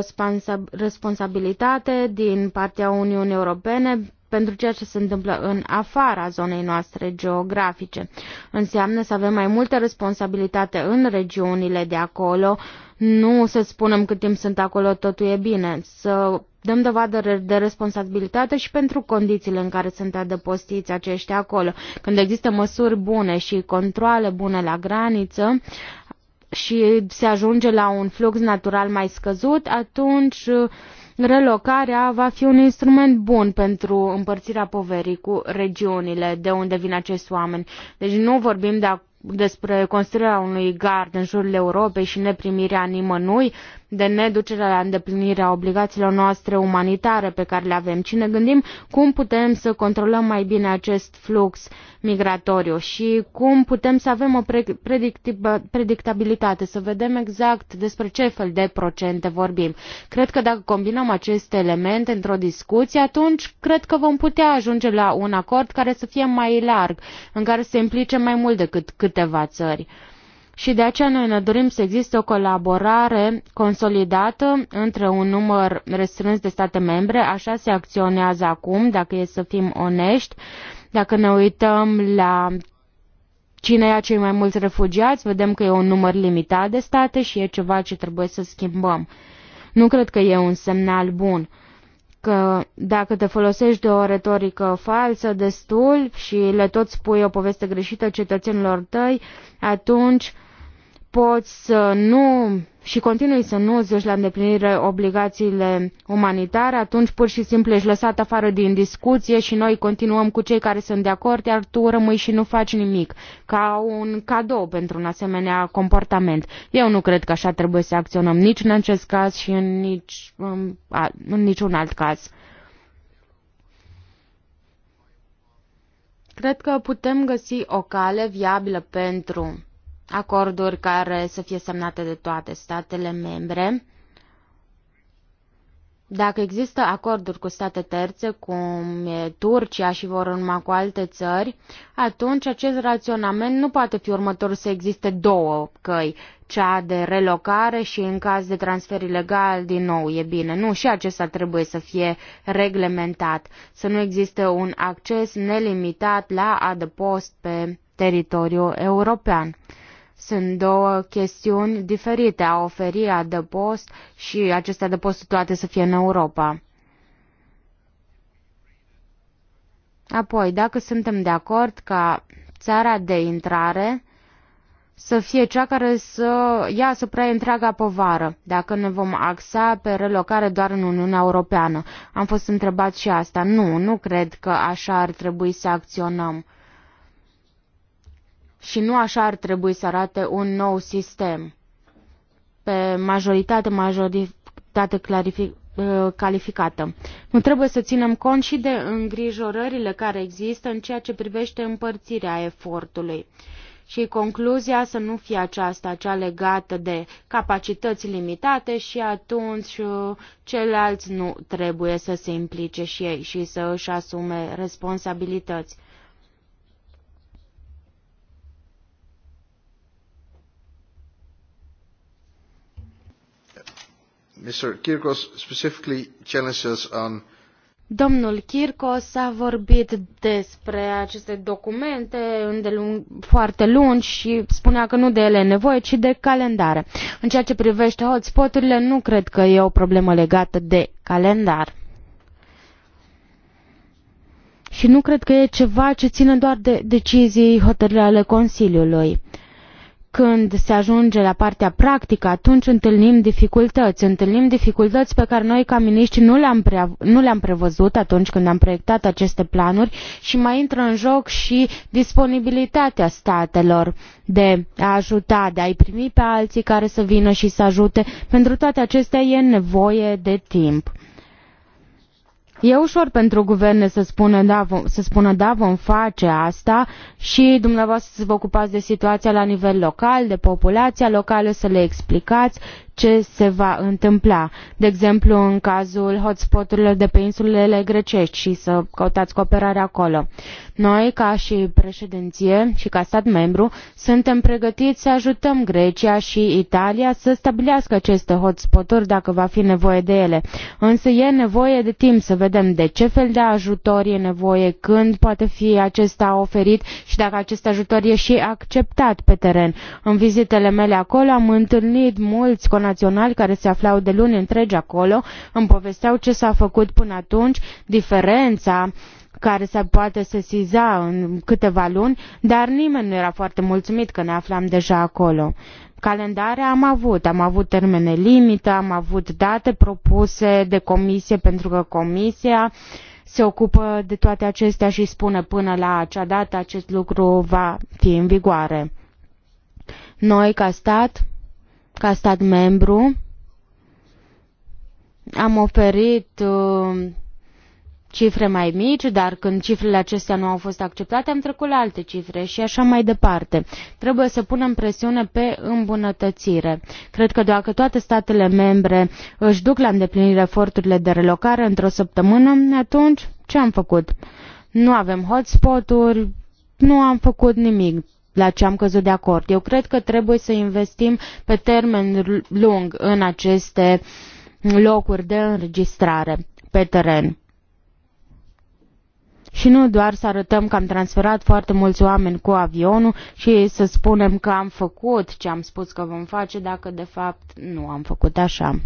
responsabilitate din partea Uniunii Europene pentru ceea ce se întâmplă în afara zonei noastre geografice. Înseamnă să avem mai multă responsabilitate în regiunile de acolo, nu să spunem cât timp sunt acolo totul e bine, să dăm dovadă de responsabilitate și pentru condițiile în care sunt adăpostiți aceștia acolo. Când există măsuri bune și controle bune la graniță, și se ajunge la un flux natural mai scăzut, atunci uh, relocarea va fi un instrument bun pentru împărțirea poverii cu regiunile de unde vin acești oameni. Deci nu vorbim de despre construirea unui gard în jurul Europei și neprimirea nimănui, de neducerea la îndeplinirea obligațiilor noastre umanitare pe care le avem, ci ne gândim cum putem să controlăm mai bine acest flux migratoriu și cum putem să avem o predictabilitate, să vedem exact despre ce fel de procente vorbim. Cred că dacă combinăm aceste elemente într-o discuție, atunci cred că vom putea ajunge la un acord care să fie mai larg, în care să implice mai mult decât câteva țări și de aceea noi ne dorim să existe o colaborare consolidată între un număr restrâns de state membre, așa se acționează acum, dacă e să fim onești, dacă ne uităm la cine ia cei mai mulți refugiați, vedem că e un număr limitat de state și e ceva ce trebuie să schimbăm. Nu cred că e un semnal bun că dacă te folosești de o retorică falsă destul și le tot spui o poveste greșită cetățenilor tăi, atunci poți să nu și continui să nu îți la îndeplinire obligațiile umanitare, atunci pur și simplu ești lăsat afară din discuție și noi continuăm cu cei care sunt de acord, iar tu rămâi și nu faci nimic, ca un cadou pentru un asemenea comportament. Eu nu cred că așa trebuie să acționăm nici în acest caz și în, nici, um, în niciun alt caz. Cred că putem găsi o cale viabilă pentru acorduri care să fie semnate de toate statele membre. Dacă există acorduri cu state terțe, cum e Turcia și vor urma cu alte țări, atunci acest raționament nu poate fi următor să existe două căi, cea de relocare și în caz de transfer ilegal, din nou, e bine. Nu, și acesta trebuie să fie reglementat, să nu existe un acces nelimitat la adăpost pe teritoriul european. Sunt două chestiuni diferite, a oferi adăpost și aceste adăpost toate să fie în Europa. Apoi, dacă suntem de acord ca țara de intrare să fie cea care să ia asupra întreaga povară, dacă ne vom axa pe relocare doar în Uniunea Europeană. Am fost întrebat și asta. Nu, nu cred că așa ar trebui să acționăm. Și nu așa ar trebui să arate un nou sistem. Pe majoritate, majoritate clarific, uh, calificată. Nu trebuie să ținem cont și de îngrijorările care există în ceea ce privește împărțirea efortului. Și concluzia să nu fie aceasta, cea legată de capacități limitate și atunci uh, ceilalți nu trebuie să se implice și ei și să își asume responsabilități. Mr. Kirkos specifically challenges on Domnul Kirkos a vorbit despre aceste documente lung, foarte lungi și spunea că nu de ele e nevoie, ci de calendare. În ceea ce privește hotspoturile, nu cred că e o problemă legată de calendar. Și nu cred că e ceva ce ține doar de decizii hotărâre ale Consiliului. Uh, când se ajunge la partea practică, atunci întâlnim dificultăți. Întâlnim dificultăți pe care noi, ca miniștri, nu le-am, prea, nu le-am prevăzut atunci când am proiectat aceste planuri și mai intră în joc și disponibilitatea statelor de a ajuta, de a-i primi pe alții care să vină și să ajute. Pentru toate acestea e nevoie de timp. E ușor pentru guverne să spună da, vom, să spună, da, vom face asta și dumneavoastră să vă ocupați de situația la nivel local, de populația locală, să le explicați ce se va întâmpla, de exemplu în cazul hotspoturilor de pe insulele grecești și să căutați cooperare acolo. Noi, ca și președinție și ca stat membru, suntem pregătiți să ajutăm Grecia și Italia să stabilească aceste hotspoturi dacă va fi nevoie de ele. Însă e nevoie de timp să vedem de ce fel de ajutor e nevoie, când poate fi acesta oferit și dacă acest ajutor e și acceptat pe teren. În vizitele mele acolo am întâlnit mulți internaționali care se aflau de luni întregi acolo îmi povesteau ce s-a făcut până atunci, diferența care se poate sesiza în câteva luni, dar nimeni nu era foarte mulțumit că ne aflam deja acolo. Calendare am avut, am avut termene limită, am avut date propuse de comisie pentru că comisia se ocupă de toate acestea și spune până la acea dată acest lucru va fi în vigoare. Noi, ca stat, ca stat membru. Am oferit uh, cifre mai mici, dar când cifrele acestea nu au fost acceptate, am trecut la alte cifre și așa mai departe. Trebuie să punem presiune pe îmbunătățire. Cred că dacă toate statele membre își duc la îndeplinire eforturile de relocare într-o săptămână, atunci ce am făcut? Nu avem hotspot-uri, nu am făcut nimic la ce am căzut de acord. Eu cred că trebuie să investim pe termen lung în aceste locuri de înregistrare pe teren. Și nu doar să arătăm că am transferat foarte mulți oameni cu avionul și să spunem că am făcut ce am spus că vom face, dacă de fapt nu am făcut așa.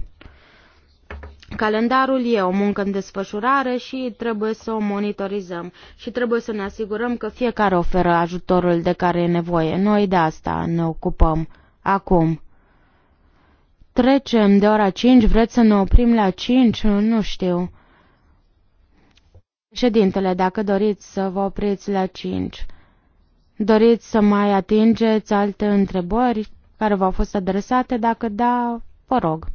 Calendarul e o muncă în desfășurare și trebuie să o monitorizăm și trebuie să ne asigurăm că fiecare oferă ajutorul de care e nevoie. Noi de asta ne ocupăm acum. Trecem de ora 5, vreți să ne oprim la 5? Nu știu. Ședintele, dacă doriți să vă opriți la 5, doriți să mai atingeți alte întrebări care v-au fost adresate? Dacă da, vă rog.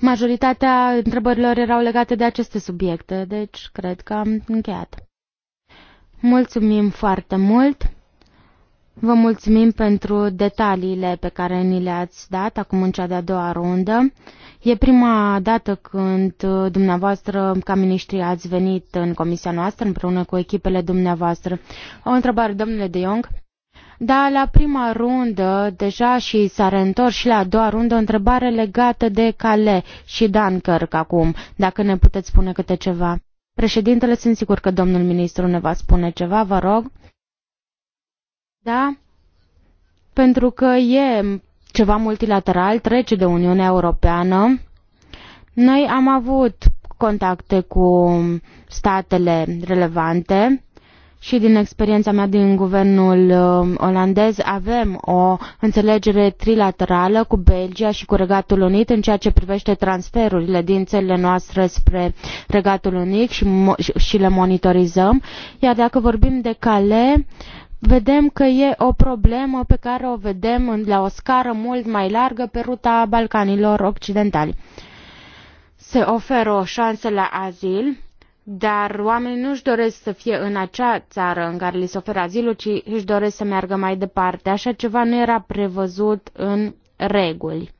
Majoritatea întrebărilor erau legate de aceste subiecte, deci cred că am încheiat. Mulțumim foarte mult! Vă mulțumim pentru detaliile pe care ni le-ați dat acum în cea de-a doua rundă. E prima dată când dumneavoastră, ca ministri, ați venit în comisia noastră împreună cu echipele dumneavoastră. O întrebare, domnule De Jong. Da, la prima rundă deja și s-a reîntors și la a doua rundă o întrebare legată de Cale și Dunkirk acum, dacă ne puteți spune câte ceva. Președintele, sunt sigur că domnul ministru ne va spune ceva, vă rog. Da? Pentru că e ceva multilateral, trece de Uniunea Europeană. Noi am avut contacte cu statele relevante și din experiența mea din guvernul uh, olandez avem o înțelegere trilaterală cu Belgia și cu Regatul Unit în ceea ce privește transferurile din țările noastre spre Regatul Unit și, și le monitorizăm. Iar dacă vorbim de cale, vedem că e o problemă pe care o vedem la o scară mult mai largă pe ruta Balcanilor Occidentali. Se oferă o șansă la azil dar oamenii nu își doresc să fie în acea țară în care li se oferă azilul, ci își doresc să meargă mai departe. Așa ceva nu era prevăzut în reguli.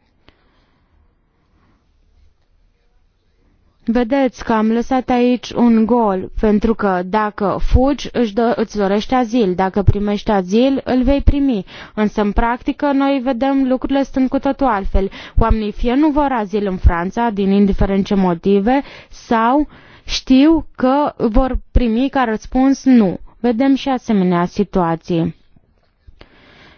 Vedeți că am lăsat aici un gol, pentru că dacă fugi, își dă, îți dorești azil. Dacă primești azil, îl vei primi. Însă, în practică, noi vedem lucrurile stând cu totul altfel. Oamenii fie nu vor azil în Franța, din indiferent ce motive, sau uh, știu că vor primi ca răspuns nu. Vedem și asemenea situații.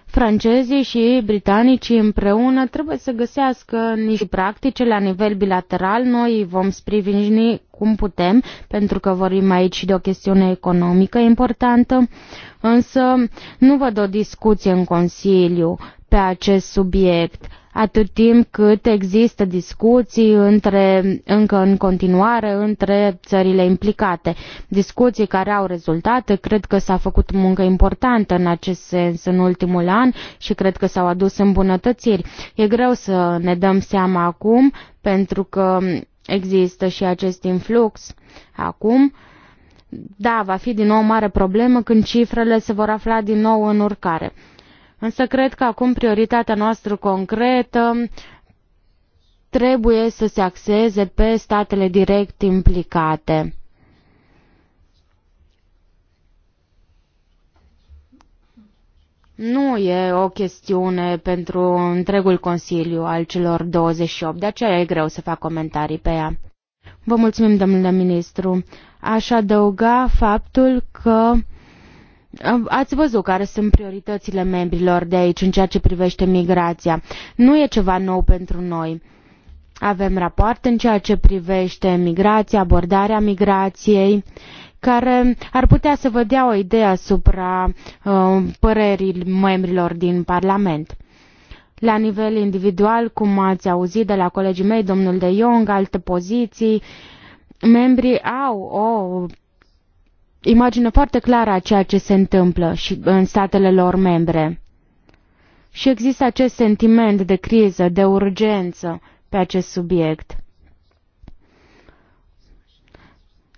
Francezii și britanicii împreună trebuie să găsească niște practice la nivel bilateral. Noi vom sprijini cum putem, pentru că vorbim aici și de o chestiune economică importantă, însă nu văd o discuție în Consiliu pe acest subiect atât timp cât există discuții între, încă în continuare între țările implicate. Discuții care au rezultate, cred că s-a făcut muncă importantă în acest sens în ultimul an și cred că s-au adus îmbunătățiri. E greu să ne dăm seama acum pentru că există și acest influx acum. Da, va fi din nou o mare problemă când cifrele se vor afla din nou în urcare. Însă cred că acum prioritatea noastră concretă trebuie să se axeze pe statele direct implicate. Nu e o chestiune pentru întregul Consiliu al celor 28, de aceea e greu să fac comentarii pe ea. Vă mulțumim, domnule ministru. Aș adăuga faptul că Ați văzut care sunt prioritățile membrilor de aici în ceea ce privește migrația. Nu e ceva nou pentru noi. Avem rapoarte în ceea ce privește migrația, abordarea migrației, care ar putea să vă dea o idee asupra uh, părerii membrilor din Parlament. La nivel individual, cum ați auzit de la colegii mei, domnul De Jong, alte poziții, membrii au o imagine foarte clară a ceea ce se întâmplă și în statele lor membre. Și există acest sentiment de criză, de urgență pe acest subiect.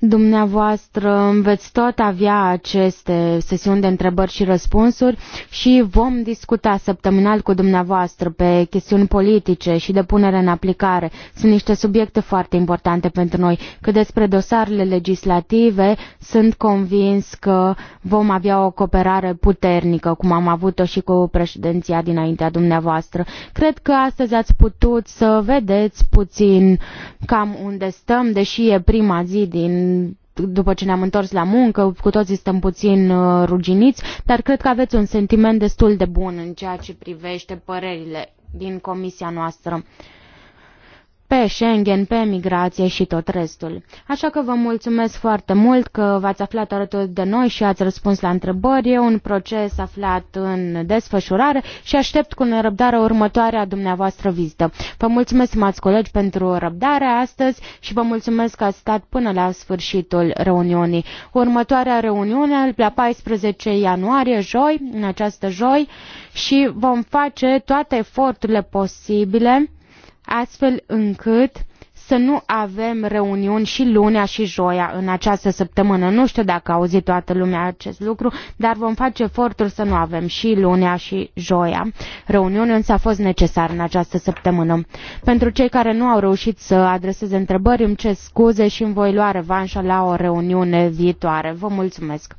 Dumneavoastră veți tot avea aceste sesiuni de întrebări și răspunsuri și vom discuta săptămânal cu dumneavoastră pe chestiuni politice și de punere în aplicare. Sunt niște subiecte foarte importante pentru noi. Că despre dosarele legislative, sunt convins că vom avea o cooperare puternică, cum am avut-o și cu președinția dinaintea dumneavoastră. Cred că astăzi ați putut să vedeți puțin cam unde stăm, deși e prima zi din după ce ne-am întors la muncă, cu toții suntem puțin uh, ruginiți, dar cred că aveți un sentiment destul de bun în ceea ce privește părerile din comisia noastră. Uh, pe Schengen, pe migrație și tot restul. Așa că vă mulțumesc foarte mult că v-ați aflat alături de noi și ați răspuns la întrebări. E un proces aflat în desfășurare și aștept cu nerăbdare următoarea dumneavoastră vizită. Vă mulțumesc, mați colegi, pentru răbdare astăzi și vă mulțumesc că ați stat până la sfârșitul reuniunii. Următoarea reuniune la 14 ianuarie, joi, în această joi, și vom face toate eforturile posibile astfel încât să nu avem reuniuni și lunea și joia în această săptămână. Nu știu dacă a auzit toată lumea acest lucru, dar vom face eforturi să nu avem și lunea și joia. Reuniunea însă a fost necesară în această săptămână. Pentru cei care nu au reușit să adreseze întrebări, îmi cer scuze și îmi voi lua revanșa la o reuniune viitoare. Vă mulțumesc!